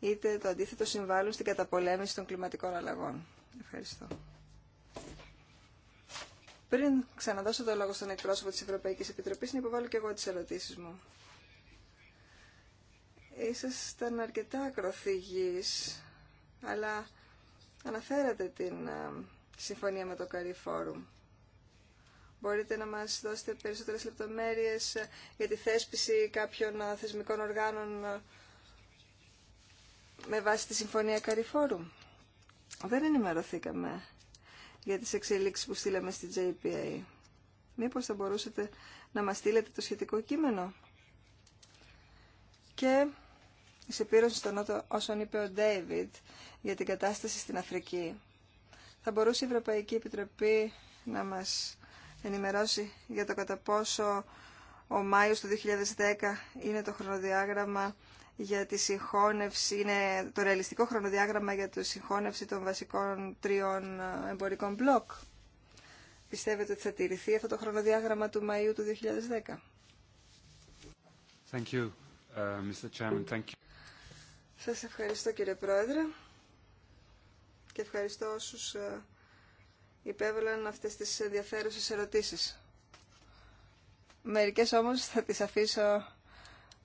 S2: είτε το αντίθετο συμβάλλουν στην καταπολέμηση των κλιματικών αλλαγών. Ευχαριστώ. Πριν ξαναδώσω το λόγο στον εκπρόσωπο της Ευρωπαϊκής Επιτροπής, να υποβάλω και εγώ τις ερωτήσεις μου. Ήσασταν αρκετά ακροθυγείς, αλλά αναφέρατε την συμφωνία με το Καρή Φόρουμ. Μπορείτε να μας δώσετε περισσότερες λεπτομέρειες ε, για τη θέσπιση κάποιων θεσμικών οργάνων με βάση τη Συμφωνία Καριφόρου. Δεν ενημερωθήκαμε για τις εξελίξεις που στείλαμε στη JPA. Μήπως θα μπορούσατε να μας στείλετε το σχετικό κείμενο. Και εις επίρρωση στον νότο όσον είπε ο Ντέιβιτ για την κατάσταση στην Αφρική. Θα μπορούσε η Ευρωπαϊκή Επιτροπή να μας ενημερώσει για το κατά πόσο ο Μάιος του 2010 είναι το χρονοδιάγραμμα για τη συγχώνευση, είναι το ρεαλιστικό χρονοδιάγραμμα για τη συγχώνευση των βασικών τριών ε, εμπορικών μπλοκ. Πιστεύετε ότι θα τηρηθεί αυτό το χρονοδιάγραμμα του Μαΐου του 2010.
S3: Thank you, uh, Mr. Chairman. Thank you.
S2: Σας ευχαριστώ κύριε Πρόεδρε και ευχαριστώ όσους ε, υπέβαλαν αυτές τις ενδιαφέρουσες ερωτήσεις. Μερικές όμως θα τις αφήσω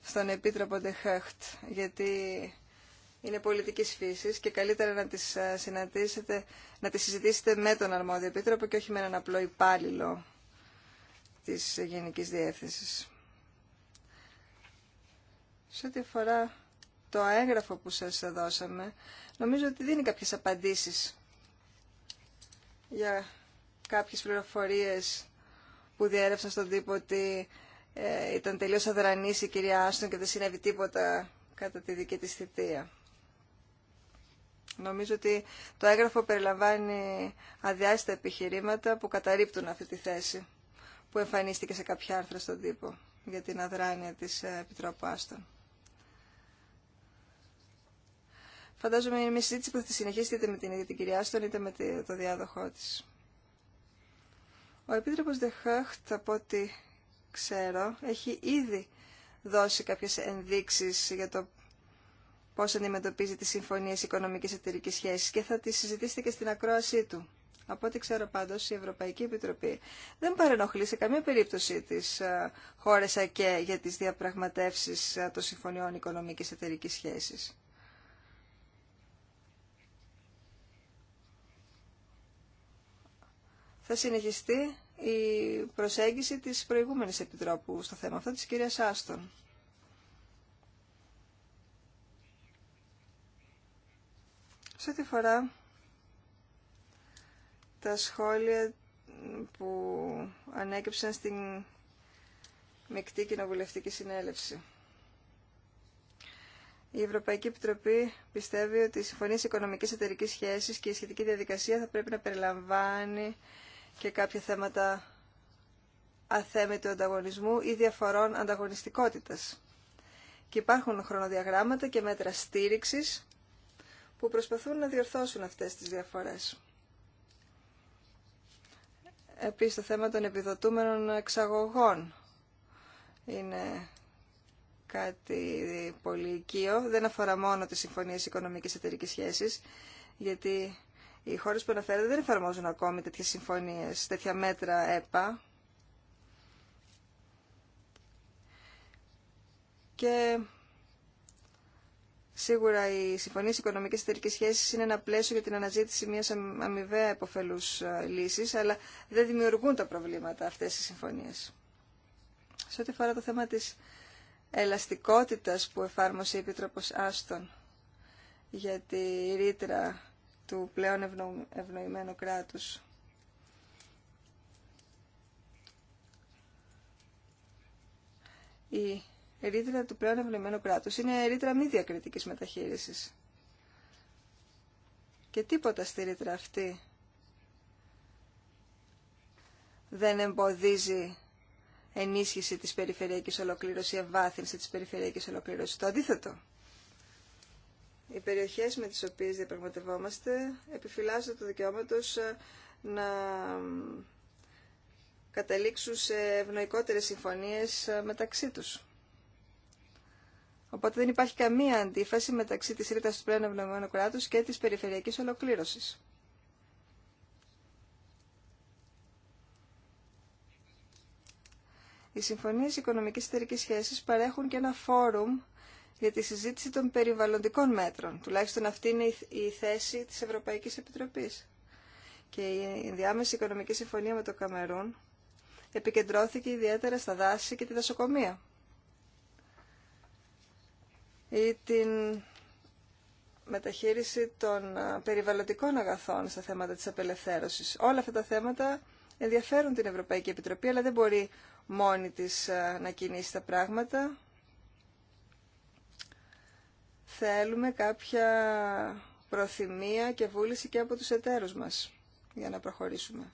S2: στον Επίτροπο Ντεχάχτ, γιατί είναι πολιτικής φύσης και καλύτερα να τις ε, συναντήσετε, να τις συζητήσετε με τον αρμόδιο Επίτροπο και όχι με έναν απλό υπάλληλο της Γενικής Διεύθυνσης. Σε ό,τι αφορά το έγγραφο που σας δώσαμε, νομίζω ότι δίνει κάποιες απαντήσεις για κάποιες πληροφορίες που διέρευσαν στον τύπο ότι ε, ήταν τελείως αδρανής η κυρία Άστον και δεν συνέβη τίποτα κατά τη δική της θητεία. Νομίζω ότι το έγγραφο περιλαμβάνει αδιάστατα επιχειρήματα που καταρρύπτουν αυτή τη θέση που εμφανίστηκε σε κάποια άρθρα στον τύπο για την αδράνεια της ε, Επιτρόπου Άστον. Φαντάζομαι είναι μια συζήτηση που θα τη συνεχίσετε είτε με την ίδια την κυρία Άστον είτε με το διάδοχό της. Ο Επίτροπος Δεχάχτ, από ό,τι ξέρω έχει ήδη δώσει κάποιες ενδείξεις για το πώς αντιμετωπίζει τις συμφωνίες οικονομικής εταιρικής σχέσης και θα τις συζητήσετε και στην ακρόασή του. Από ό,τι ξέρω πάντως η Ευρωπαϊκή Επιτροπή δεν παρενοχλεί σε καμία περίπτωση τις ε, χώρες ΑΚΕ για τις διαπραγματεύσεις ε, των συμφωνιών οικονομικής εταιρικής σχέσης. Θα συνεχιστεί η προσέγγιση της προηγούμενης επιτρόπου στο θέμα αυτό, της κυρίας Άστον. Σε ό,τι φορά τα σχόλια που ανέκυψαν στην μεικτή κοινοβουλευτική συνέλευση. Η Ευρωπαϊκή Επιτροπή πιστεύει ότι οι συμφωνίε οικονομικής εταιρικής σχέσης και η σχετική διαδικασία θα πρέπει να περιλαμβάνει και κάποια θέματα του ανταγωνισμού ή διαφορών ανταγωνιστικότητας. Και υπάρχουν χρονοδιαγράμματα και μέτρα στήριξης που προσπαθούν να διορθώσουν αυτές τις διαφορές. Επίσης το θέμα των επιδοτούμενων εξαγωγών είναι κάτι πολύ οικείο. Δεν αφορά μόνο τις συμφωνίες οικονομικής εταιρικής σχέσης, γιατί οι χώρε που αναφέρονται δεν εφαρμόζουν ακόμη τέτοιε συμφωνίε τέτοια μέτρα ΕΠΑ. Και σίγουρα οι συμφωνίες και εταιρική σχέσης είναι ένα πλαίσιο για την αναζήτηση μια αμοιβαία εποφελούς ε, λύση, αλλά δεν δημιουργούν τα προβλήματα αυτέ οι συμφωνίε. Σε ό,τι αφορά το θέμα τη ελαστικότητα που εφάρμοσε η επιτροπο Άστον για τη ρήτρα του πλέον ευνο, ευνοημένου κράτους. Η ρήτρα του πλέον ευνοημένου κράτους είναι ρήτρα μη διακριτικής μεταχείρισης. Και τίποτα στη ρήτρα αυτή δεν εμποδίζει ενίσχυση της περιφερειακής ολοκλήρωσης, ευάθυνση της περιφερειακής ολοκλήρωσης. Το αντίθετο. Οι περιοχές με τις οποίες διαπραγματευόμαστε επιφυλάσσονται το δικαίωμα τους ε, να καταλήξουν σε ευνοϊκότερες συμφωνίες ε, μεταξύ τους. Οπότε δεν υπάρχει καμία αντίφαση μεταξύ της ρήτας του πλέον ευνοημένου κράτους και της περιφερειακής ολοκλήρωσης. Οι συμφωνίες οικονομικής εταιρικής σχέσης παρέχουν και ένα φόρουμ για τη συζήτηση των περιβαλλοντικών μέτρων. Τουλάχιστον αυτή είναι η θέση της Ευρωπαϊκής Επιτροπής. Και η διάμεση οικονομική συμφωνία με το Καμερούν επικεντρώθηκε ιδιαίτερα στα δάση και τη δασοκομεία. Ή την μεταχείριση των περιβαλλοντικών αγαθών στα θέματα της απελευθέρωσης. Όλα αυτά τα θέματα ενδιαφέρουν την Ευρωπαϊκή Επιτροπή, αλλά δεν μπορεί μόνη της να κινήσει τα πράγματα θέλουμε κάποια προθυμία και βούληση και από τους εταίρους μας για να προχωρήσουμε.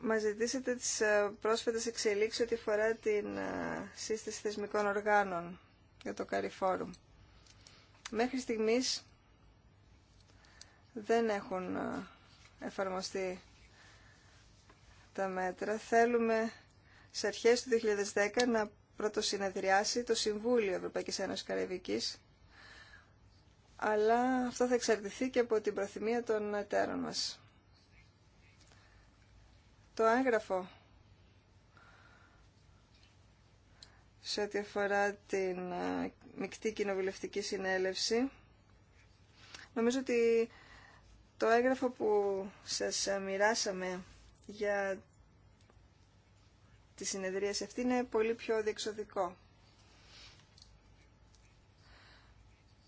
S2: Μας ζητήσετε τις ε, πρόσφατες εξελίξεις ότι αφορά την ε, σύστηση θεσμικών οργάνων για το Καριφόρουμ. Μέχρι στιγμής δεν έχουν ε, εφαρμοστεί τα μέτρα. Θέλουμε σε αρχές του 2010 να πρωτοσυνεδριάσει το Συμβούλιο Ευρωπαϊκής Ένωσης Καραϊβικής, αλλά αυτό θα εξαρτηθεί και από την προθυμία των εταίρων μας. Το έγγραφο σε ό,τι αφορά την ε, μεικτή κοινοβουλευτική συνέλευση. Νομίζω ότι το έγγραφο που σας ε, μοιράσαμε για Τη συνεδρία αυτή είναι πολύ πιο διεξοδικό.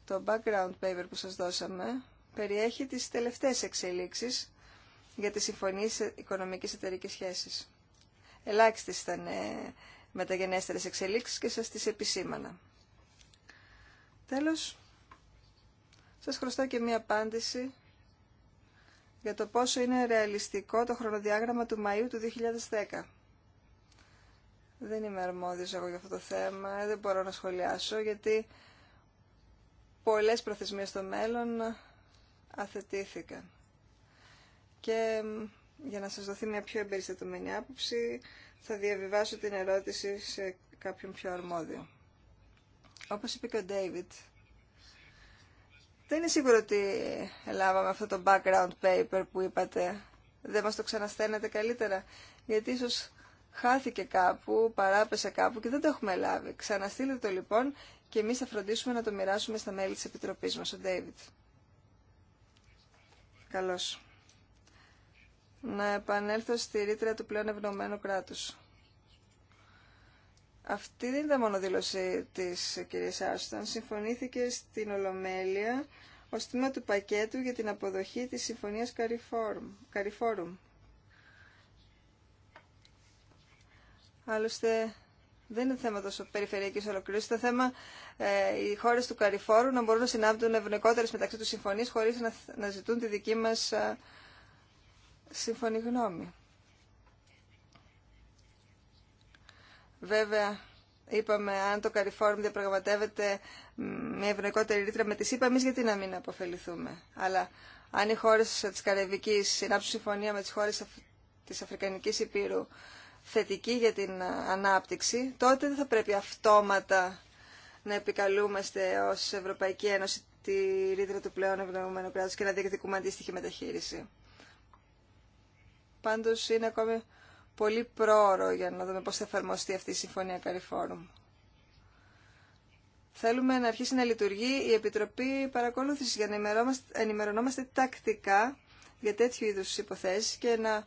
S2: Το background paper που σας δώσαμε περιέχει τις τελευταίες εξελίξεις για τις συμφωνίες οικονομικής εταιρικής σχέσης. Ελάχιστες ήταν ε, μεταγενέστερες εξελίξεις και σας τις επισήμανα. Τέλος, σας χρωστώ και μία απάντηση για το πόσο είναι ρεαλιστικό το χρονοδιάγραμμα του Μαΐου του 2010. Δεν είμαι αρμόδιος εγώ για αυτό το θέμα, δεν μπορώ να σχολιάσω γιατί πολλές προθεσμίες στο μέλλον αθετήθηκαν. Και για να σας δοθεί μια πιο εμπεριστατωμένη άποψη θα διαβιβάσω την ερώτηση σε κάποιον πιο αρμόδιο. Όπως είπε και ο Ντέιβιτ, δεν είναι σίγουρο ότι λάβαμε αυτό το background paper που είπατε. Δεν μας το ξαναστένατε καλύτερα, γιατί ίσως χάθηκε κάπου, παράπεσε κάπου και δεν το έχουμε λάβει. Ξαναστείλετε το λοιπόν και εμείς θα φροντίσουμε να το μοιράσουμε στα μέλη της Επιτροπής μας, ο Ντέιβιτ. Καλώς. Να επανέλθω στη ρήτρα του πλέον ευνομένου κράτους. Αυτή δεν ήταν μόνο δήλωση της κυρίας Άστον. Συμφωνήθηκε στην Ολομέλεια ως τμήμα του πακέτου για την αποδοχή της Συμφωνίας Καριφόρουμ. Άλλωστε, δεν είναι θέμα τόσο περιφερειακή ολοκλήρωση. Είναι θέμα ε, οι χώρε του Καριφόρου να μπορούν να συνάπτουν ευνοϊκότερε μεταξύ του συμφωνίε χωρί να, ζητούν τη δική μα ε, σύμφωνη γνώμη. Βέβαια, είπαμε αν το Καριφόρουμ διαπραγματεύεται μια ευνοϊκότερη ρήτρα με τη ΣΥΠΑ, εμεί γιατί να μην αποφεληθούμε. Αλλά αν οι χώρε τη Καραϊβική συνάψουν συμφωνία με τι χώρε τη Αφρικανική Υπήρου θετική για την ανάπτυξη, τότε δεν θα πρέπει αυτόματα να επικαλούμαστε ως Ευρωπαϊκή Ένωση τη ρήτρα του πλέον ευνοημένου κράτους και να διεκδικούμε αντίστοιχη μεταχείριση. Πάντως είναι ακόμη πολύ πρόωρο για να δούμε πώς θα εφαρμοστεί αυτή η Συμφωνία Καριφόρουμ. Θέλουμε να αρχίσει να λειτουργεί η Επιτροπή Παρακολούθησης για να ενημερωνόμαστε τακτικά για τέτοιου είδους υποθέσεις και να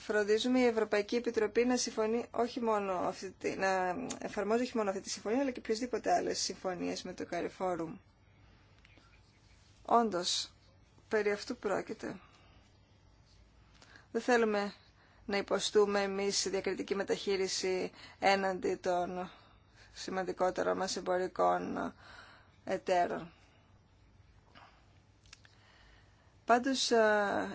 S2: φροντίζουμε η Ευρωπαϊκή Επιτροπή να, συμφωνεί όχι μόνο αυτή, να εφαρμόζει όχι μόνο αυτή τη συμφωνία, αλλά και οποιασδήποτε άλλες συμφωνίες με το Καριφόρουμ. Όντως, περί αυτού πρόκειται. Δεν θέλουμε να υποστούμε εμείς διακριτική μεταχείριση έναντι των σημαντικότερων μας εμπορικών εταίρων. Πάντω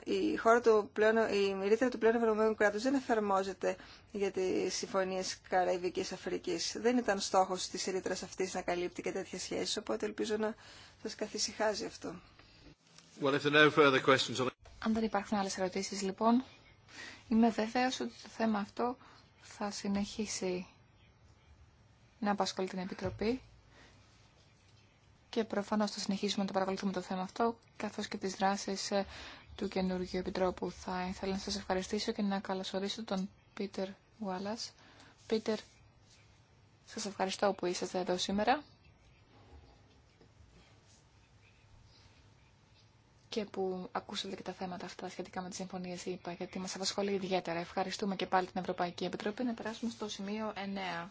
S2: η, χώρα του πλέον, η ρήτρα του πλέον Ευρωπαϊκού κράτου δεν εφαρμόζεται για τι συμφωνίε Καραϊβική Αφρική. Δεν ήταν στόχο τη ρήτρα αυτή να καλύπτει και τέτοιες σχέσει,
S3: οπότε ελπίζω να σα καθησυχάζει αυτό.
S1: Well, further
S3: Αν δεν υπάρχουν άλλε ερωτήσει, λοιπόν, είμαι βέβαιος ότι το θέμα αυτό θα συνεχίσει να απασχολεί την Επιτροπή και προφανώς θα συνεχίσουμε να το παρακολουθούμε το θέμα αυτό, καθώς και τις δράσεις ε, του καινούργιου επιτρόπου. Θα ήθελα να σας ευχαριστήσω και να καλωσορίσω τον Πίτερ Ουάλλας. Πίτερ, σας ευχαριστώ που είσαστε εδώ σήμερα. και που ακούσατε και τα θέματα αυτά σχετικά με τις συμφωνίες είπα, γιατί μας απασχολεί ιδιαίτερα. Ευχαριστούμε και πάλι την Ευρωπαϊκή Επιτροπή να περάσουμε στο σημείο 9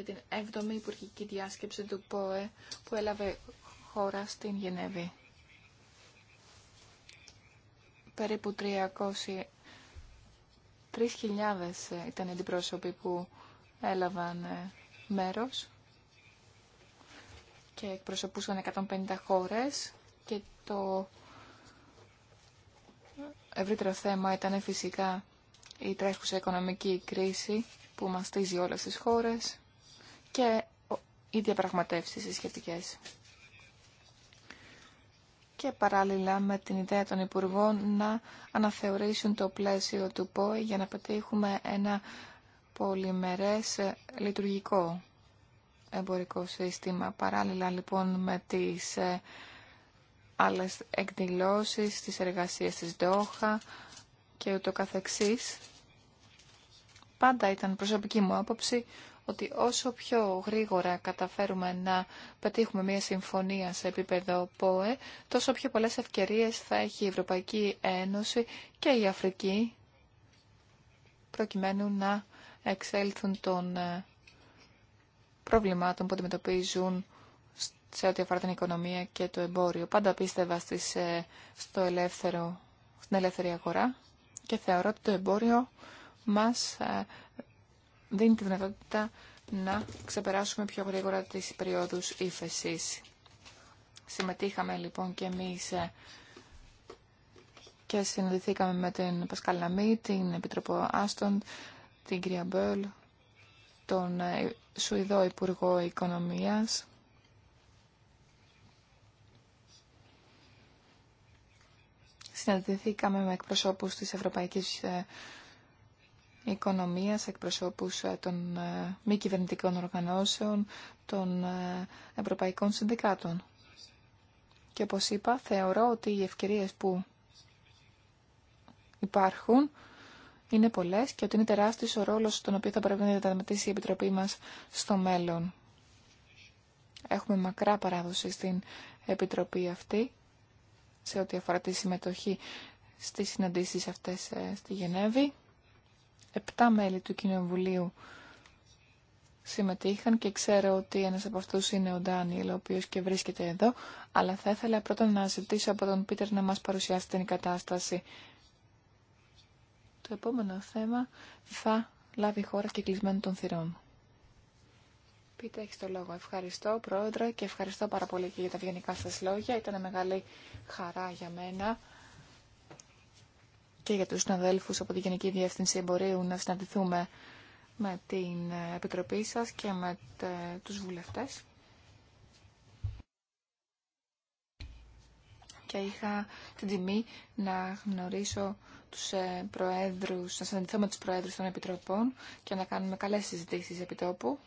S3: για την 7η Υπουργική Διάσκεψη του ΠΟΕ που έλαβε χώρα στην Γενέβη. Περίπου 300 3.000 ε, ήταν οι αντιπρόσωποι που έλαβαν ε, μέρος και εκπροσωπούσαν 150 χώρες και το ευρύτερο θέμα ήταν φυσικά η τρέχουσα οικονομική κρίση που μαστίζει όλες τις χώρες και οι διαπραγματεύσεις οι Και παράλληλα με την ιδέα των Υπουργών να αναθεωρήσουν το πλαίσιο του ΠΟΗ για να πετύχουμε ένα πολυμερές λειτουργικό εμπορικό σύστημα. Παράλληλα λοιπόν με τις ε, άλλες εκδηλώσεις, τις εργασίες της ΔΟΧΑ και ούτω καθεξής. Πάντα ήταν προσωπική μου άποψη ότι όσο πιο γρήγορα καταφέρουμε να πετύχουμε μια συμφωνία σε επίπεδο ΠΟΕ, τόσο πιο πολλές ευκαιρίες θα έχει η Ευρωπαϊκή Ένωση και η Αφρική προκειμένου να εξέλθουν των ε, προβλημάτων που αντιμετωπίζουν σε ό,τι αφορά την οικονομία και το εμπόριο. Πάντα πίστευα στις, ε, στο ελεύθερο, στην ελεύθερη αγορά και θεωρώ ότι το εμπόριο μας ε, δίνει τη δυνατότητα να ξεπεράσουμε πιο γρήγορα τις περιόδους ύφεση. Συμμετείχαμε λοιπόν και εμείς ε, και συναντηθήκαμε με την Πασκαλαμή, την Επιτροπό Άστον, την κυρία Μπέλ, τον ε, Σουηδό Υπουργό Οικονομίας. Συναντηθήκαμε με εκπροσώπους της Ευρωπαϊκής ε, οικονομίας, εκπροσώπους ε, των ε, μη κυβερνητικών οργανώσεων, των ε, ευρωπαϊκών συνδικάτων. Και όπως είπα, θεωρώ ότι οι ευκαιρίες που υπάρχουν είναι πολλές και ότι είναι τεράστιος ο ρόλος τον οποίο θα πρέπει να διαδραματίσει η Επιτροπή μας στο μέλλον. Έχουμε μακρά παράδοση στην Επιτροπή αυτή σε ό,τι αφορά τη συμμετοχή στις συναντήσεις αυτές στη Γενέβη. Επτά μέλη του Κοινοβουλίου συμμετείχαν και ξέρω ότι ένας από αυτούς είναι ο Ντάνιελ, ο οποίος και βρίσκεται εδώ, αλλά θα ήθελα πρώτα να ζητήσω από τον Πίτερ να μας παρουσιάσει την κατάσταση. Το επόμενο θέμα θα λάβει χώρα και κλεισμένο των θυρών. Πείτε, έχει το λόγο. Ευχαριστώ, Πρόεδρε, και ευχαριστώ πάρα πολύ και για τα ευγενικά σας λόγια. Ήταν μεγάλη χαρά για μένα και για τους συναδέλφους από τη Γενική Διεύθυνση Εμπορίου να συναντηθούμε με την Επιτροπή σας και με τους βουλευτές. Και είχα την τιμή να γνωρίσω τους ε, προέδρους, να συναντηθώ με τους προέδρους των Επιτροπών και να κάνουμε καλές συζητήσεις τόπου.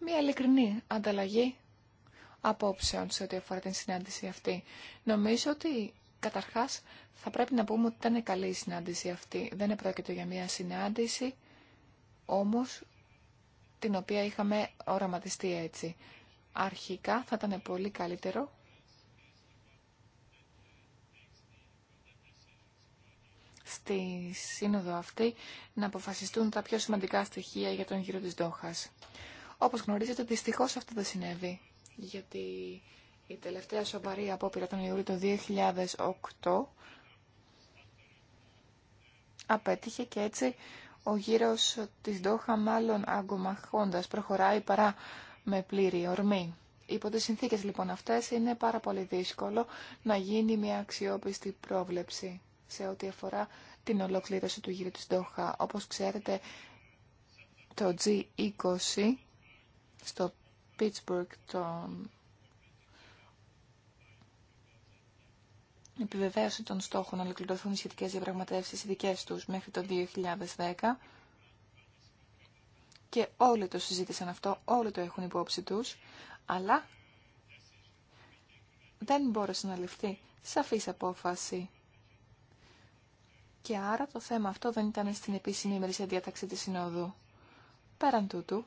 S3: Μία ειλικρινή ανταλλαγή απόψεων σε ό,τι αφορά την συνάντηση αυτή. Νομίζω ότι καταρχάς θα πρέπει να πούμε ότι ήταν καλή η συνάντηση αυτή. Δεν επρόκειτο για μια συνάντηση, όμως την οποία είχαμε οραματιστεί έτσι. Αρχικά θα ήταν πολύ καλύτερο στη σύνοδο αυτή να αποφασιστούν τα πιο σημαντικά στοιχεία για τον γύρο της Δόχας. Όπως γνωρίζετε, δυστυχώς αυτό δεν συνέβη γιατί η τελευταία σοβαρή απόπειρα τον Ιούλιο το 2008 απέτυχε και έτσι ο γύρος της ΔΟΧΑ μάλλον αγκομαχώντας προχωράει παρά με πλήρη ορμή. Υπό τις συνθήκες λοιπόν αυτές είναι πάρα πολύ δύσκολο να γίνει μια αξιόπιστη πρόβλεψη σε ό,τι αφορά την ολοκλήρωση του γύρου της ΔΟΧΑ. Όπως ξέρετε το G20 στο Pittsburgh το επιβεβαίωση των στόχων να ολοκληρωθούν οι σχετικές διαπραγματεύσεις οι δικές τους μέχρι το 2010 και όλοι το συζήτησαν αυτό, όλοι το έχουν υπόψη τους, αλλά δεν μπόρεσε να ληφθεί σαφής απόφαση. Και άρα το θέμα αυτό δεν ήταν στην επίσημη ημερήσια διάταξη της Συνόδου. Πέραν τούτου,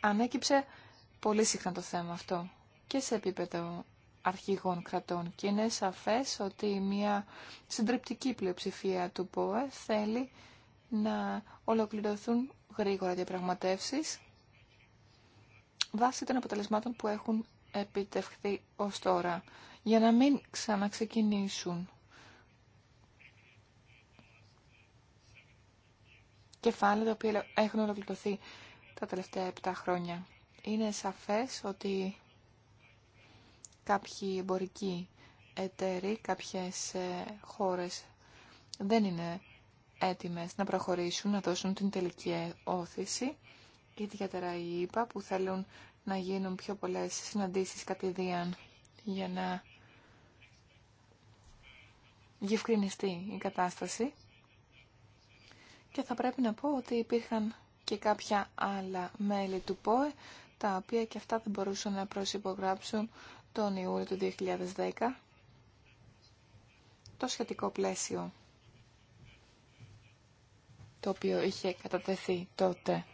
S3: ανέκυψε πολύ συχνά το θέμα αυτό και σε επίπεδο αρχηγών κρατών και είναι σαφές ότι μια συντριπτική πλειοψηφία του ΠΟΕ θέλει να ολοκληρωθούν γρήγορα διαπραγματεύσει βάσει των αποτελεσμάτων που έχουν επιτευχθεί ως τώρα για να μην ξαναξεκινήσουν κεφάλαια τα οποία έχουν ολοκληρωθεί τα τελευταία 7 χρόνια. Είναι σαφές ότι κάποιοι εμπορικοί εταίροι, κάποιες ε, χώρες δεν είναι έτοιμες να προχωρήσουν, να δώσουν την τελική όθηση, ιδιαίτερα οι ΙΠΑ που θέλουν να γίνουν πιο πολλές συναντήσεις κατηδίαν για να διευκρινιστεί η κατάσταση. Και θα πρέπει να πω ότι υπήρχαν και κάποια άλλα μέλη του ΠΟΕ, τα οποία και αυτά δεν μπορούσαν να προσυπογράψουν τον Ιούλιο του 2010 το σχετικό πλαίσιο το οποίο είχε κατατεθεί τότε.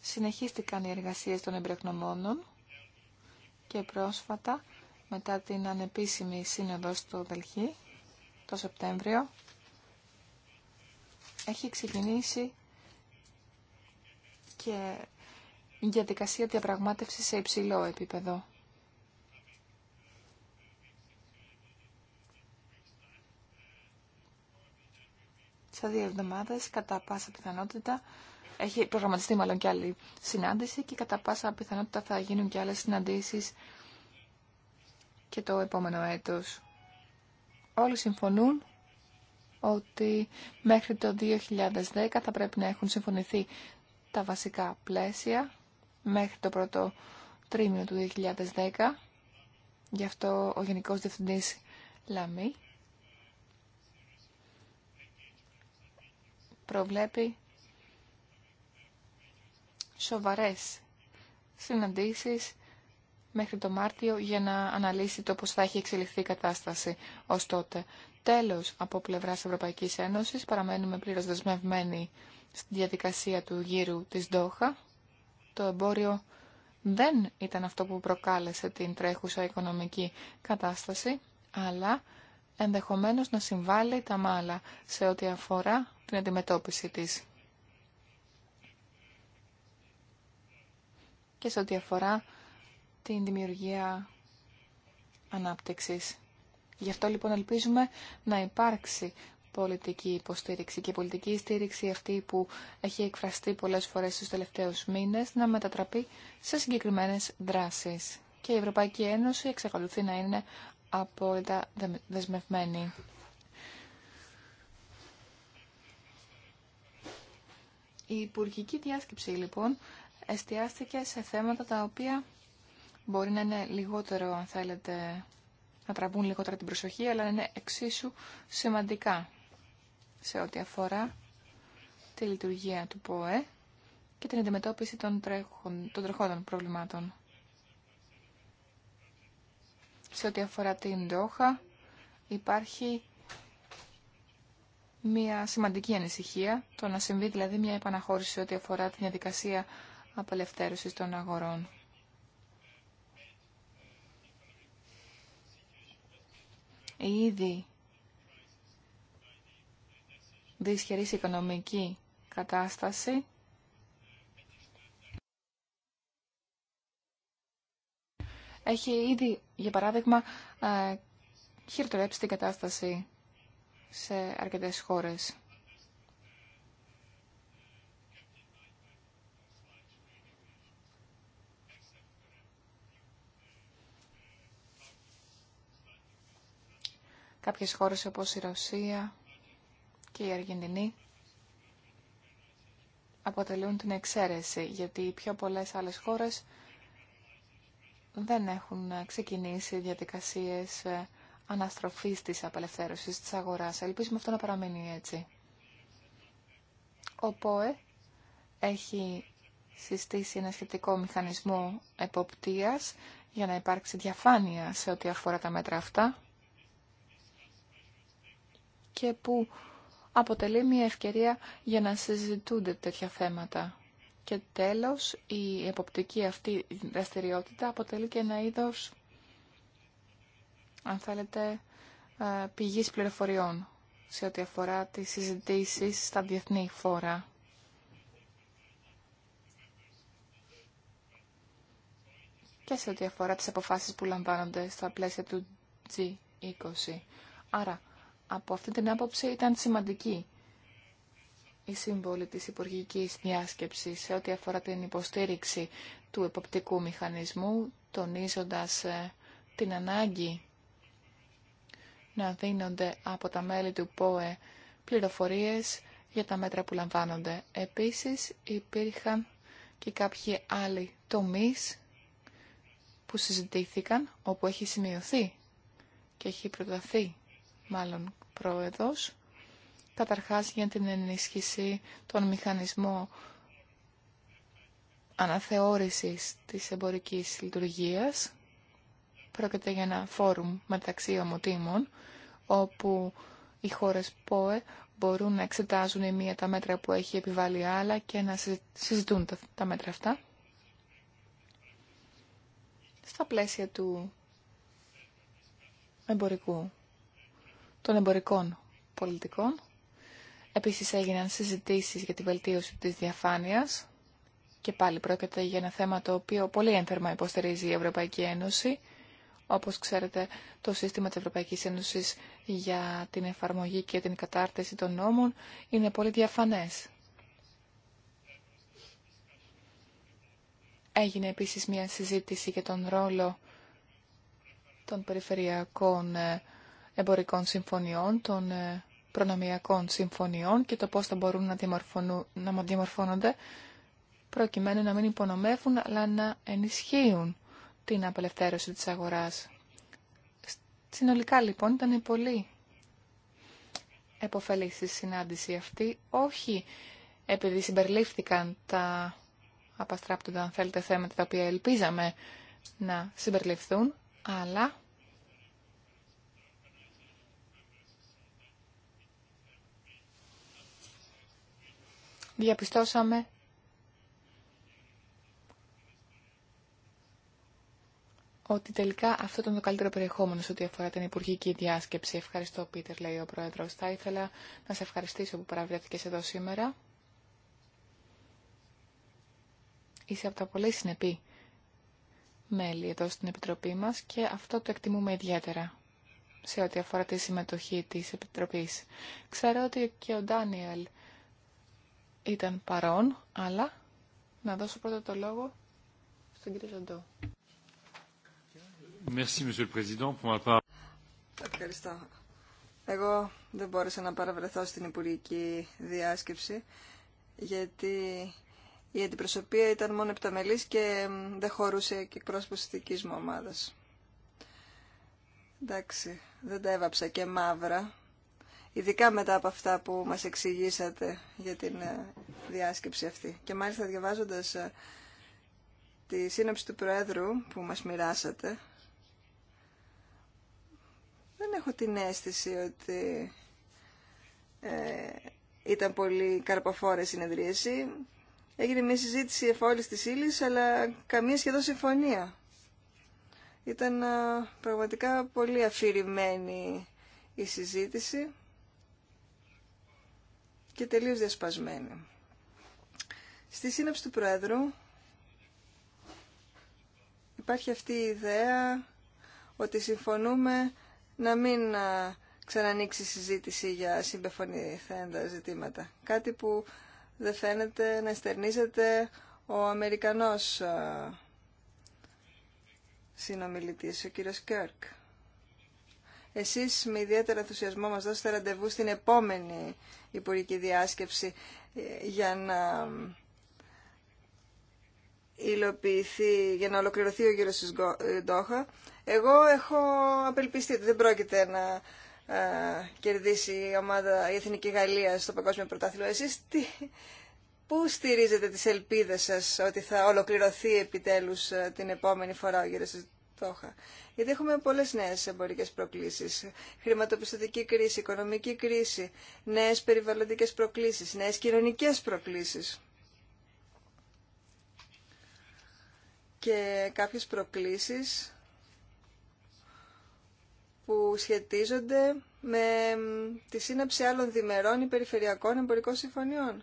S3: Συνεχίστηκαν οι εργασίες των εμπρεκνομόνων και πρόσφατα μετά την ανεπίσημη σύνοδο στο Δελχή το Σεπτέμβριο έχει ξεκινήσει και διαδικασία διαπραγμάτευση σε υψηλό επίπεδο. Σε δύο εβδομάδε. κατά πάσα πιθανότητα, έχει προγραμματιστεί μάλλον και άλλη συνάντηση και κατά πάσα πιθανότητα θα γίνουν και άλλες συναντήσεις και το επόμενο έτος. Όλοι συμφωνούν ότι μέχρι το 2010 θα πρέπει να έχουν συμφωνηθεί τα βασικά πλαίσια μέχρι το πρώτο τρίμηνο του 2010. Γι' αυτό ο Γενικός Διευθυντής Λαμή προβλέπει σοβαρές συναντήσεις μέχρι το Μάρτιο για να αναλύσει το πώς θα έχει εξελιχθεί η κατάσταση ως τότε. Τέλος, από πλευράς Ευρωπαϊκής Ένωσης παραμένουμε πλήρως δεσμευμένοι στη διαδικασία του γύρου της ΔΟΧΑ, Το εμπόριο δεν ήταν αυτό που προκάλεσε την τρέχουσα οικονομική κατάσταση, αλλά ενδεχομένως να συμβάλλει τα μάλα σε ό,τι αφορά την αντιμετώπιση της. Και σε ό,τι αφορά την δημιουργία ανάπτυξης. Γι' αυτό λοιπόν ελπίζουμε να υπάρξει πολιτική υποστήριξη και η πολιτική στήριξη αυτή που έχει εκφραστεί πολλές φορές στους τελευταίους μήνες να μετατραπεί σε συγκεκριμένες δράσεις. Και η Ευρωπαϊκή Ένωση εξακολουθεί να είναι απόλυτα δεσμευμένη. Η υπουργική διάσκεψη λοιπόν εστιάστηκε σε θέματα τα οποία μπορεί να είναι λιγότερο, αν θέλετε, να τραβούν λιγότερα την προσοχή, αλλά είναι εξίσου σημαντικά σε ό,τι αφορά τη λειτουργία του ΠΟΕ και την αντιμετώπιση των, των τρεχόντων προβλημάτων. Σε ό,τι αφορά την Ντόχα υπάρχει μια σημαντική ανησυχία, το να συμβεί δηλαδή μια επαναχώρηση ό,τι αφορά την διαδικασία απελευθέρωσης των αγορών. Ήδη δυσχερής οικονομική κατάσταση έχει ήδη, για παράδειγμα, ε, χειροτρέψει την κατάσταση σε αρκετές χώρες. Κάποιες χώρες όπως η Ρωσία, και οι Αργεντινοί αποτελούν την εξαίρεση, γιατί οι πιο πολλές άλλες χώρες δεν έχουν ξεκινήσει διαδικασίες ε, αναστροφής της απελευθέρωσης της αγοράς. Ελπίζουμε αυτό να παραμείνει έτσι. Ο ΠΟΕ έχει συστήσει ένα σχετικό μηχανισμό εποπτείας για να υπάρξει διαφάνεια σε ό,τι αφορά τα μέτρα αυτά και που αποτελεί μια ευκαιρία για να συζητούνται τέτοια θέματα. Και τέλος, η εποπτική αυτή δραστηριότητα αποτελεί και ένα είδος, αν θέλετε, ε, πηγής πληροφοριών σε ό,τι αφορά τις συζητήσεις στα διεθνή φόρα. Και σε ό,τι αφορά τις αποφάσεις που λαμβάνονται στα πλαίσια του G20. Άρα, από αυτή την άποψη ήταν σημαντική η σύμβολη της υπουργικής διάσκεψης σε ό,τι αφορά την υποστήριξη του εποπτικού μηχανισμού, τονίζοντας ε, την ανάγκη να δίνονται από τα μέλη του ΠΟΕ πληροφορίες για τα μέτρα που λαμβάνονται. Επίσης υπήρχαν και κάποιοι άλλοι τομείς που συζητήθηκαν, όπου έχει σημειωθεί και έχει προταθεί μάλλον πρόεδρος. Καταρχάς για την ενίσχυση των μηχανισμών αναθεώρησης της εμπορικής λειτουργίας. Πρόκειται για ένα φόρουμ μεταξύ ομοτήμων, όπου οι χώρες ΠΟΕ μπορούν να εξετάζουν η μία τα μέτρα που έχει επιβάλει άλλα και να συζητούν τα μέτρα αυτά. Στα πλαίσια του εμπορικού των εμπορικών πολιτικών. Επίσης έγιναν συζητήσεις για τη βελτίωση της διαφάνειας και πάλι πρόκειται για ένα θέμα το οποίο πολύ ένθερμα υποστηρίζει η Ευρωπαϊκή Ένωση. Όπως ξέρετε, το σύστημα της Ευρωπαϊκής Ένωσης για την εφαρμογή και την κατάρτιση των νόμων είναι πολύ διαφανές. Έγινε επίσης μια συζήτηση για τον ρόλο των περιφερειακών ε, εμπορικών συμφωνιών, των ε, προνομιακών συμφωνιών και το πώς θα μπορούν να, να διαμορφώνονται προκειμένου να μην υπονομεύουν αλλά να ενισχύουν την απελευθέρωση της αγοράς. Συνολικά λοιπόν ήταν πολύ εποφελής στη συνάντηση αυτή, όχι επειδή συμπεριλήφθηκαν τα απαστράπτοντα αν θέλετε θέματα τα οποία ελπίζαμε να συμπεριληφθούν, αλλά διαπιστώσαμε ότι τελικά αυτό ήταν το καλύτερο περιεχόμενο σε ό,τι αφορά την υπουργική διάσκεψη. Ευχαριστώ, Πίτερ, λέει ο Πρόεδρο. Θα ήθελα να σε ευχαριστήσω που παραβρέθηκε εδώ σήμερα. Είσαι από τα πολύ συνεπή μέλη εδώ στην Επιτροπή μας και αυτό το εκτιμούμε ιδιαίτερα σε ό,τι αφορά τη συμμετοχή της Επιτροπής. Ξέρω ότι και ο Ντάνιελ ήταν παρόν, αλλά να δώσω πρώτα το λόγο στον κύριο Ζαντό.
S2: Ευχαριστώ. Εγώ δεν μπόρεσα να παραβρεθώ στην Υπουργική Διάσκεψη, γιατί η αντιπροσωπεία ήταν μόνο επταμελής και δεν χωρούσε και εκπρόσωπος της δικής μου ομάδας. Εντάξει, δεν τα έβαψα και μαύρα, ειδικά μετά από αυτά που μας εξηγήσατε για την ε, διάσκεψη αυτή. Και μάλιστα διαβάζοντας ε, τη σύνοψη του Προέδρου που μας μοιράσατε, δεν έχω την αίσθηση ότι ε, ήταν πολύ καρποφόρα συνεδρίαση. Έγινε μια συζήτηση εφόλης της ύλης, αλλά καμία σχεδόν συμφωνία. Ήταν πραγματικά πολύ αφηρημένη η συζήτηση και τελείως διασπασμένη. Στη σύνοψη του Πρόεδρου υπάρχει αυτή η ιδέα ότι συμφωνούμε να μην ξανανοίξει συζήτηση για συμπεφωνηθέντα ζητήματα. Κάτι που δεν φαίνεται να εστερνίζεται ο Αμερικανός συνομιλητής, ο κύριος Κέρκ. Εσείς με ιδιαίτερο ενθουσιασμό μας δώσετε ραντεβού στην επόμενη υπουργική διάσκεψη ε, για να υλοποιηθεί, για να ολοκληρωθεί ο γύρος της ε, Ντόχα. Εγώ έχω απελπιστεί ότι δεν πρόκειται να ε, κερδίσει η ομάδα η Εθνική Γαλλία στο Παγκόσμιο Πρωτάθλημα. Εσείς τι, πού στηρίζετε τις ελπίδες σας ότι θα ολοκληρωθεί επιτέλους την επόμενη φορά ο γύρος της Ντόχα. Γιατί έχουμε πολλές νέες εμπορικές προκλήσεις. Χρηματοπιστωτική κρίση, οικονομική κρίση, νέες περιβαλλοντικές προκλήσεις, νέες κοινωνικές προκλήσεις. Και κάποιες προκλήσεις που σχετίζονται με τη σύναψη άλλων διμερών ή περιφερειακών εμπορικών συμφωνιών.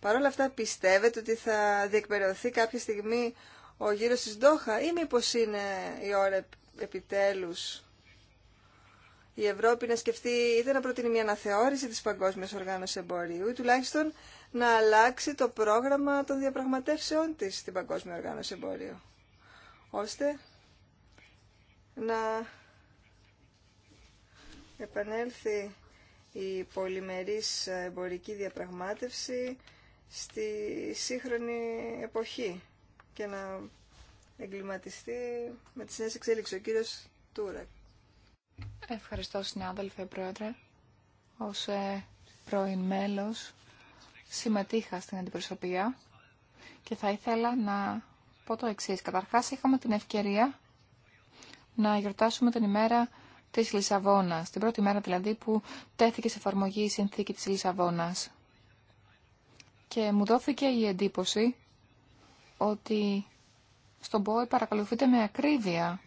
S2: Παρ' όλα αυτά πιστεύετε ότι θα διεκπαιρεωθεί κάποια στιγμή ο γύρος της Ντόχα ή μήπω είναι η ώρα επιτέλους η Ευρώπη να σκεφτεί είτε να προτείνει μια αναθεώρηση της Παγκόσμιας Οργάνωσης Εμπορίου ή τουλάχιστον να αλλάξει το πρόγραμμα των διαπραγματεύσεών της στην Παγκόσμια Οργάνωση Εμπορίου ώστε να επανέλθει η πολυμερής εμπορική διαπραγμάτευση στη σύγχρονη εποχή και να εγκληματιστεί με τις νέες εξέλιξεις ο κύριος Τούρακ.
S3: Ευχαριστώ συνάδελφε πρόεδρε. Ως ε, πρώην μέλος συμμετείχα στην αντιπροσωπεία και θα ήθελα να πω το εξής. Καταρχάς είχαμε την ευκαιρία να γιορτάσουμε την ημέρα της Λισαβόνας, την πρώτη μέρα δηλαδή που τέθηκε σε εφαρμογή η συνθήκη της Λισαβόνας. Και μου δόθηκε η εντύπωση ότι στον ΠΟΕ παρακολουθείται με ακρίβεια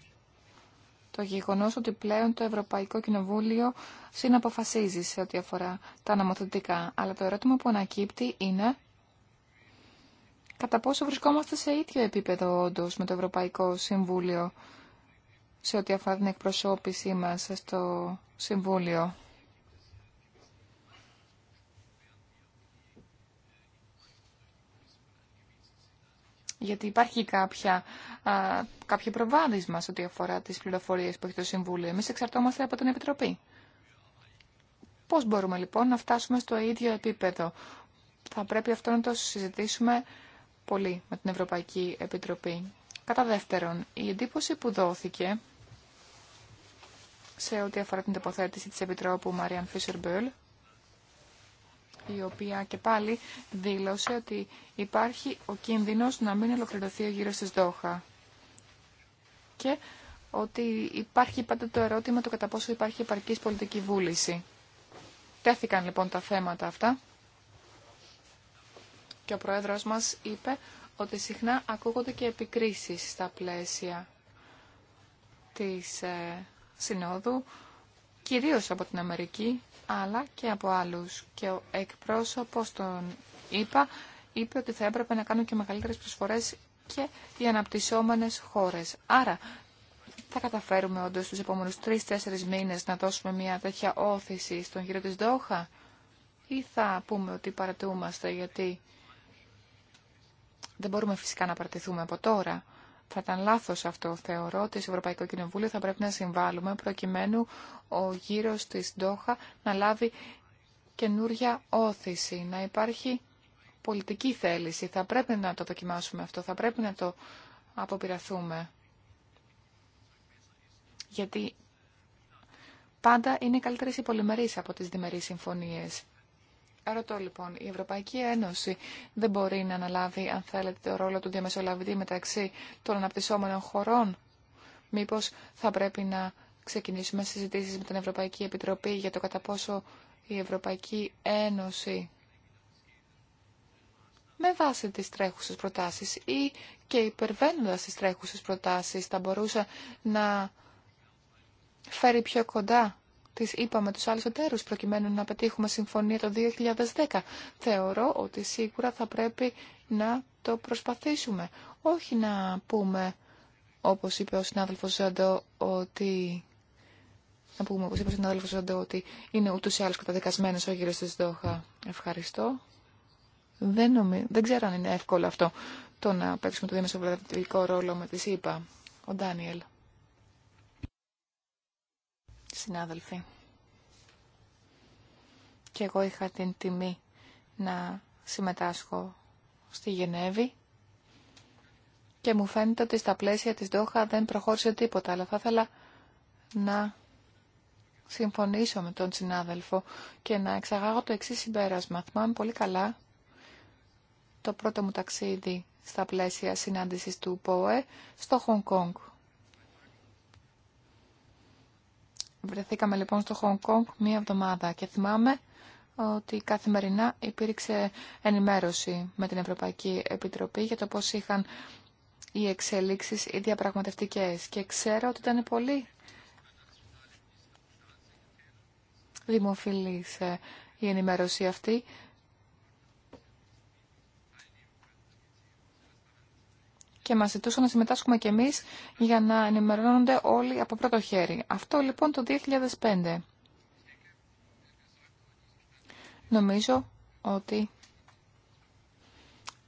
S3: το γεγονός ότι πλέον το Ευρωπαϊκό Κοινοβούλιο συναποφασίζει σε ό,τι αφορά τα νομοθετικά. Αλλά το ερώτημα που ανακύπτει είναι κατά πόσο βρισκόμαστε σε ίδιο επίπεδο όντω με το Ευρωπαϊκό Συμβούλιο σε ό,τι αφορά την εκπροσώπησή μας στο Συμβούλιο. γιατί υπάρχει κάποια, α, κάποιο προβάδισμα σε ό,τι αφορά τις πληροφορίες που έχει το Συμβούλιο. Εμείς εξαρτώμαστε από την Επιτροπή. Πώς μπορούμε λοιπόν να φτάσουμε στο ίδιο επίπεδο. Θα πρέπει αυτό να το συζητήσουμε πολύ με την Ευρωπαϊκή Επιτροπή. Κατά δεύτερον, η εντύπωση που δόθηκε σε ό,τι αφορά την τοποθέτηση της Επιτρόπου Μαριάν Φίσερ η οποία και πάλι δήλωσε ότι υπάρχει ο κίνδυνος να μην ολοκληρωθεί ο γύρος της Δόχα. Και ότι υπάρχει πάντα το ερώτημα του κατά πόσο υπάρχει επαρκής πολιτική βούληση. Τέθηκαν λοιπόν τα θέματα αυτά και ο Πρόεδρος μας είπε ότι συχνά ακούγονται και επικρίσεις στα πλαίσια της ε, Συνόδου, κυρίως από την Αμερική αλλά και από άλλους. Και ο εκπρόσωπος τον ΗΠΑ είπε ότι θα έπρεπε να κάνουν και μεγαλύτερες προσφορές και οι αναπτυσσόμενες χώρες. Άρα θα καταφέρουμε όντω τους επομενους τρεις τρεις-τέσσερις μήνες να δώσουμε μια τέτοια όθηση στον κύριο της Δόχα ή θα πούμε ότι παρατούμαστε γιατί δεν μπορούμε φυσικά να παρατηθούμε από τώρα. Θα ήταν λάθο αυτό. Θεωρώ ότι στο Ευρωπαϊκό Κοινοβούλιο θα πρέπει να συμβάλλουμε προκειμένου ο γύρος της Ντόχα να λάβει καινούρια όθηση, να υπάρχει πολιτική θέληση. Θα πρέπει να το δοκιμάσουμε αυτό, θα πρέπει να το αποπειραθούμε. Γιατί πάντα είναι καλύτερε οι πολυμερεί από τις διμερείς συμφωνίες. Ρωτώ λοιπόν, η Ευρωπαϊκή Ένωση δεν μπορεί να αναλάβει, αν θέλετε, το ρόλο του διαμεσολαβητή μεταξύ των αναπτυσσόμενων χωρών. Μήπως θα πρέπει να ξεκινήσουμε συζητήσεις με την Ευρωπαϊκή Επιτροπή για το κατά πόσο η Ευρωπαϊκή Ένωση με βάση τις τρέχουσες προτάσεις ή και υπερβαίνοντας τις τρέχουσες προτάσεις θα μπορούσε να φέρει πιο κοντά τις είπαμε τους άλλους εταίρους προκειμένου να πετύχουμε συμφωνία το 2010. Θεωρώ ότι σίγουρα θα πρέπει να το προσπαθήσουμε. Όχι να πούμε, όπως είπε ο συνάδελφος Ζαντό, ότι... Να πούμε, όπως είπε ο συνάδελφος Ζαντό, ότι είναι ούτως ή άλλως καταδικασμένος ο γύρος της Δόχα. Ευχαριστώ. Δεν, ξέρω αν είναι εύκολο αυτό το να παίξουμε το διαμεσοβουλευτικό ρόλο με τη ΣΥΠΑ. Ο Ντάνιελ συνάδελφοι. Και εγώ είχα την τιμή να συμμετάσχω στη Γενέβη και μου φαίνεται ότι στα πλαίσια της Δόχα δεν προχώρησε τίποτα, αλλά θα ήθελα να συμφωνήσω με τον συνάδελφο και να εξαγάγω το εξής συμπέρασμα. Θυμάμαι πολύ καλά το πρώτο μου ταξίδι στα πλαίσια συνάντησης του ΠΟΕ στο Χονγκ Βρεθήκαμε λοιπόν στο Χονγκ Κόνγκ μία εβδομάδα και θυμάμαι ότι καθημερινά υπήρξε ενημέρωση με την Ευρωπαϊκή Επιτροπή για το πώς είχαν οι εξελίξεις οι διαπραγματευτικές. Και ξέρω ότι ήταν πολύ δημοφιλής ε, η ενημέρωση αυτή και μας ζητούσαν να συμμετάσχουμε κι εμείς για να ενημερώνονται όλοι από πρώτο χέρι. Αυτό λοιπόν το 2005. Νομίζω ότι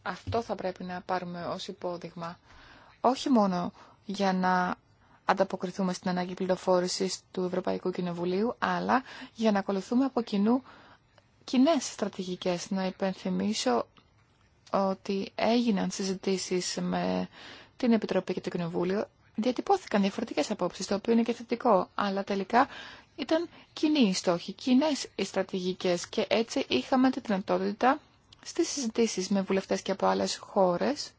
S3: αυτό θα πρέπει να πάρουμε ως υπόδειγμα. Όχι μόνο για να ανταποκριθούμε στην ανάγκη πληροφόρησης του Ευρωπαϊκού Κοινοβουλίου, αλλά για να ακολουθούμε από κοινού κοινέ στρατηγικές. Να υπενθυμίσω ότι έγιναν συζητήσεις με την Επιτροπή και το Κοινοβούλιο, διατυπώθηκαν διαφορετικές απόψεις, το οποίο είναι και θετικό, αλλά τελικά ήταν κοινοί οι στόχοι, κοινέ οι στρατηγικές και έτσι είχαμε τη δυνατότητα στις συζητήσεις με βουλευτές και από άλλες χώρες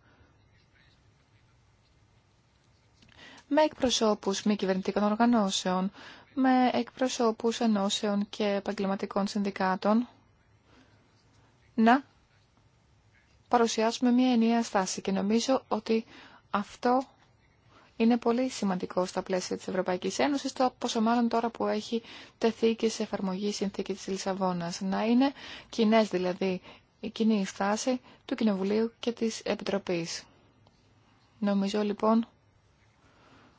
S3: με εκπροσώπους μη κυβερνητικών οργανώσεων, με εκπροσώπους ενώσεων και επαγγελματικών συνδικάτων, να παρουσιάσουμε μια ενιαία στάση και νομίζω ότι αυτό είναι πολύ σημαντικό στα πλαίσια της Ευρωπαϊκής Ένωσης, το πόσο μάλλον τώρα που έχει τεθεί και σε εφαρμογή η συνθήκη της Λισαβόνας. Να είναι κοινέ δηλαδή η κοινή στάση του Κοινοβουλίου και της Επιτροπής. Νομίζω λοιπόν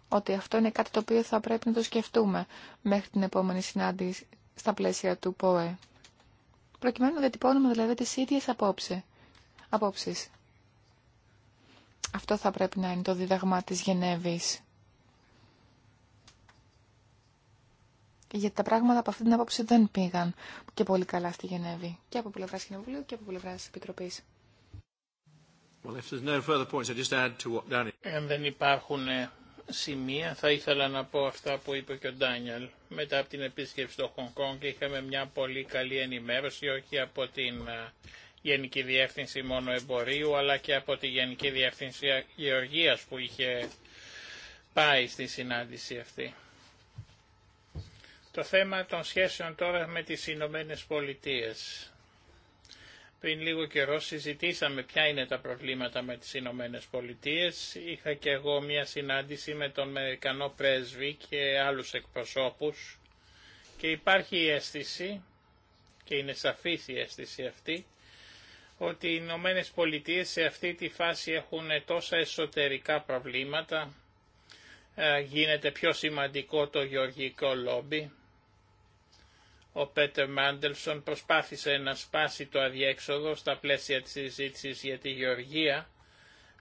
S3: ότι αυτό είναι κάτι το οποίο θα πρέπει να το σκεφτούμε μέχρι την επόμενη συνάντηση στα πλαίσια του ΠΟΕ. Προκειμένου να διατυπώνουμε δηλαδή τις ίδιες απόψε απόψεις. Αυτό θα πρέπει να είναι το δίδαγμα της Γενέβης. Γιατί τα πράγματα από αυτή την άποψη δεν πήγαν και πολύ καλά στη Γενέβη. Και από πλευρά Κοινοβουλίου
S1: και από πλευρά Επιτροπή. Εάν δεν υπάρχουν ε, σημεία, θα ήθελα να πω αυτά που είπε και ο Ντάνιελ. Μετά από την επίσκεψη στο Χονγκ Κόνγκ είχαμε μια πολύ καλή ενημέρωση, όχι από την ε, Γενική Διεύθυνση μόνο εμπορίου αλλά και από τη Γενική Διεύθυνση Γεωργίας που είχε πάει στη συνάντηση αυτή. Το θέμα των σχέσεων τώρα με τις Ηνωμένε Πολιτείες. Πριν λίγο καιρό συζητήσαμε ποια είναι τα προβλήματα με τις Ηνωμένε Πολιτείες. Είχα και εγώ μια συνάντηση με τον Αμερικανό πρέσβη και άλλους εκπροσώπους και υπάρχει η αίσθηση και είναι σαφής η αίσθηση αυτή ότι οι Ηνωμένε Πολιτείε σε αυτή τη φάση έχουν τόσα εσωτερικά προβλήματα, ε, γίνεται πιο σημαντικό το γεωργικό λόμπι. Ο Πέτερ Μάντελσον προσπάθησε να σπάσει το αδιέξοδο στα πλαίσια της συζήτηση για τη γεωργία.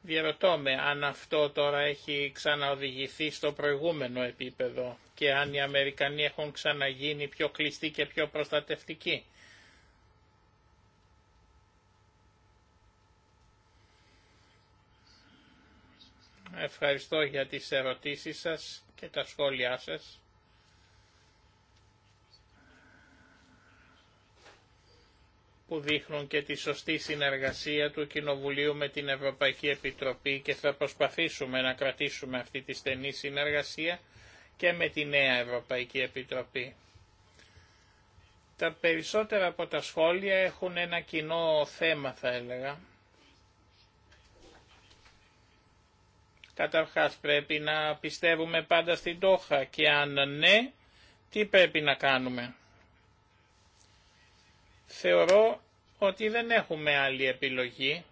S1: Διαρωτώ με αν αυτό τώρα έχει ξαναοδηγηθεί στο προηγούμενο επίπεδο και αν οι Αμερικανοί έχουν ξαναγίνει πιο κλειστοί και πιο προστατευτικοί Ευχαριστώ για τις ερωτήσεις σας και τα σχόλιά σας. που δείχνουν και τη σωστή συνεργασία του Κοινοβουλίου με την Ευρωπαϊκή Επιτροπή και θα προσπαθήσουμε να κρατήσουμε αυτή τη στενή συνεργασία και με τη νέα Ευρωπαϊκή Επιτροπή. Τα περισσότερα από τα σχόλια έχουν ένα κοινό θέμα θα έλεγα Καταρχάς πρέπει να πιστεύουμε πάντα στην Τόχα και αν ναι, τι πρέπει να κάνουμε. Θεωρώ ότι δεν έχουμε άλλη επιλογή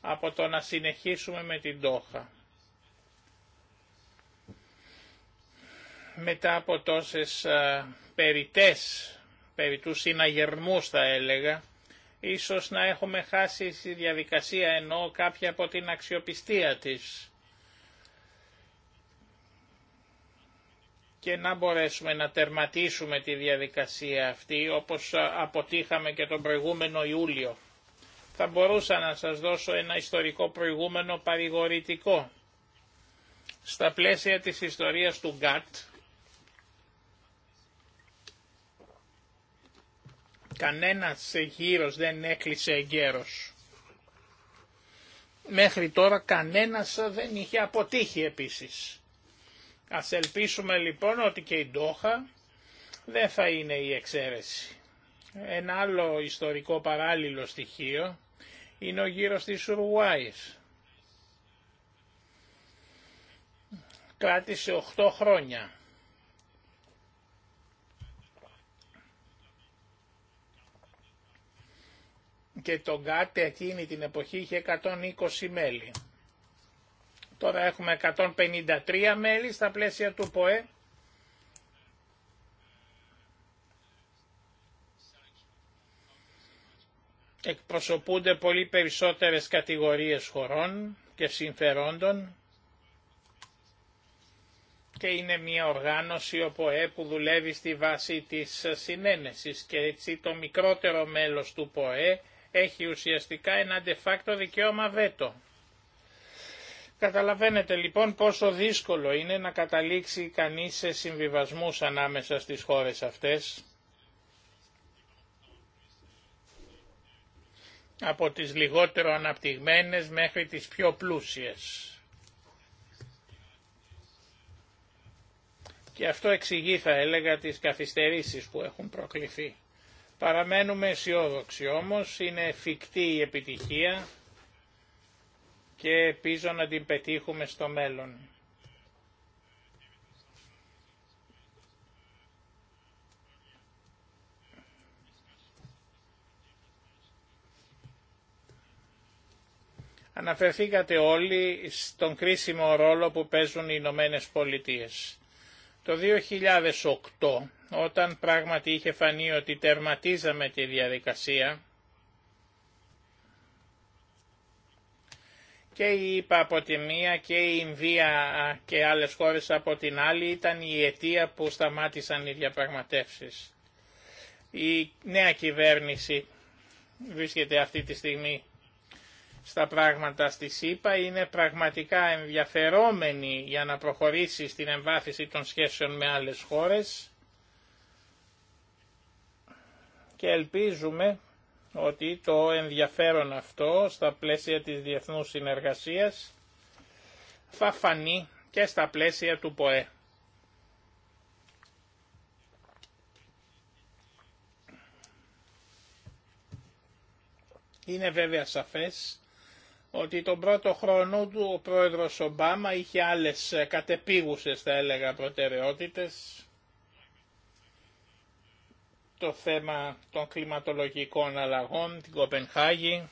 S1: από το να συνεχίσουμε με την Τόχα. Μετά από τόσες περιτές, περιτούς συναγερμούς θα έλεγα, ίσως να έχουμε χάσει στη διαδικασία ενώ κάποια από την αξιοπιστία της και να μπορέσουμε να τερματίσουμε τη διαδικασία αυτή όπως αποτύχαμε και τον προηγούμενο Ιούλιο. Θα μπορούσα να σας δώσω ένα ιστορικό προηγούμενο παρηγορητικό. Στα πλαίσια της ιστορίας του Γκάτ, κανένας γύρος δεν έκλεισε εγκαίρος. Μέχρι τώρα κανένας δεν είχε αποτύχει επίσης. Ας ελπίσουμε λοιπόν ότι και η Ντόχα δεν θα είναι η εξαίρεση. Ένα άλλο ιστορικό παράλληλο στοιχείο είναι ο γύρος της Ουρουάης. Κράτησε 8 χρόνια. Και το γάτε εκείνη την εποχή είχε 120 μέλη. Τώρα έχουμε 153 μέλη στα πλαίσια του ΠΟΕ. Εκπροσωπούνται πολύ περισσότερες κατηγορίες χωρών και συμφερόντων και είναι μια οργάνωση ο ΠΟΕ που δουλεύει στη βάση της συνένεσης και έτσι το μικρότερο μέλος του ΠΟΕ έχει ουσιαστικά ένα de facto δικαίωμα βέτο. Καταλαβαίνετε λοιπόν πόσο δύσκολο είναι να καταλήξει κανείς σε συμβιβασμούς ανάμεσα στις χώρες αυτές. από τις λιγότερο αναπτυγμένες μέχρι τις πιο πλούσιες. Και αυτό εξηγεί θα έλεγα τις καθυστερήσεις που έχουν προκληθεί. Παραμένουμε αισιόδοξοι όμως, είναι εφικτή η επιτυχία και ελπίζω να την πετύχουμε στο μέλλον. Αναφερθήκατε όλοι στον κρίσιμο ρόλο που παίζουν οι Ηνωμένε Πολιτείε. Το 2008, όταν πράγματι είχε φανεί ότι τερματίζαμε τη διαδικασία, και η ΙΠΑ από τη μία και η Ινδία και άλλες χώρες από την άλλη ήταν η αιτία που σταμάτησαν οι διαπραγματεύσεις. Η νέα κυβέρνηση βρίσκεται αυτή τη στιγμή στα πράγματα στη ΣΥΠΑ είναι πραγματικά ενδιαφερόμενη για να προχωρήσει στην εμβάθυνση των σχέσεων με άλλες χώρες και ελπίζουμε ότι το ενδιαφέρον αυτό στα πλαίσια της διεθνούς συνεργασίας θα φανεί και στα πλαίσια του ΠΟΕ. Είναι βέβαια σαφές ότι τον πρώτο χρόνο του ο πρόεδρος Ομπάμα είχε άλλες κατεπίγουσες θα έλεγα προτεραιότητες το θέμα των κλιματολογικών αλλαγών, την Κοπενχάγη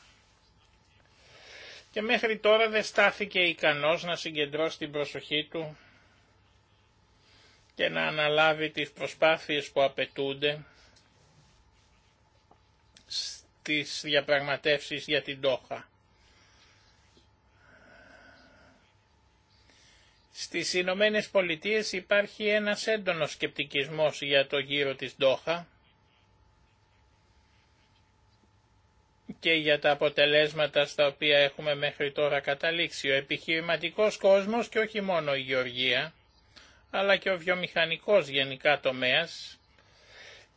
S1: και μέχρι τώρα δεν στάθηκε ικανός να συγκεντρώσει την προσοχή του και να αναλάβει τις προσπάθειες που απαιτούνται στις διαπραγματεύσεις για την Τόχα. Στις Ηνωμένε Πολιτείες υπάρχει ένας έντονος σκεπτικισμός για το γύρο της Ντόχα και για τα αποτελέσματα στα οποία έχουμε μέχρι τώρα καταλήξει. Ο επιχειρηματικός κόσμος και όχι μόνο η γεωργία, αλλά και ο βιομηχανικός γενικά τομέας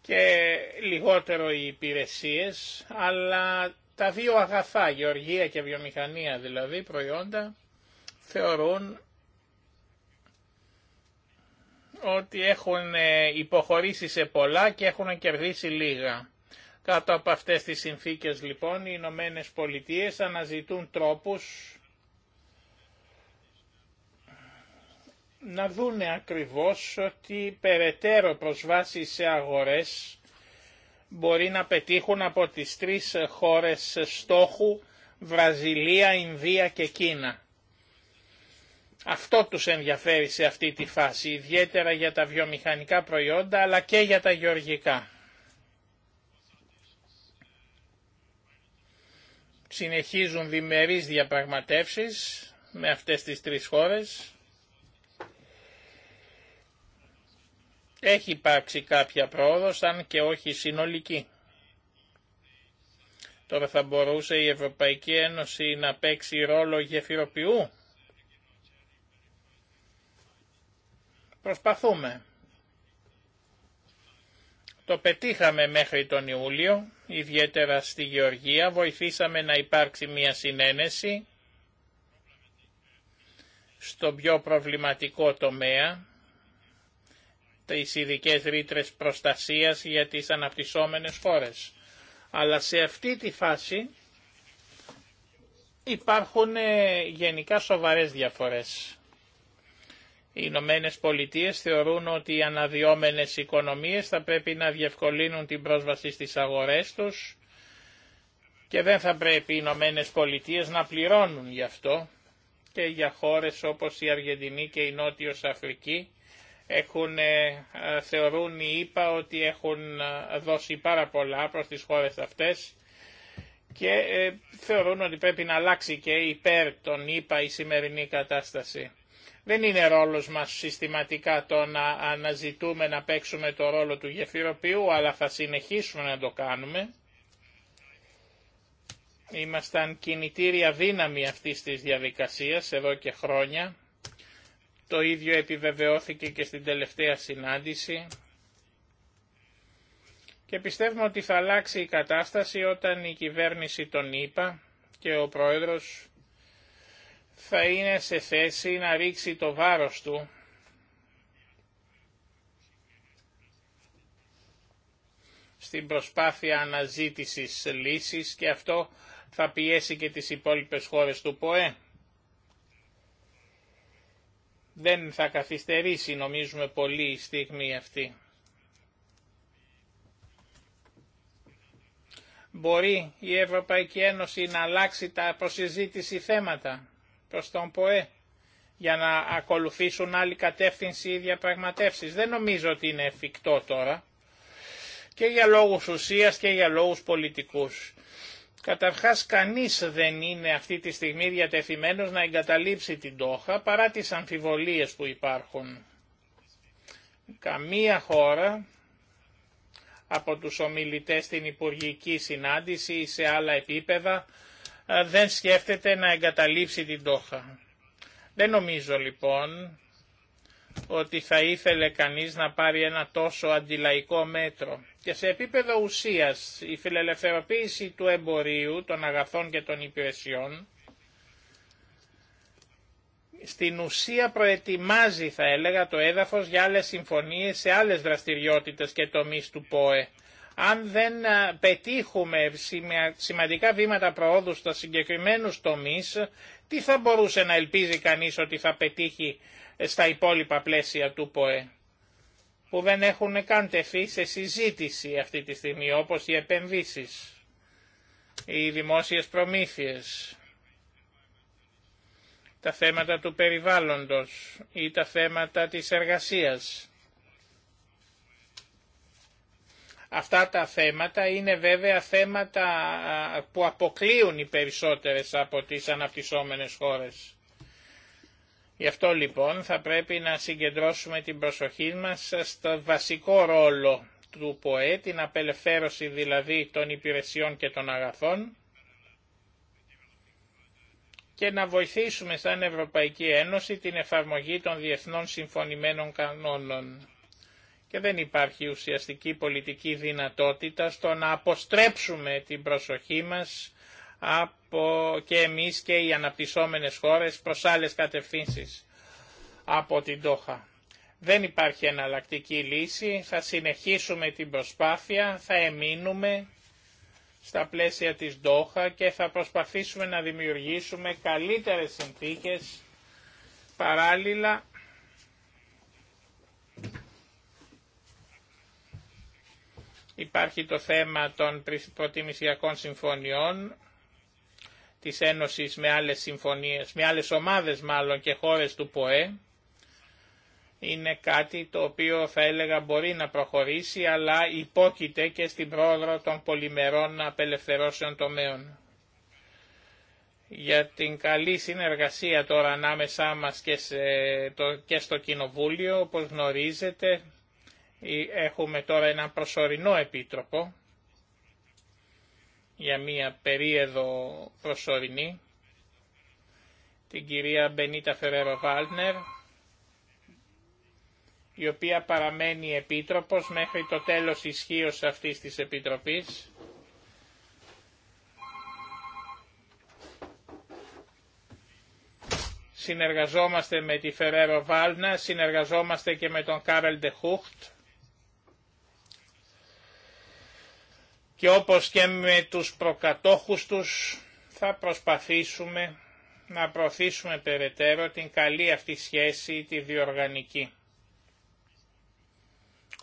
S1: και λιγότερο οι υπηρεσίες, αλλά τα δύο αγαθά, γεωργία και βιομηχανία δηλαδή, προϊόντα, θεωρούν ότι έχουν ε, υποχωρήσει σε πολλά και έχουν κερδίσει λίγα. Κάτω από αυτές τις συνθήκες λοιπόν οι Ηνωμένε Πολιτείε αναζητούν τρόπους να δούνε ακριβώς ότι περαιτέρω προσβάσει σε αγορές μπορεί να πετύχουν από τις τρεις χώρες στόχου Βραζιλία, Ινδία και Κίνα. Αυτό τους ενδιαφέρει σε αυτή τη φάση, ιδιαίτερα για τα βιομηχανικά προϊόντα αλλά και για τα γεωργικά. Συνεχίζουν διμερείς διαπραγματεύσεις με αυτές τις τρεις χώρες. Έχει υπάρξει κάποια πρόοδος, αν και όχι συνολική. Τώρα θα μπορούσε η Ευρωπαϊκή Ένωση να παίξει ρόλο γεφυροποιού. Προσπαθούμε. Το πετύχαμε μέχρι τον Ιούλιο, ιδιαίτερα στη Γεωργία, βοηθήσαμε να υπάρξει μια συνένεση στο πιο προβληματικό τομέα, τις ειδικέ ρήτρες προστασίας για τις αναπτυσσόμενες χώρες. Αλλά σε αυτή τη φάση υπάρχουν ε, γενικά σοβαρές διαφορές. Οι Ηνωμένε Πολιτείε θεωρούν ότι οι αναδυόμενες οικονομίες θα πρέπει να διευκολύνουν την πρόσβαση στις αγορές τους και δεν θα πρέπει οι Ηνωμένε Πολιτείε να πληρώνουν γι' αυτό και για χώρες όπως η Αργεντινή και η Νότιος Αφρική έχουν, ε, θεωρούν οι ΙΠΑ ότι έχουν ε, δώσει πάρα πολλά προς τις χώρες αυτές και ε, θεωρούν ότι πρέπει να αλλάξει και υπέρ των ΙΠΑ η σημερινή κατάσταση. Δεν είναι ρόλος μας συστηματικά το να αναζητούμε να παίξουμε το ρόλο του γεφυροποιού, αλλά θα συνεχίσουμε να το κάνουμε. Ήμασταν κινητήρια δύναμη αυτής της διαδικασίας εδώ και χρόνια. Το ίδιο επιβεβαιώθηκε και στην τελευταία συνάντηση. Και πιστεύουμε ότι θα αλλάξει η κατάσταση όταν η κυβέρνηση τον είπα και ο πρόεδρος θα είναι σε θέση να ρίξει το βάρος του στην προσπάθεια αναζήτησης λύσης και αυτό θα πιέσει και τις υπόλοιπες χώρες του ΠΟΕ. Δεν θα καθυστερήσει νομίζουμε πολύ η στιγμή αυτή. Μπορεί η Ευρωπαϊκή Ένωση να αλλάξει τα προσυζήτηση θέματα προς τον ΠΟΕ για να ακολουθήσουν άλλη κατεύθυνση ή διαπραγματεύσεις. Δεν νομίζω ότι είναι εφικτό τώρα και για λόγους ουσίας και για λόγους πολιτικούς. Καταρχάς κανείς δεν είναι αυτή τη στιγμή διατεθειμένος να εγκαταλείψει την Τόχα παρά τις αμφιβολίες που υπάρχουν. Καμία χώρα από τους ομιλητές στην Υπουργική Συνάντηση ή σε άλλα επίπεδα δεν σκέφτεται να εγκαταλείψει την Τόχα. Δεν νομίζω λοιπόν ότι θα ήθελε κανείς να πάρει ένα τόσο αντιλαϊκό μέτρο. Και σε επίπεδο ουσίας η φιλελευθερωποίηση του εμπορίου, των αγαθών και των υπηρεσιών στην ουσία προετοιμάζει θα έλεγα το έδαφος για άλλες συμφωνίες σε άλλες δραστηριότητες και τομείς του ΠΟΕ αν δεν ε, πετύχουμε σημαντικά βήματα προόδου στα συγκεκριμένους τομείς, τι θα μπορούσε να ελπίζει κανείς ότι θα πετύχει ε, στα υπόλοιπα πλαίσια του ΠΟΕ, που δεν έχουν καν τεθεί σε συζήτηση αυτή τη στιγμή, όπως οι επενδύσεις, οι δημόσιες προμήθειες, τα θέματα του περιβάλλοντος ή τα θέματα της εργασίας Αυτά τα θέματα είναι βέβαια θέματα που αποκλείουν οι περισσότερες από τις αναπτυσσόμενες χώρες. Γι' αυτό λοιπόν θα πρέπει να συγκεντρώσουμε την προσοχή μας στο βασικό ρόλο του ΠΟΕ, την απελευθέρωση δηλαδή των υπηρεσιών και των αγαθών και να βοηθήσουμε σαν Ευρωπαϊκή Ένωση την εφαρμογή των διεθνών συμφωνημένων κανόνων και δεν υπάρχει ουσιαστική πολιτική δυνατότητα στο να αποστρέψουμε την προσοχή μας από και εμείς και οι αναπτυσσόμενες χώρες προς άλλες κατευθύνσεις από την Τόχα. Δεν υπάρχει εναλλακτική λύση, θα συνεχίσουμε την προσπάθεια, θα εμείνουμε στα πλαίσια της Ντόχα και θα προσπαθήσουμε να δημιουργήσουμε καλύτερες συνθήκες παράλληλα Υπάρχει το θέμα των προτιμησιακών συμφωνιών της Ένωσης με άλλες συμφωνίες, με άλλες ομάδες μάλλον και χώρες του ΠΟΕ. Είναι κάτι το οποίο θα έλεγα μπορεί να προχωρήσει, αλλά υπόκειται και στην πρόοδο των πολυμερών απελευθερώσεων τομέων. Για την καλή συνεργασία τώρα ανάμεσά μας και, και στο Κοινοβούλιο, όπως γνωρίζετε, Έχουμε τώρα έναν προσωρινό επίτροπο για μία περίεδο προσωρινή, την κυρία Μπενίτα Φερέρο Βάλνερ, η οποία παραμένει επίτροπος μέχρι το τέλος ισχύω αυτής της επιτροπής. Συνεργαζόμαστε με τη Φερέρο Βάλνα, συνεργαζόμαστε και με τον Κάρελ Ντεχούχτ, και όπως και με τους προκατόχους τους θα προσπαθήσουμε να προωθήσουμε περαιτέρω την καλή αυτή σχέση τη διοργανική.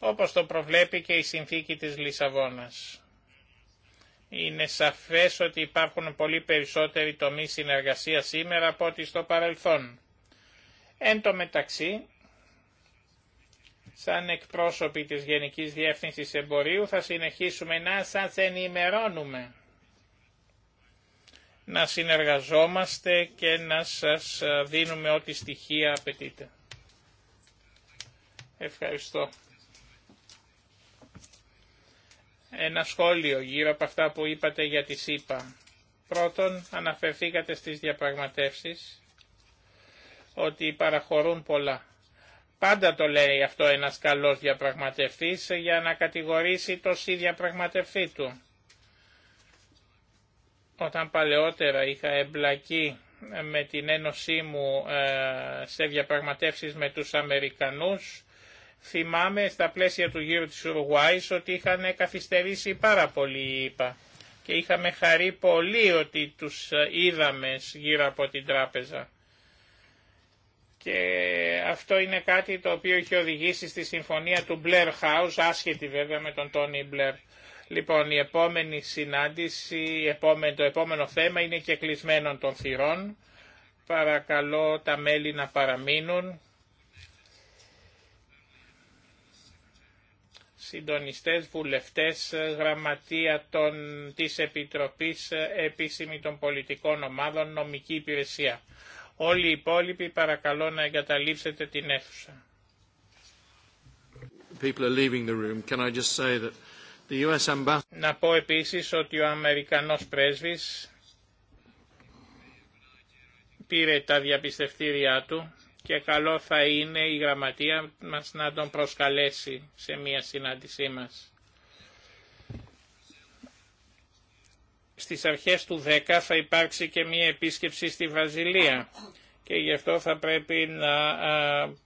S1: Όπως το προβλέπει και η συνθήκη της Λισαβόνας. Είναι σαφές ότι υπάρχουν πολύ περισσότεροι τομείς συνεργασίας σήμερα από ό,τι στο παρελθόν. Εν τω μεταξύ, Σαν εκπρόσωποι της Γενικής Διεύθυνσης Εμπορίου θα συνεχίσουμε να σας ενημερώνουμε να συνεργαζόμαστε και να σας δίνουμε ό,τι στοιχεία απαιτείτε. Ευχαριστώ. Ένα σχόλιο γύρω από αυτά που είπατε για τη ΣΥΠΑ. Πρώτον, αναφερθήκατε στις διαπραγματεύσεις ότι παραχωρούν πολλά. Πάντα το λέει αυτό ένας καλός διαπραγματευτής για να κατηγορήσει το διαπραγματευτή του. Όταν παλαιότερα είχα εμπλακεί με την ένωσή μου ε, σε διαπραγματεύσεις με τους Αμερικανούς, θυμάμαι στα πλαίσια του γύρου της Ουρουάης ότι είχαν καθυστερήσει πάρα πολύ, είπα. Και είχαμε χαρεί πολύ ότι τους ε, είδαμε γύρω από την τράπεζα και αυτό είναι κάτι το οποίο έχει οδηγήσει στη συμφωνία του Blair House, άσχετη βέβαια με τον Τόνι Μπλερ. Λοιπόν, η επόμενη συνάντηση, το επόμενο θέμα είναι και κλεισμένων των θυρών. Παρακαλώ τα μέλη να παραμείνουν. Συντονιστές, βουλευτές, γραμματεία των, της Επιτροπής Επίσημη των Πολιτικών Ομάδων, νομική υπηρεσία. Όλοι οι υπόλοιποι παρακαλώ να εγκαταλείψετε την αίθουσα. Να πω επίσης ότι ο Αμερικανός πρέσβης πήρε τα διαπιστευτήριά του και καλό θα είναι η γραμματεία μας να τον προσκαλέσει σε μια συνάντησή μας. Στις αρχές του 10 θα υπάρξει και μία επίσκεψη στη Βραζιλία και γι' αυτό θα πρέπει να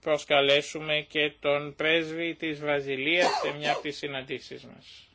S1: προσκαλέσουμε και τον πρέσβη της Βραζιλίας σε μια από τις συναντήσεις μας.